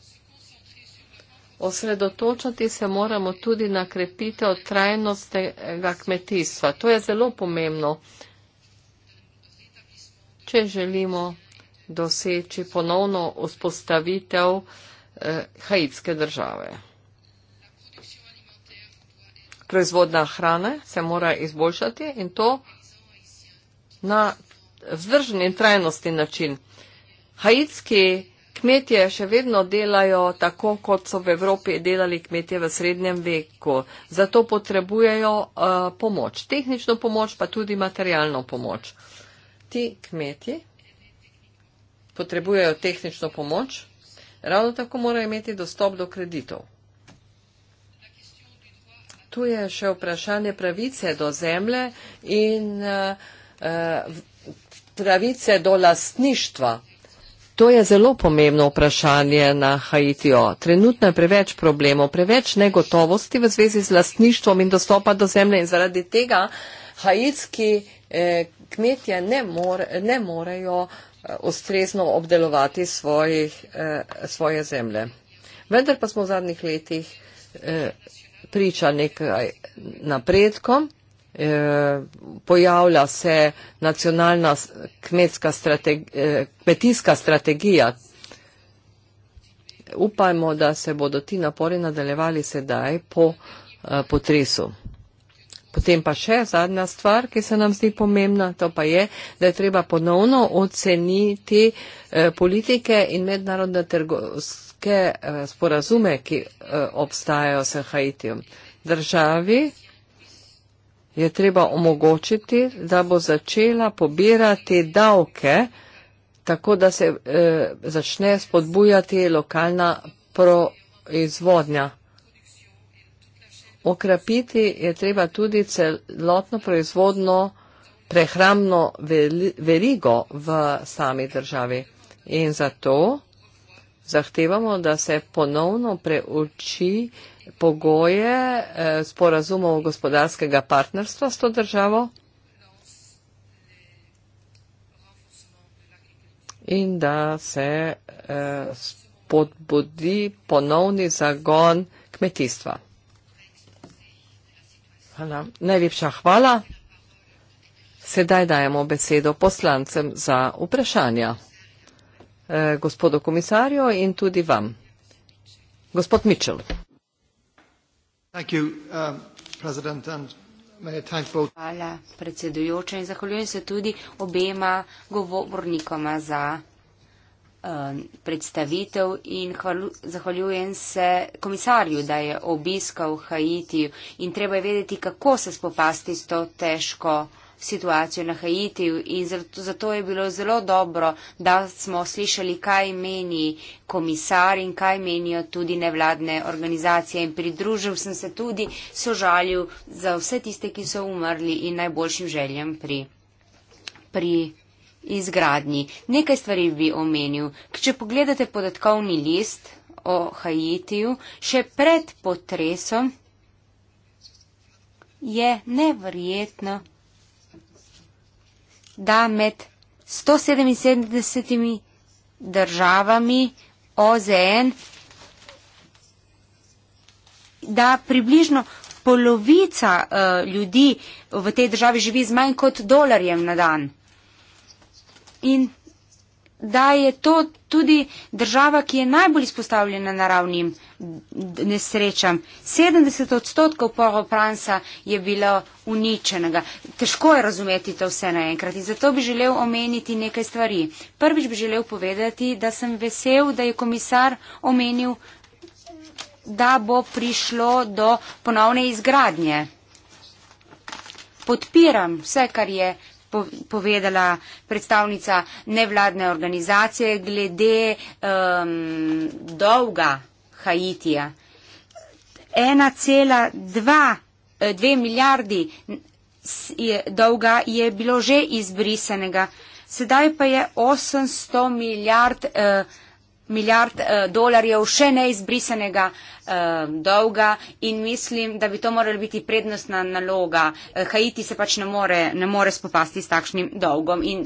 Osredotočati se moramo tudi na krepitev trajnostnega kmetijstva. To je zelo pomembno, če želimo doseči ponovno vzpostavitev eh, haitske države proizvodna hrane se mora izboljšati in to na vzdržen in trajnosti način. Haitski kmetje še vedno delajo tako, kot so v Evropi delali kmetje v srednjem veku. Zato potrebujejo uh, pomoč, tehnično pomoč, pa tudi materialno pomoč. Ti kmetje potrebujejo tehnično pomoč, ravno tako morajo imeti dostop do kreditov tu je še vprašanje pravice do zemlje in eh, eh, pravice do lastništva. To je zelo pomembno vprašanje na Haitijo. Trenutno je preveč problemov, preveč negotovosti v zvezi z lastništvom in dostopa do zemlje in zaradi tega haitski eh, kmetje ne, more, ne morejo ustrezno obdelovati svojih, svoje zemlje. Vendar pa smo v zadnjih letih priča nekaj napredkom. E, pojavlja se nacionalna kmetska strategi, eh, kmetijska strategija. Upajmo, da se bodo ti napori nadaljevali sedaj po e, potresu. Potem pa še zadnja stvar, ki se nam zdi pomembna, to pa je, da je treba ponovno oceniti e, politike in mednarodne trgovske trgovske eh, sporazume, ki eh, obstajajo s Haitijem. Državi je treba omogočiti, da bo začela pobirati davke, tako da se eh, začne spodbujati lokalna proizvodnja. Okrepiti je treba tudi celotno proizvodno prehramno verigo v sami državi. In zato zahtevamo, da se ponovno preuči pogoje eh, sporazumov gospodarskega partnerstva s to državo in da se eh, spodbudi ponovni zagon kmetijstva. Hvala. Najlepša hvala. Sedaj dajemo besedo poslancem za vprašanja eh, gospodu komisarju in tudi vam. Gospod Mitchell. Uh, Hvala predsedujoča in zahvaljujem se tudi obema govornikoma za eh, predstavitev in zahvaljujem se komisarju, da je obiskal Haiti in treba je vedeti, kako se spopasti s to težko situacijo na Haitiju in zato, zato je bilo zelo dobro, da smo slišali, kaj meni komisar in kaj menijo tudi nevladne organizacije. In pridružil sem se tudi sožalju za vse tiste, ki so umrli in najboljšim željem pri. pri Izgradnji. Nekaj stvari bi omenil. Če pogledate podatkovni list o Haitiju, še pred potresom je neverjetno da med 177 državami OZN, da približno polovica uh, ljudi v tej državi živi z manj kot dolarjem na dan. In da je to tudi država, ki je najbolj izpostavljena naravnim nesrečam. 70 odstotkov poro pransa je bilo uničenega. Težko je razumeti to vse naenkrat in zato bi želel omeniti nekaj stvari. Prvič bi želel povedati, da sem vesel, da je komisar omenil, da bo prišlo do ponovne izgradnje. Podpiram vse, kar je povedala predstavnica nevladne organizacije glede um, dolga Haitija. 1,2 eh, milijardi dolga je bilo že izbrisanega, sedaj pa je 800 milijard, uh, milijard uh, dolarjev še neizbrisanega uh, um, dolga in mislim, da bi to morala biti prednostna naloga. Eh, Haiti se pač ne more, ne more spopasti s takšnim dolgom in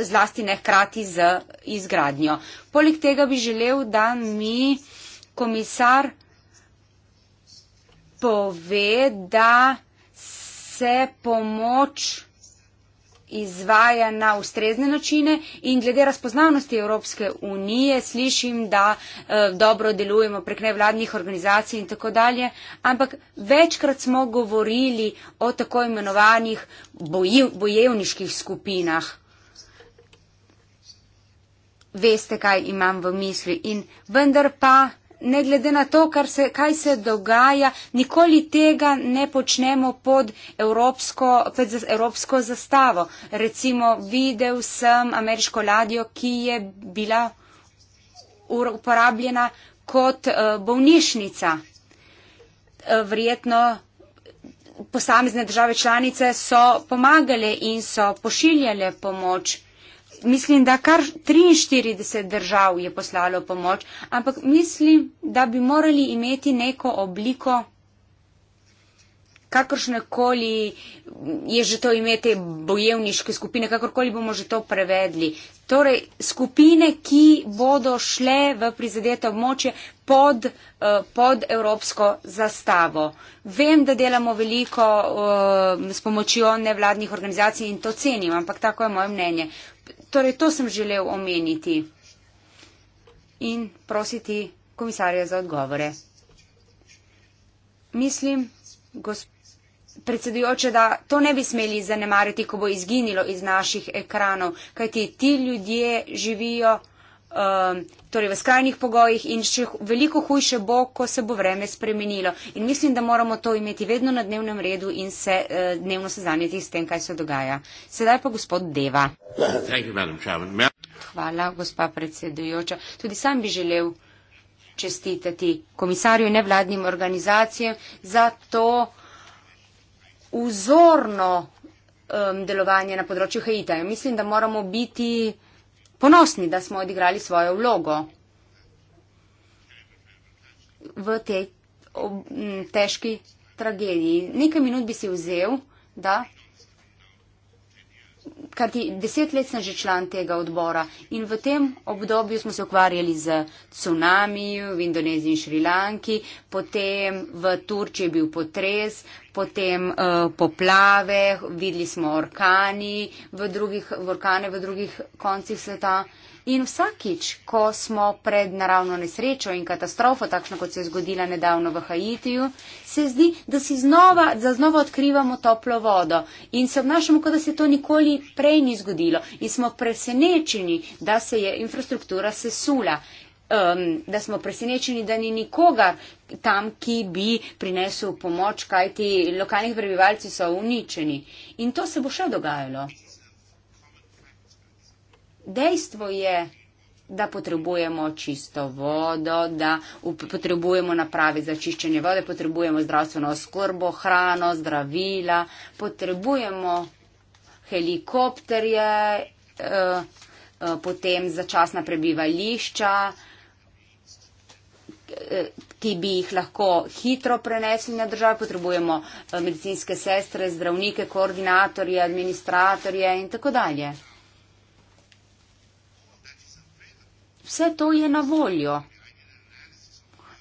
zlasti ne hkrati z izgradnjo. Poleg tega bi želel, da mi komisar pove, da se pomoč izvaja na ustrezne načine in glede razpoznavnosti Evropske unije slišim, da eh, dobro delujemo prek nevladnih organizacij in tako dalje, ampak večkrat smo govorili o tako imenovanih boji, bojevniških skupinah. Veste, kaj imam v misli in vendar pa ne glede na to, se, kaj se dogaja, nikoli tega ne počnemo pod evropsko, pod evropsko zastavo. Recimo, videl sem ameriško ladjo, ki je bila uporabljena kot eh, bolnišnica. Eh, Vrjetno posamezne države članice so pomagale in so pošiljale pomoč mislim, da kar 43 držav je poslalo pomoč, ampak mislim, da bi morali imeti neko obliko, kakršnekoli je že to ime te bojevniške skupine, kakorkoli bomo že to prevedli. Torej, skupine, ki bodo šle v prizadeta območje pod, eh, pod evropsko zastavo. Vem, da delamo veliko uh, s pomočjo nevladnih organizacij in to cenim, ampak tako je moje mnenje. Torej, to sem želel omeniti in prositi komisarja za odgovore. Mislim, predsedujoče, da to ne bi smeli zanemariti, ko bo izginilo iz naših ekranov, kajti ti ljudje živijo um, torej v skrajnih pogojih in še veliko hujše bo, ko se bo vreme spremenilo. In mislim, da moramo to imeti vedno na dnevnem redu in se uh, dnevno seznanjati s tem, kaj se dogaja. Sedaj pa gospod Deva. Hvala, gospa predsedujoča. Tudi sam bi želel čestitati komisarju in nevladnim organizacijam za to vzorno um, delovanje na področju Haitija. Mislim, da moramo biti ponosni, da smo odigrali svojo vlogo v tej težki tragediji. Nekaj minut bi si vzel, da kajti deset let sem že član tega odbora in v tem obdobju smo se ukvarjali z tsunamijo v Indoneziji in Šrilanki, potem v Turčiji bil potres, potem uh, poplave, videli smo orkani v drugih, v orkane v drugih koncih sveta. Uh, In vsakič, ko smo pred naravno nesrečo in katastrofo, takšno kot se je zgodila nedavno v Haitiju, se zdi, da si znova, da znova odkrivamo toplo vodo in se obnašamo, kot da se to nikoli prej ni zgodilo in smo presenečeni, da se je infrastruktura sesula. Um, da smo presenečeni, da ni nikogar tam, ki bi prinesel pomoč, kajti lokalnih prebivalci so uničeni. In to se bo še dogajalo dejstvo je, da potrebujemo čisto vodo, da potrebujemo naprave za čiščenje vode, potrebujemo zdravstveno oskrbo, hrano, zdravila, potrebujemo helikopterje, eh, eh, potem začasna prebivališča, eh, ki bi jih lahko hitro prenesli na državo, potrebujemo medicinske sestre, zdravnike, koordinatorje, administratorje in tako dalje. vse to je na voljo.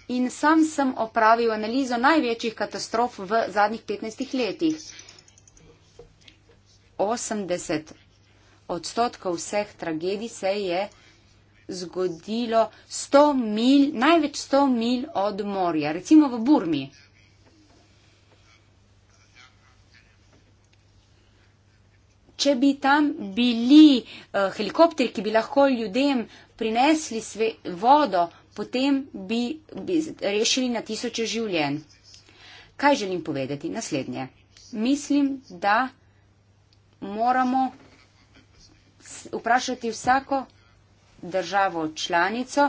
In sam sem opravil analizo največjih katastrof v zadnjih 15 letih. 80 odstotkov vseh tragedij se je zgodilo 100 mil, največ 100 mil od morja, recimo v Burmi. Če bi tam bili uh, helikopteri, ki bi lahko ljudem uh, prinesli sve, vodo, potem bi, bi rešili na tisoče življenj. Kaj želim povedati? Naslednje. Mislim, da moramo vprašati vsako državo članico,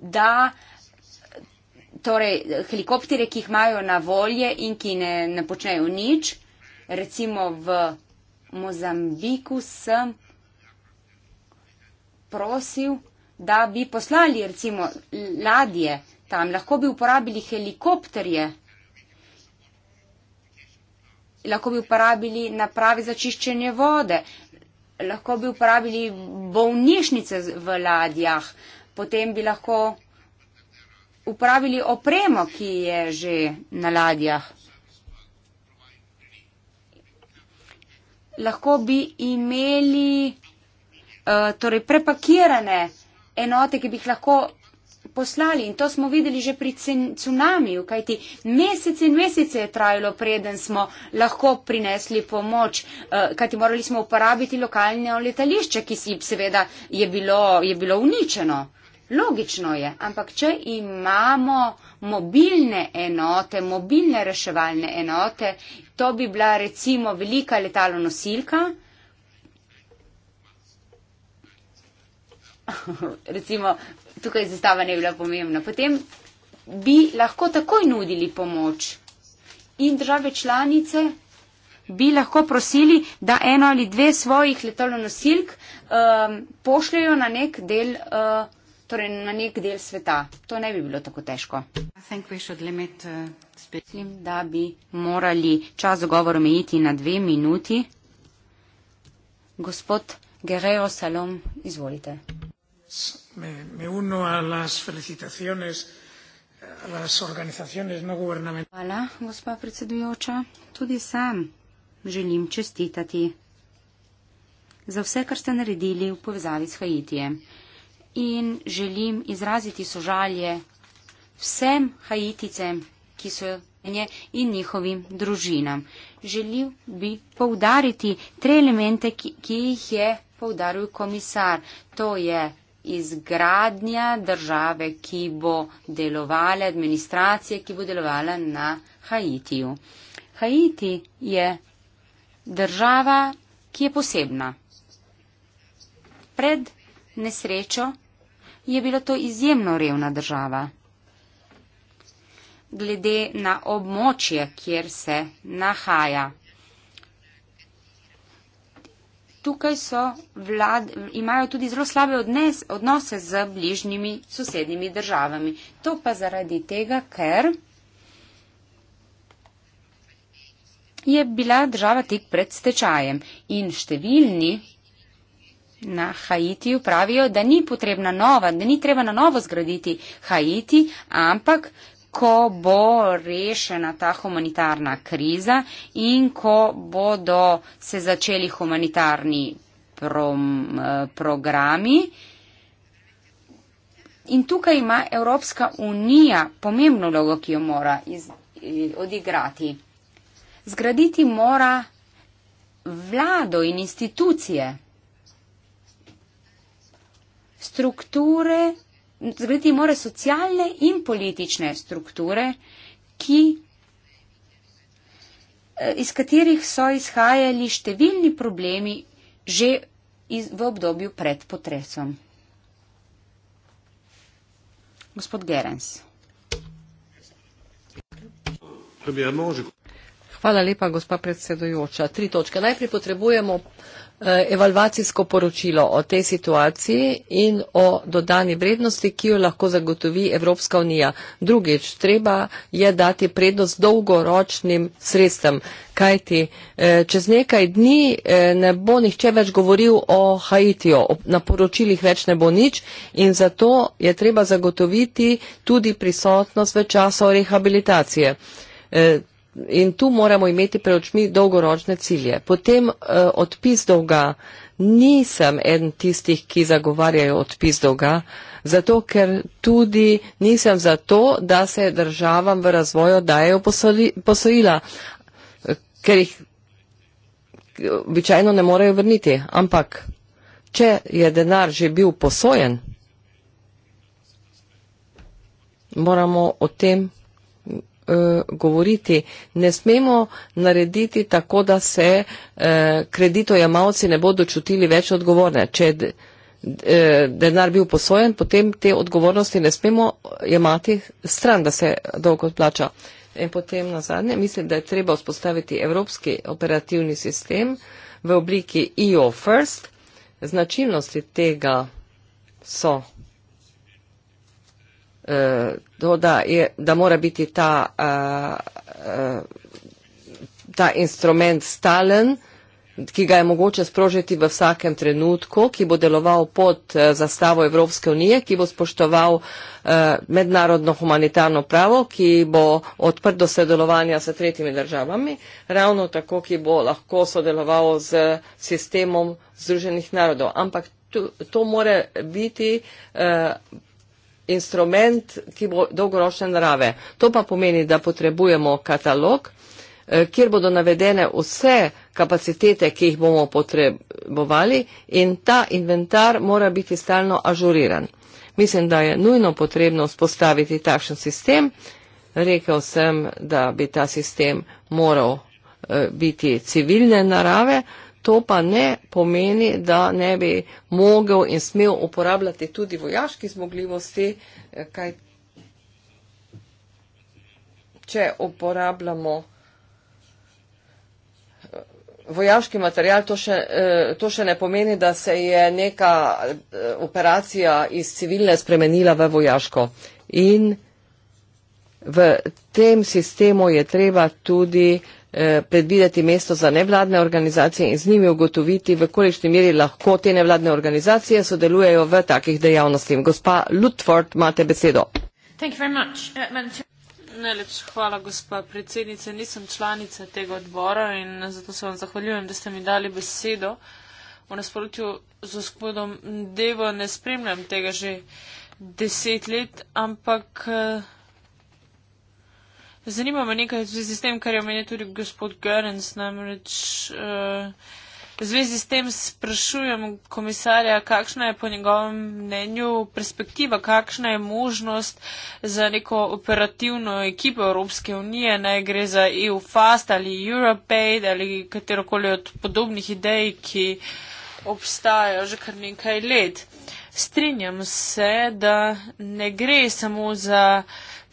da torej, helikoptere, ki jih imajo na volje in ki ne, ne počnejo nič, recimo v Mozambiku sem prosil, da bi poslali recimo ladje tam, lahko bi uporabili helikopterje, lahko bi uporabili naprave za čiščenje vode, lahko bi uporabili bolnišnice v ladjah, potem bi lahko uporabili opremo, ki je že na ladjah. Lahko bi imeli Eh, torej prepakirane enote, ki bi jih lahko poslali. In to smo videli že pri cunamiju, kajti mesece in mesece je trajalo, preden smo lahko prinesli pomoč, eh, kajti morali smo uporabiti lokalne letališče, ki si seveda je bilo, je bilo uničeno. Logično je, ampak če imamo mobilne enote, mobilne reševalne enote, to bi bila recimo velika letalonosilka, recimo, tukaj zastava ne bi bila pomembna, potem bi lahko takoj nudili pomoč in države članice bi lahko prosili, da eno ali dve svojih letalonosilk um, pošljajo na nek del. Uh, Torej, na nek del sveta. To ne bi bilo tako težko. Uh, Mislim, da bi morali čas govor omejiti na dve minuti. Gospod Guerrero Salom, izvolite. Me, me uno a las felicitaciones a las organizaciones no gubernamentales. Hola, gospa predsedujoča. Tudi sam želim čestitati za vse, kar ste naredili v povezavi s Haitijem. In želim izraziti sožalje vsem Haiticem, ki so in njihovim družinam. Želil bi poudariti tri elemente, ki, ki jih je poudaril komisar. To je izgradnja države, ki bo delovala, administracije, ki bo delovala na Haitiju. Haiti je država, ki je posebna. Pred nesrečo je bila to izjemno revna država. Glede na območje, kjer se nahaja tukaj so vlad, imajo tudi zelo slabe odnes, odnose z bližnjimi sosednjimi državami. To pa zaradi tega, ker je bila država tik pred stečajem in številni na Haitiju pravijo, da ni potrebna nova, da ni treba na novo zgraditi Haiti, ampak ko bo rešena ta humanitarna kriza in ko bodo se začeli humanitarni prom, eh, programi. In tukaj ima Evropska unija pomembno vlogo, ki jo mora iz, eh, odigrati. Zgraditi mora vlado in institucije, strukture zgraditi mora socialne in politične strukture, ki, eh, iz katerih so izhajali številni problemi že iz, v obdobju pred potresom. Gospod Gerens. Premier, Hvala lepa, gospa predsedujoča. Tri točke. Najprej potrebujemo eh, evalvacijsko poročilo o tej situaciji in o dodani vrednosti, ki jo lahko zagotovi Evropska unija. Drugič, treba je dati prednost dolgoročnim sredstvem, kajti eh, čez nekaj dni eh, ne bo nihče več govoril o Haitiju, na poročilih več ne bo nič in zato je treba zagotoviti tudi prisotnost v času rehabilitacije in tu moramo imeti pred očmi dolgoročne cilje. Potem uh, odpis dolga. Nisem eden tistih, ki zagovarjajo odpis dolga, zato ker tudi nisem za to, da se državam v razvoju dajo posoli, posojila, ker jih eh, običajno ne morejo vrniti. Ampak, če je denar že bil posojen, moramo o tem Eh, govoriti. Ne smemo narediti tako, da se eh, kreditojemalci ne bodo čutili več odgovorne. Če eh, denar bil posojen, potem te odgovornosti ne smemo jemati stran, da se dolg odplača. In potem na zadnje, mislim, da je treba vzpostaviti evropski operativni sistem v obliki EO First. Značilnosti tega so Eh, to, da, je, da mora biti ta, eh, eh, ta instrument stalen, ki ga je mogoče sprožiti v vsakem trenutku, ki bo deloval pod zastavo Evropske unije, ki bo spoštoval mednarodno humanitarno pravo, ki bo odprt do sodelovanja s tretjimi državami, ravno tako, ki bo lahko sodeloval z sistemom Združenih narodov. Ampak to, to more biti eh, instrument, ki bo dolgoročne narave. To pa pomeni, da potrebujemo katalog, eh, kjer bodo navedene vse kapacitete, ki jih bomo potrebovali in ta inventar mora biti stalno ažuriran. Mislim, da je nujno potrebno spostaviti takšen sistem. Rekel sem, da bi ta sistem moral eh, biti civilne narave, to pa ne pomeni, da ne bi mogel in smel uporabljati tudi vojaških zmogljivosti, eh, kaj če uporabljamo eh, vojaški material, to še, eh, to še ne pomeni, da se je neka operacija iz civilne spremenila v vojaško. In v tem sistemu je treba tudi Eh, predvideti mesto za nevladne organizacije in z njimi ugotoviti, v kolišni meri lahko te nevladne organizacije sodelujejo v takih dejavnostih. Gospa Lutford, imate besedo. Uh, Najlepša hvala, gospa predsednica. Nisem članica tega odbora in zato se vam zahvaljujem, da ste mi dali besedo. V nasprotju z gospodom Devo ne spremljam tega že deset let, ampak eh, Zanima me nekaj v zvezi s tem, kar je omenil tudi gospod Görens, namreč uh, v zvezi s tem sprašujem komisarja, kakšna je po njegovem mnenju perspektiva, kakšna je možnost za neko operativno ekipo Evropske unije, naj gre za EUFAST ali EuroPaid ali katerokoli od podobnih idej, ki obstajajo že kar nekaj let. Strinjam se, da ne gre samo za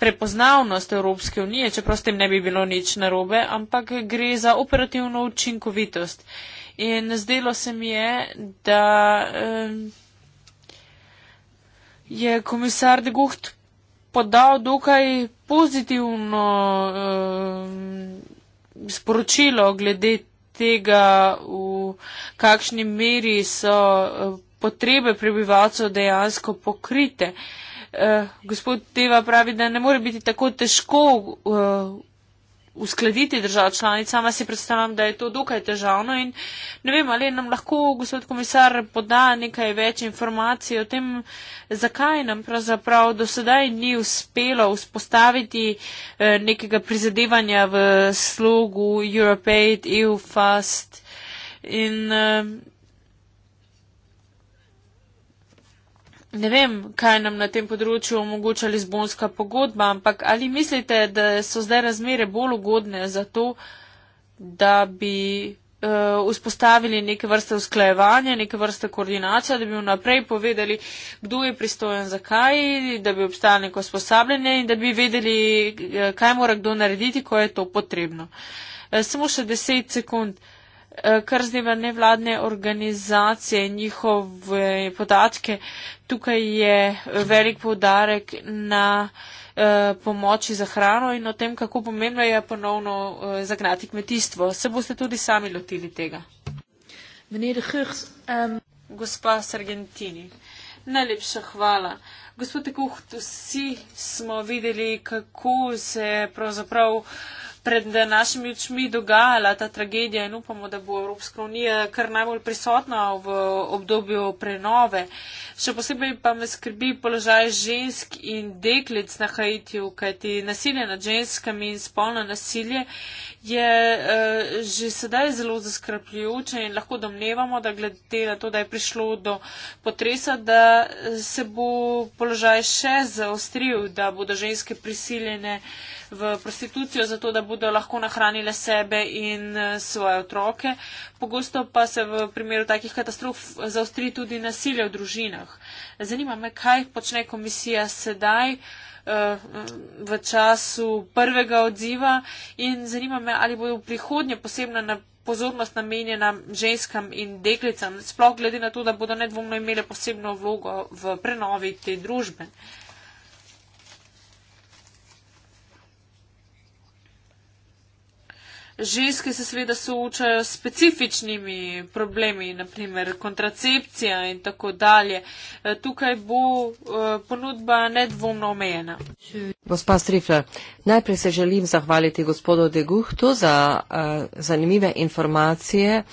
prepoznavnost Evropske unije, čeprav s tem ne bi bilo nič narobe, ampak gre za operativno učinkovitost. In zdelo se mi je, da eh, je komisar de Gucht podal dokaj pozitivno eh, sporočilo glede tega, v kakšni meri so eh, potrebe prebivalcev dejansko pokrite. Eh, Eh, gospod Teva pravi, da ne more biti tako težko uh, uskladiti držav članic. Sama si predstavljam, da je to dokaj težavno in ne vem, ali nam lahko gospod komisar poda nekaj več informacij o tem, zakaj nam pravzaprav do sedaj ni uspelo vzpostaviti uh, nekega prizadevanja v slogu Europe, EU Fast. In, uh, Ne vem, kaj nam na tem področju omogoča Lizbonska pogodba, ampak ali mislite, da so zdaj razmere bolj ugodne za to, da bi uh, vzpostavili neke vrste usklajevanja, neke vrste koordinacija, da bi vnaprej povedali, kdo je pristojen za kaj, da bi obstajali neko sposabljanje in da bi vedeli, eh, kaj mora kdo narediti, ko je to potrebno. Uh, samo še deset sekund. Uh, Eh, kar zneva nevladne organizacije in njihove podatke. Tukaj je velik povdarek na eh, pomoči za hrano in o tem, kako pomembno je ponovno eh, zagnati kmetijstvo. Se boste tudi sami lotili tega. Hrs, um... Ehm, Gospa Sargentini, najlepša hvala. Gospod Kuh, vsi smo videli, kako se pravzaprav. Uh, pred našimi očmi dogajala ta tragedija in upamo, da bo Evropska unija kar najbolj prisotna v obdobju prenove. Še posebej pa me skrbi položaj žensk in deklic na Haitiju, kajti nasilje nad ženskami in spolno nasilje je eh, že sedaj zelo zaskrpljujoče in lahko domnevamo, da glede na to, da je prišlo do potresa, da se bo položaj še zaostril, da bodo ženske prisiljene v prostitucijo, zato da bodo lahko nahranile sebe in eh, svoje otroke. Pogosto pa se v primeru takih katastrof zaostri tudi nasilje v družinah. Zanima me, kaj počne komisija sedaj eh, v času prvega odziva in zanima me, ali bodo v prihodnje posebna na pozornost namenjena ženskam in deklicam, sploh glede na to, da bodo nedvomno imele posebno vlogo v prenovi te družbe. Uh, ženske se seveda soočajo s specifičnimi problemi, naprimer kontracepcija in tako dalje. Eh, tukaj bo eh, ponudba nedvomno omejena. Gospa Strifla, najprej se želim zahvaliti gospodu Deguhtu za eh, zanimive informacije.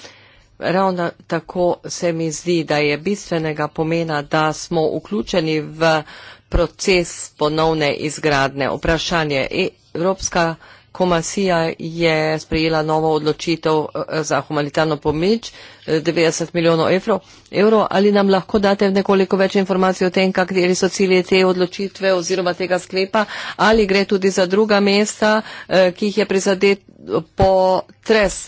Ravno tako se mi zdi, da je bistvenega pomena, da smo vključeni v proces ponovne izgradne. Vprašanje e, Evropska Komasija je sprejela novo odločitev eh, za humanitarno pomoč, 90 eh, milijonov evrov. Euro, ali nam lahko date nekoliko več informacij o tem, kakšni so cilje te odločitve oziroma tega sklepa, ali gre tudi za druga mesta, eh, ki jih je prizadet po tres?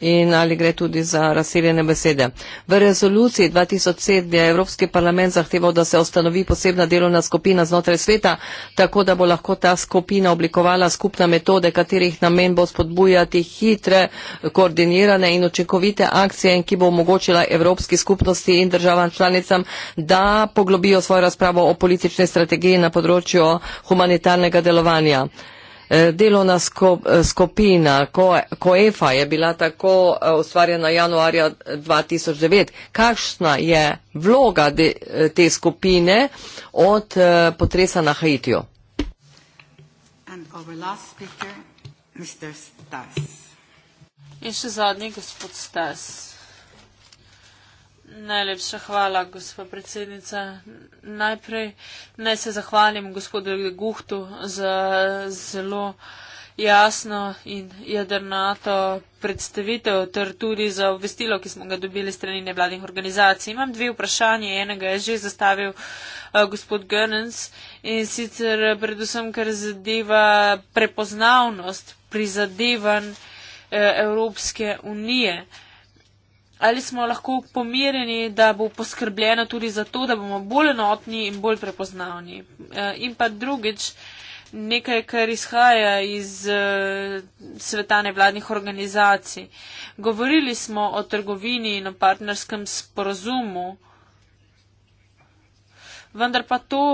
In ali gre tudi za razseljene besede? V rezoluciji 2007 je Evropski parlament zahteval, da se ustanovi posebna delovna skupina znotraj sveta, tako da bo lahko ta skupina oblikovala skupne metode, katerih namen bo spodbujati hitre, koordinirane in očinkovite akcije in ki bo omogočila Evropski skupnosti in državam članicam, da poglobijo svojo razpravo o politični strategiji na področju humanitarnega delovanja. Eh, delovna eh, skupina, COEFA je bila tako eh, ustvarjena januarja 2009. Kakšna je vloga te skupine od potresa na Haitiju? In še zadnji gospod Stas. Najlepša hvala, gospod predsednica. Najprej naj se zahvalim gospodu Guhtu za zelo jasno in jedrnato predstavitev ter tudi za obvestilo, ki smo ga dobili strani nevladnih organizacij. Imam dve vprašanje, enega je že zastavil eh, gospod Gönnens in sicer predvsem, ker zadeva prepoznavnost prizadevan eh, Evropske unije ali smo lahko pomirjeni, da bo poskrbljeno tudi za to, da bomo bolj enotni in bolj prepoznavni. Eh, in pa drugič, nekaj, kar izhaja iz eh, sveta nevladnih organizacij. Govorili smo o trgovini in o partnerskem sporazumu. Vendar pa to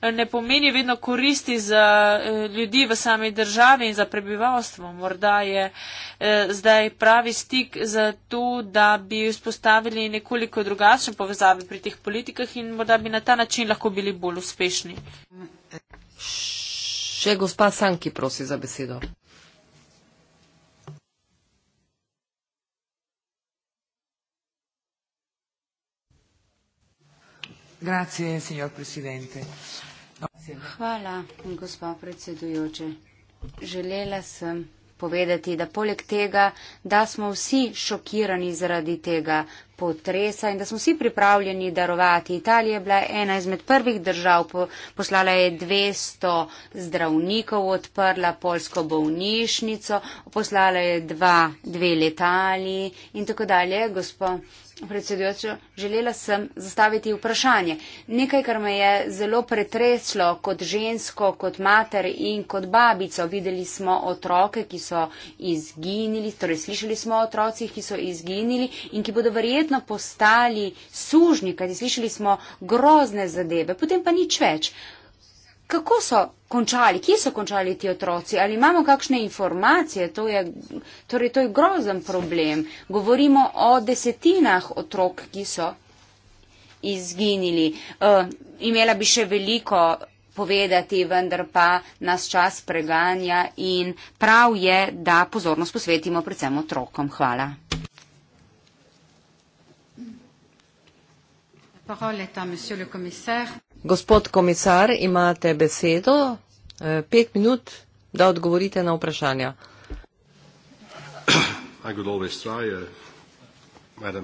ne pomeni vedno koristi za eh, ljudi v sami državi in za prebivalstvo. Morda je eh, zdaj pravi stik za to, da bi vzpostavili nekoliko drugačne povezave pri teh politikah in morda bi na ta način lahko bili bolj uspešni. Še gospa Sanki prosi za besedo. Grazie, signor Presidente besedo. Hvala, gospa predsedujoče. Želela sem povedati, da poleg tega, da smo vsi šokirani zaradi tega potresa in da smo vsi pripravljeni darovati. Italija je bila ena izmed prvih držav, poslala je 200 zdravnikov, odprla polsko bolnišnico, poslala je dva, dve letali in tako dalje. Gospod predsedujočo, želela sem zastaviti vprašanje. Nekaj, kar me je zelo pretreslo kot žensko, kot mater in kot babico. Videli smo otroke, ki so izginili, torej slišali smo otrocih, ki so izginili in ki bodo verjetno očitno postali sužnji, kajti slišali smo grozne zadeve, potem pa nič več. Kako so končali, kje so končali ti otroci, ali imamo kakšne informacije, to je, torej to je grozen problem. Govorimo o desetinah otrok, ki so izginili. Uh, imela bi še veliko povedati, vendar pa nas čas preganja in prav je, da pozornost posvetimo predvsem otrokom. Hvala. Gospod komisar, imate besedo, eh, pet minut, da odgovorite na vprašanja. Eh,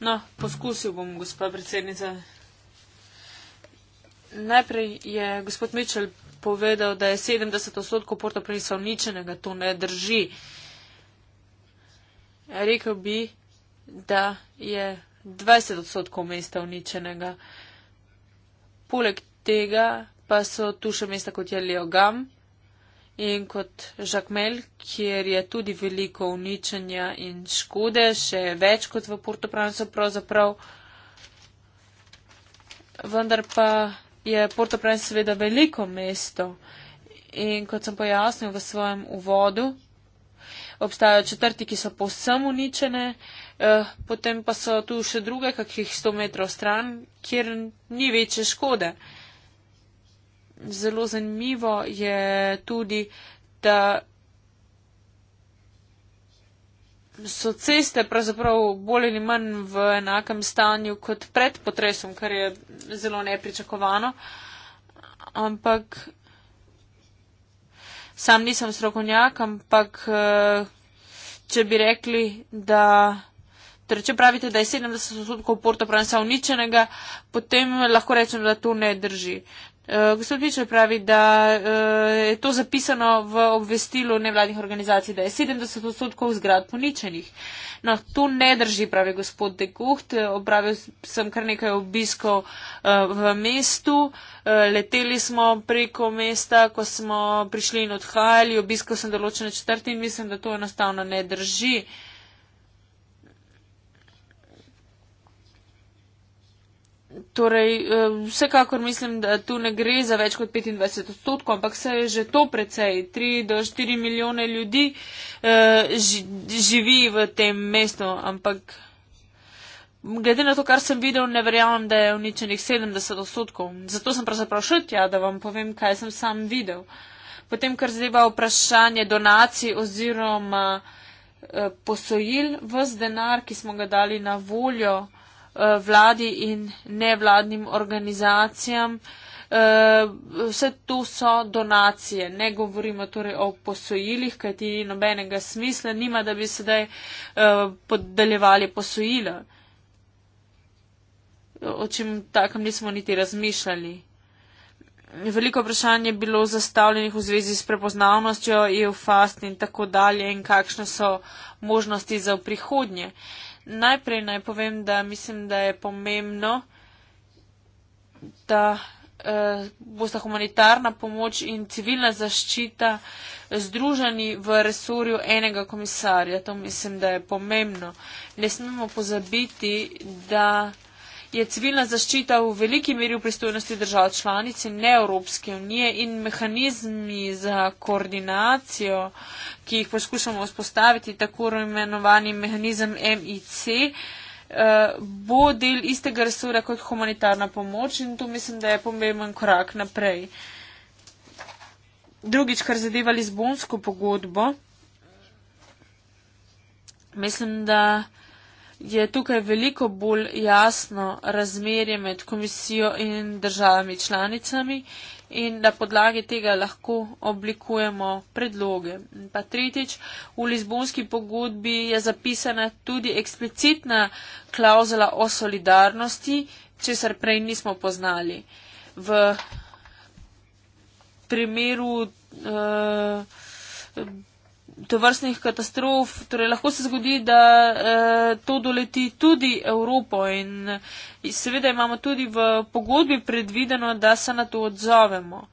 no, poskusil bom, gospod predsednica. Najprej je gospod Mičel povedal, da je 70 odstotkov portoprinsa uničenega, to ne drži. Rekel bi, da je 20 odstotkov mesta uničenega. Poleg tega pa so tu še mesta kot je Leogam in kot Žakmel, kjer je tudi veliko uničenja in škode, še več kot v Portopransu pravzaprav. Vendar pa je Portoprans seveda veliko mesto. In kot sem pojasnil v svojem uvodu, obstajajo četrti, ki so povsem uničene, eh, potem pa so tu še druge, kakih 100 metrov stran, kjer ni večje škode. Zelo zanimivo je tudi, da so ceste pravzaprav bolj ali manj v enakem stanju kot pred potresom, kar je zelo nepričakovano. Ampak Sam nisem strokovnjak, ampak eh, če bi rekli, da. Torej, če pravite, da je 70% porta pravnica uničenega, potem lahko rečem, da to ne drži. Eh, gospod Pičer pravi, da uh, je to zapisano v obvestilu nevladnih organizacij, da je 70 odstotkov zgrad poničenih. No, to ne drži, pravi gospod De Gucht. Eh, Obravil sem kar nekaj obiskov uh, v mestu. Uh, leteli smo preko mesta, ko smo prišli in odhajali. Obiskal sem določene četrti in mislim, da to enostavno ne drži. Uh, Torej, eh, vsekakor mislim, da tu ne gre za več kot 25 odstotkov, ampak se je že to precej. 3 do 4 milijone ljudi eh, živi v tem mestu, ampak glede na to, kar sem videl, ne verjamem, da je uničenih 70 odstotkov. Zato sem pravzaprav šel tja, da vam povem, kaj sem sam videl. Potem, kar zadeva vprašanje donacij oziroma eh, posojil, vz denar, ki smo ga dali na voljo. Eh, vladi in nevladnim organizacijam. Eh, vse to so donacije, ne govorimo torej o posojilih, kaj ti ni nobenega smisla, nima, da bi sedaj eh, podeljevali posojila. O čem takem nismo niti razmišljali. Veliko vprašanj je bilo zastavljenih v zvezi s prepoznavnostjo EU-FAST in tako dalje in kakšne so možnosti za prihodnje. Uh, Najprej naj povem, da mislim, da je pomembno, da eh, bosta humanitarna pomoč in civilna zaščita združeni v resorju enega komisarja. To mislim, da je pomembno. Ne smemo pozabiti, da je civilna zaščita v veliki meri v pristojnosti držav članice, ne Evropske unije in mehanizmi za koordinacijo, ki jih poskušamo vzpostaviti, tako imenovani mehanizem MIC, eh, bo del istega resora kot humanitarna pomoč in to mislim, da je pomemben korak naprej. Drugič, kar zadeva Lizbonsko pogodbo, mislim, da je tukaj veliko bolj jasno razmerje med komisijo in državami članicami in na podlagi tega lahko oblikujemo predloge. Pa tretjič, v Lizbonski pogodbi je zapisana tudi eksplicitna klauzula o solidarnosti, česar prej nismo poznali. V primeru eh, te vrstnih katastrof, torej lahko se zgodi, da eh, to doleti tudi Evropo in eh, seveda imamo tudi v pogodbi predvideno, da se na to odzovemo.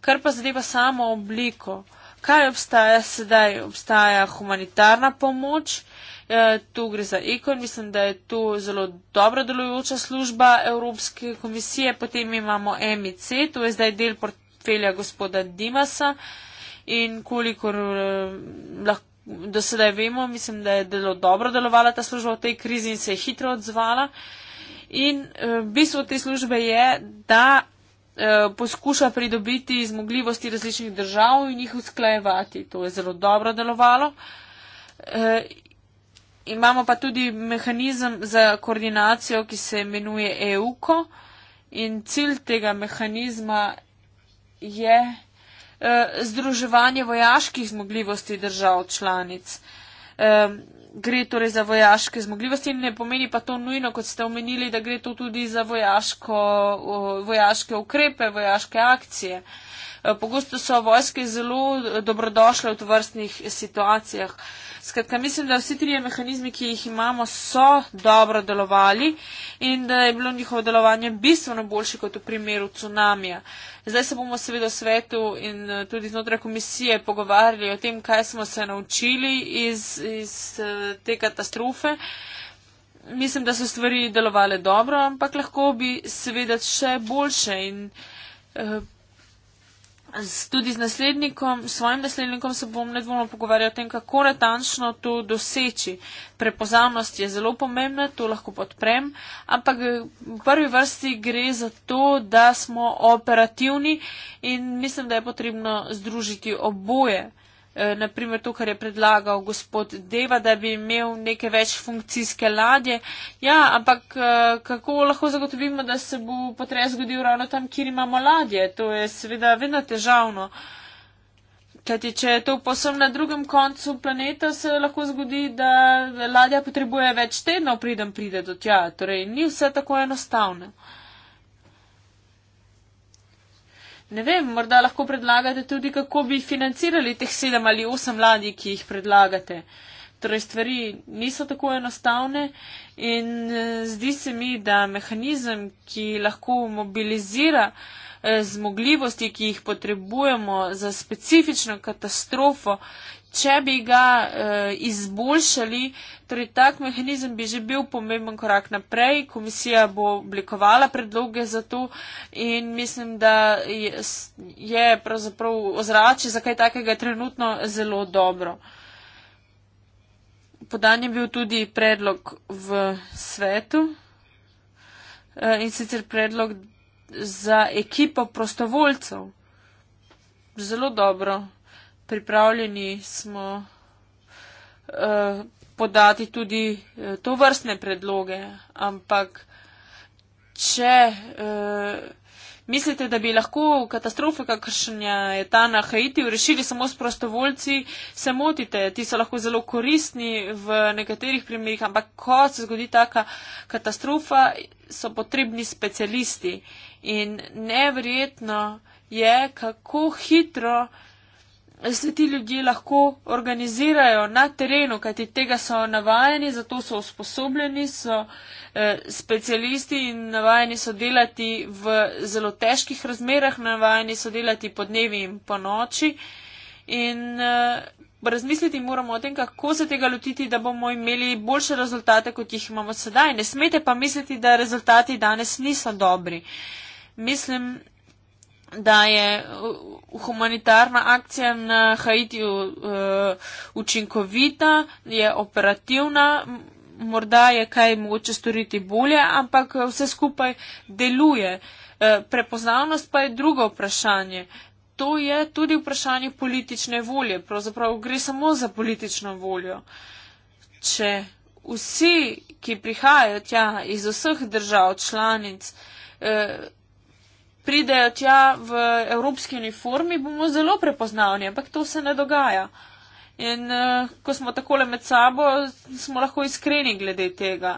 Kar pa zadeva samo obliko. Kaj obstaja sedaj? Obstaja humanitarna pomoč, e, tu gre za eko in mislim, da je to zelo dobro delujoča služba Evropske komisije, potem imamo MIC, to je zdaj del portfelja gospoda Dimasa, e, in kolikor eh, lahko. Do sedaj vemo, mislim, da je delo dobro delovala ta služba v tej krizi in se je hitro odzvala. In eh, bistvo te službe je, da eh, poskuša pridobiti zmogljivosti različnih držav in jih usklajevati. To je zelo dobro delovalo. Eh, imamo pa tudi mehanizem za koordinacijo, ki se imenuje EUKO in cilj tega mehanizma je. Eh, združevanje vojaških zmogljivosti držav članic. Gre torej za vojaške zmogljivosti in ne pomeni pa to nujno, kot ste omenili, da gre to tudi za vojaško, vojaške ukrepe, vojaške akcije. Eh, pogosto so vojske zelo dobrodošle v tovrstnih situacijah. Skratka, mislim, da vsi trije mehanizmi, ki jih imamo, so dobro delovali in da je bilo njihovo delovanje bistveno boljše kot v primeru cunamija. Zdaj se bomo seveda v svetu in eh, tudi znotraj komisije pogovarjali o tem, kaj smo se naučili iz, iz eh, te katastrofe. Mislim, da so stvari delovale dobro, ampak lahko bi seveda še boljše in eh, z, tudi z naslednikom, s svojim naslednikom se bom nedvomno pogovarjal o tem, kako natančno to doseči. Prepoznavnost je zelo pomembna, to lahko podprem, ampak v prvi vrsti gre za to, da smo operativni in mislim, da je potrebno združiti oboje. Eh, naprimer to, kar je predlagal gospod Deva, da bi imel neke več funkcijske ladje. Ja, ampak eh, kako lahko zagotovimo, da se bo potres zgodil ravno tam, kjer imamo ladje? To je seveda vedno težavno. Kajti, če je to posem na drugem koncu planeta, se lahko zgodi, da ladja potrebuje več tednov, pridem pride do tja. Torej, ni vse tako enostavno. Ne vem, morda lahko predlagate tudi, kako bi financirali teh sedem ali osem ladij, ki jih predlagate. Torej, stvari niso tako enostavne in eh, zdi se mi, da mehanizem, ki lahko mobilizira eh, zmogljivosti, ki jih potrebujemo za specifično katastrofo, če bi ga uh, izboljšali, torej tak mehanizem bi že bil pomemben korak naprej, komisija bo oblikovala predloge za to in mislim, da je, je pravzaprav ozrače za kaj takega trenutno zelo dobro. Podan je bil tudi predlog v svetu eh, in sicer predlog za ekipo prostovoljcev. Zelo dobro pripravljeni smo eh, podati tudi eh, to vrstne predloge, ampak če eh, mislite, da bi lahko katastrofe, kakršnja je ta na Haiti, rešili samo s prostovoljci, se motite, ti so lahko zelo koristni v nekaterih primerjih, ampak ko se zgodi taka katastrofa, so potrebni specialisti. In neverjetno je, kako hitro se ti ljudje lahko organizirajo na terenu, kajti tega so navajeni, zato so usposobljeni, so eh, specialisti in navajeni so delati v zelo težkih razmerah, navajeni so delati po dnevi in po noči. In eh, razmisliti moramo o tem, kako se tega lotiti, da bomo imeli boljše rezultate, kot jih imamo sedaj. Ne smete pa misliti, da rezultati danes niso dobri. Mislim, da je humanitarna akcija na Haitiju uh, učinkovita, je operativna, morda je kaj mogoče storiti bolje, ampak vse skupaj deluje. Uh, prepoznavnost pa je drugo vprašanje. To je tudi vprašanje politične volje. Pravzaprav gre samo za politično voljo. Če vsi, ki prihajajo tja iz vseh držav članic, eh, pridejo tja v evropski uniformi, bomo zelo prepoznavni, ampak to se ne dogaja. In uh, ko smo takole med sabo, smo lahko iskreni glede tega.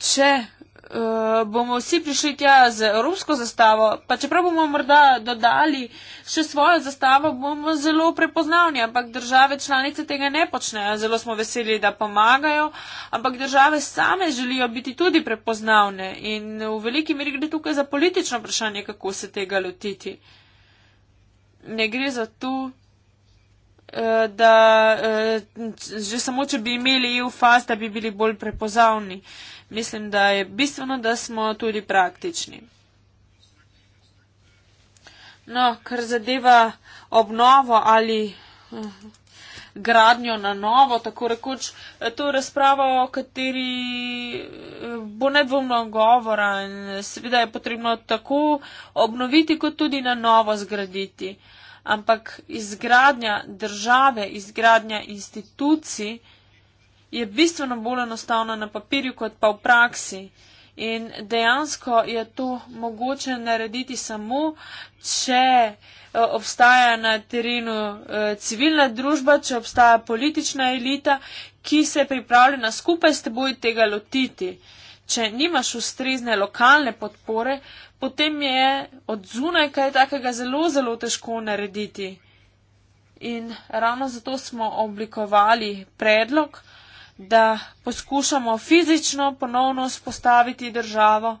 Če Eh, bomo vsi prišli tja z evropsko zastavo, pa čeprav bomo morda dodali še svojo zastavo, bomo zelo prepoznavni, ampak države članice tega ne počnejo. Zelo smo veseli, da pomagajo, ampak države same želijo biti tudi prepoznavne in v veliki meri gre tukaj za politično vprašanje, kako se tega lotiti. Ne gre za to, Eh, da eh, že samo, če bi imeli EU fast, da bi bili bolj prepoznavni. Mislim, da je bistveno, da smo tudi praktični. No, kar zadeva obnovo ali eh, gradnjo na novo, tako rekoč, to razprava, o kateri bo nedvomno govora in seveda je potrebno tako obnoviti, kot tudi na novo zgraditi. Uh, ampak izgradnja države, izgradnja institucij je bistveno bolj enostavna na papirju kot pa v praksi. In dejansko je to mogoče narediti samo, če eh, obstaja na terenu eh, civilna družba, če obstaja politična elita, ki se je pripravljena skupaj s teboj tega lotiti. Če nimaš ustrezne lokalne podpore, potem je od zunaj kaj takega zelo, zelo težko narediti. In ravno zato smo oblikovali predlog, da poskušamo fizično ponovno spostaviti državo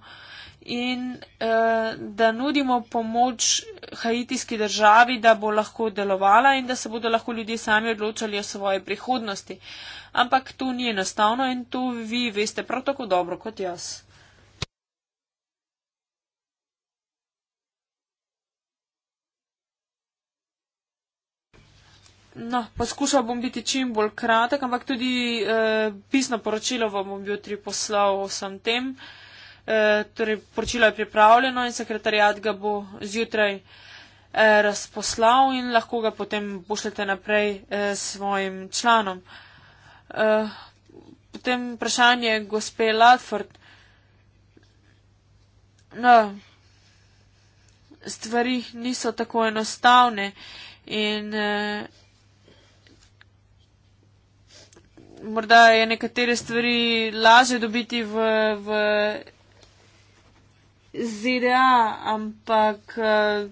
in eh, da nudimo pomoč haitijski državi, da bo lahko delovala in da se bodo lahko ljudje sami odločali o svoji prihodnosti. Ampak to ni enostavno in to vi veste prav tako dobro kot jaz. No, poskušal bom biti čim bolj kratek, ampak tudi eh, pisno poročilo vam bom jutri poslal o vsem tem. Eh, torej, poročilo je pripravljeno in sekretarjat ga bo zjutraj eh, razposlal in lahko ga potem pošljete naprej eh, svojim članom. Eh, potem vprašanje gospe Latford. No, stvari niso tako enostavne in. Eh, morda je nekatere stvari laže dobiti v, v ZDA, ampak eh,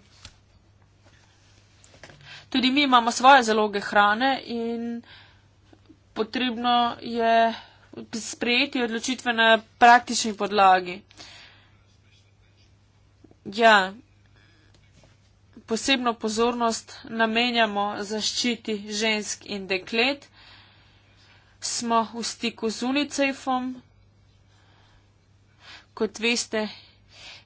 tudi mi imamo svoje zaloge hrane in potrebno je sprejeti odločitve na praktični podlagi. Ja, posebno pozornost namenjamo zaščiti žensk in deklet smo v stiku z UNICEF-om. Kot veste,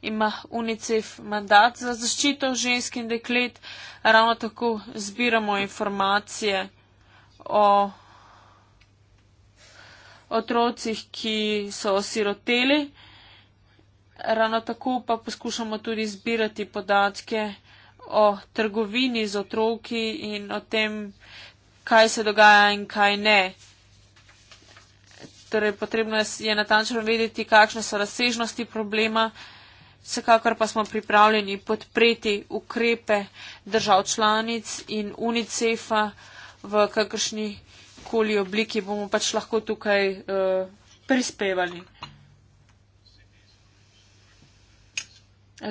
ima UNICEF mandat za zaščito žensk in deklet. Ravno tako zbiramo informacije o otrocih, ki so osiroteli. Ravno tako pa poskušamo tudi zbirati podatke o trgovini z otroki in o tem, kaj se dogaja in kaj ne. Torej, potrebno je natančno vedeti, kakšne so razsežnosti problema. Vsekakor pa smo pripravljeni podpreti ukrepe držav članic in UNICEF-a v kakršni koli obliki bomo pač lahko tukaj uh, prispevali.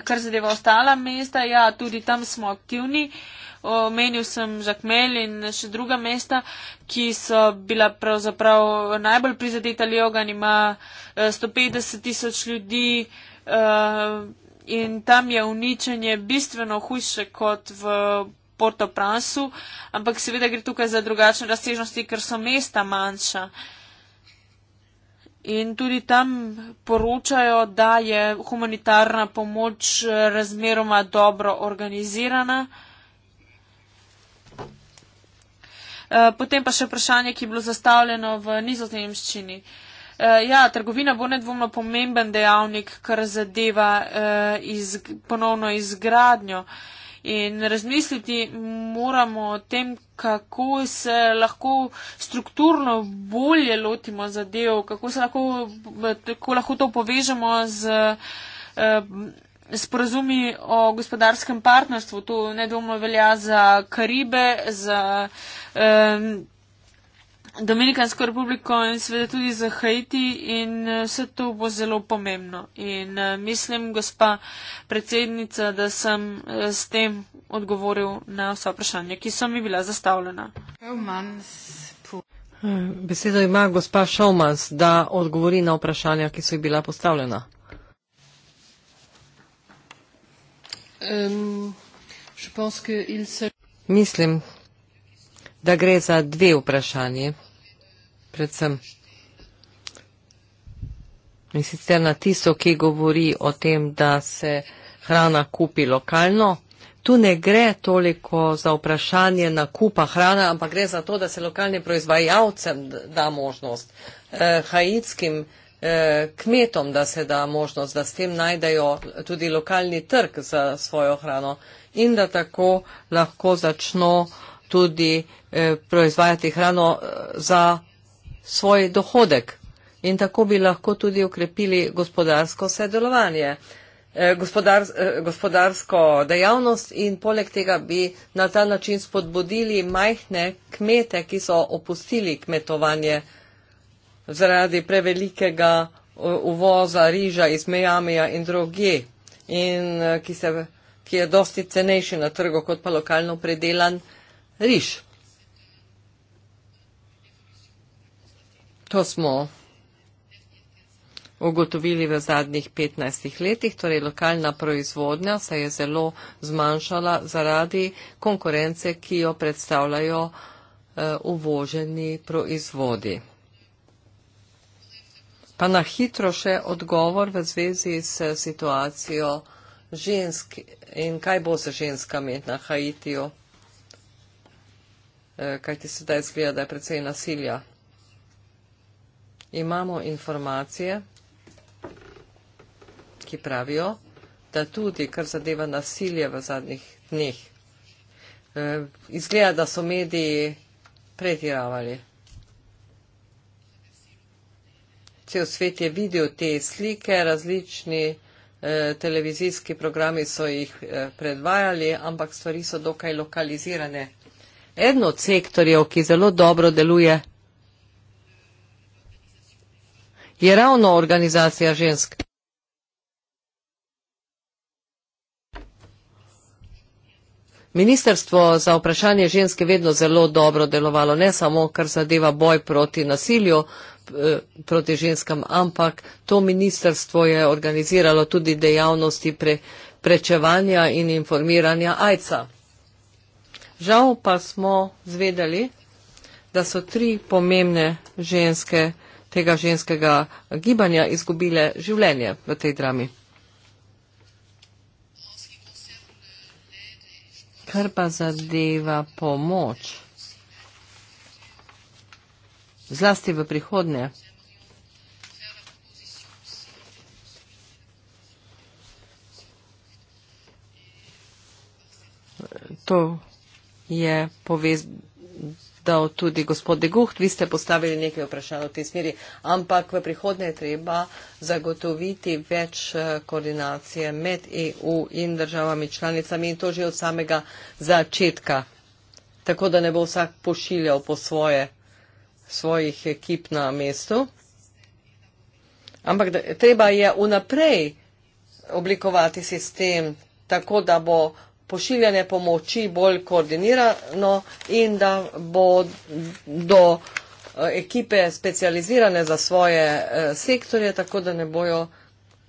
Kar zadeva ostala mesta, ja, tudi tam smo aktivni. Uh, omenil sem Žakmel in še druga mesta, ki so bila pravzaprav najbolj prizadeta. Ljogan ima 150 eh, tisoč ljudi eh, in tam je uničenje bistveno hujše kot v. Porto Pransu, ampak seveda gre tukaj za drugačne razsežnosti, ker so mesta manjša. In tudi tam poročajo, da je humanitarna pomoč eh, razmeroma dobro organizirana. Eh, potem pa še vprašanje, ki je bilo zastavljeno v nizozemščini. Eh, ja, trgovina bo nedvomno pomemben dejavnik, kar zadeva eh, iz, ponovno izgradnjo. In razmisliti moramo o tem, kako se lahko strukturno bolje lotimo zadev, kako se lahko, kako lahko to povežemo z sporazumi o gospodarskem partnerstvu. To nedvomno velja za Karibe, za um, Dominikansko republiko in seveda tudi za Haiti in eh, vse to bo zelo pomembno. In uh, mislim, gospa predsednica, da sem uh, s tem odgovoril na vsa vprašanja, ki so mi bila zastavljena. Besedo ima gospa Šaumans, da odgovori na vprašanja, ki so ji bila postavljena. Um, mislim, da gre za dve vprašanji, predvsem in sicer na tisto, ki govori o tem, da se hrana kupi lokalno. Tu ne gre toliko za vprašanje nakupa hrane, ampak gre za to, da se lokalnim proizvajalcem da možnost, eh, haitskim eh, kmetom, da se da možnost, da s tem najdejo tudi lokalni trg za svojo hrano in da tako lahko začno eh, tudi eh, proizvajati hrano eh, za svoj dohodek in tako bi lahko tudi okrepili gospodarsko sedelovanje, eh, gospodar, eh, gospodarsko dejavnost in poleg tega bi na ta način spodbudili majhne kmete, ki so opustili kmetovanje zaradi prevelikega eh, uvoza riža iz Mejamija in druge in eh, ki, se, ki je dosti cenejši na trgu kot pa lokalno predelan eh, riž. To smo ugotovili v zadnjih 15 letih, torej lokalna proizvodnja se je zelo zmanjšala zaradi konkurence, ki jo predstavljajo eh, uvoženi proizvodi. Pa na hitro še odgovor v zvezi s situacijo žensk in kaj bo z ženskami na Haitiju. Eh, kaj ti sedaj zgleda, da je precej nasilja. Imamo informacije, ki pravijo, da tudi, kar zadeva nasilje v zadnjih dneh, eh, izgleda, da so mediji pretiravali. Cel svet je videl te slike, različni eh, televizijski programi so jih predvajali, ampak stvari so dokaj lokalizirane eden od sektorjev, ki zelo dobro deluje, je ravno organizacija žensk. Ministrstvo za vprašanje ženske vedno zelo dobro delovalo, ne samo kar zadeva boj proti nasilju eh, proti ženskam, ampak to ministrstvo je organiziralo tudi dejavnosti pre, prečevanja in informiranja AIDS-a. Žal pa smo zvedeli, da so tri pomembne ženske tega ženskega gibanja izgubile življenje v tej drami. Kar pa zadeva pomoč, zlasti v prihodnje. To je povedal tudi gospod Deguht. Vi ste postavili nekaj vprašanj v tej smeri, ampak v prihodnje je treba zagotoviti več eh, koordinacije med EU in državami članicami in to že od samega začetka, tako da ne bo vsak pošiljal po svoje, svojih ekip na mestu. Ampak treba je unaprej oblikovati sistem tako, da bo pošiljanje pomoči bolj koordinirano in da bo do eh, ekipe specializirane za svoje eh, sektorje, tako da ne bojo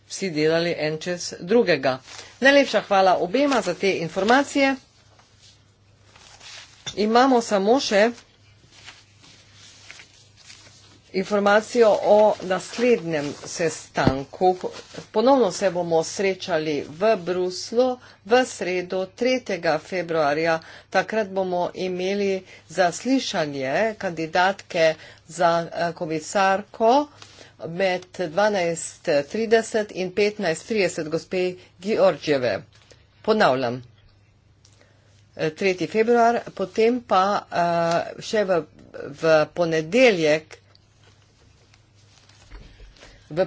vsi delali en čez drugega. Najlepša hvala obema za te informacije. Imamo samo še informacijo o naslednjem sestanku. Ponovno se bomo srečali v Bruslu v sredo 3. februarja. Takrat bomo imeli zaslišanje kandidatke za eh, komisarko med 12.30 in 15.30 gospe Georgijeve. Ponavljam. 3. Eh, februar, potem pa eh, še v, v ponedeljek V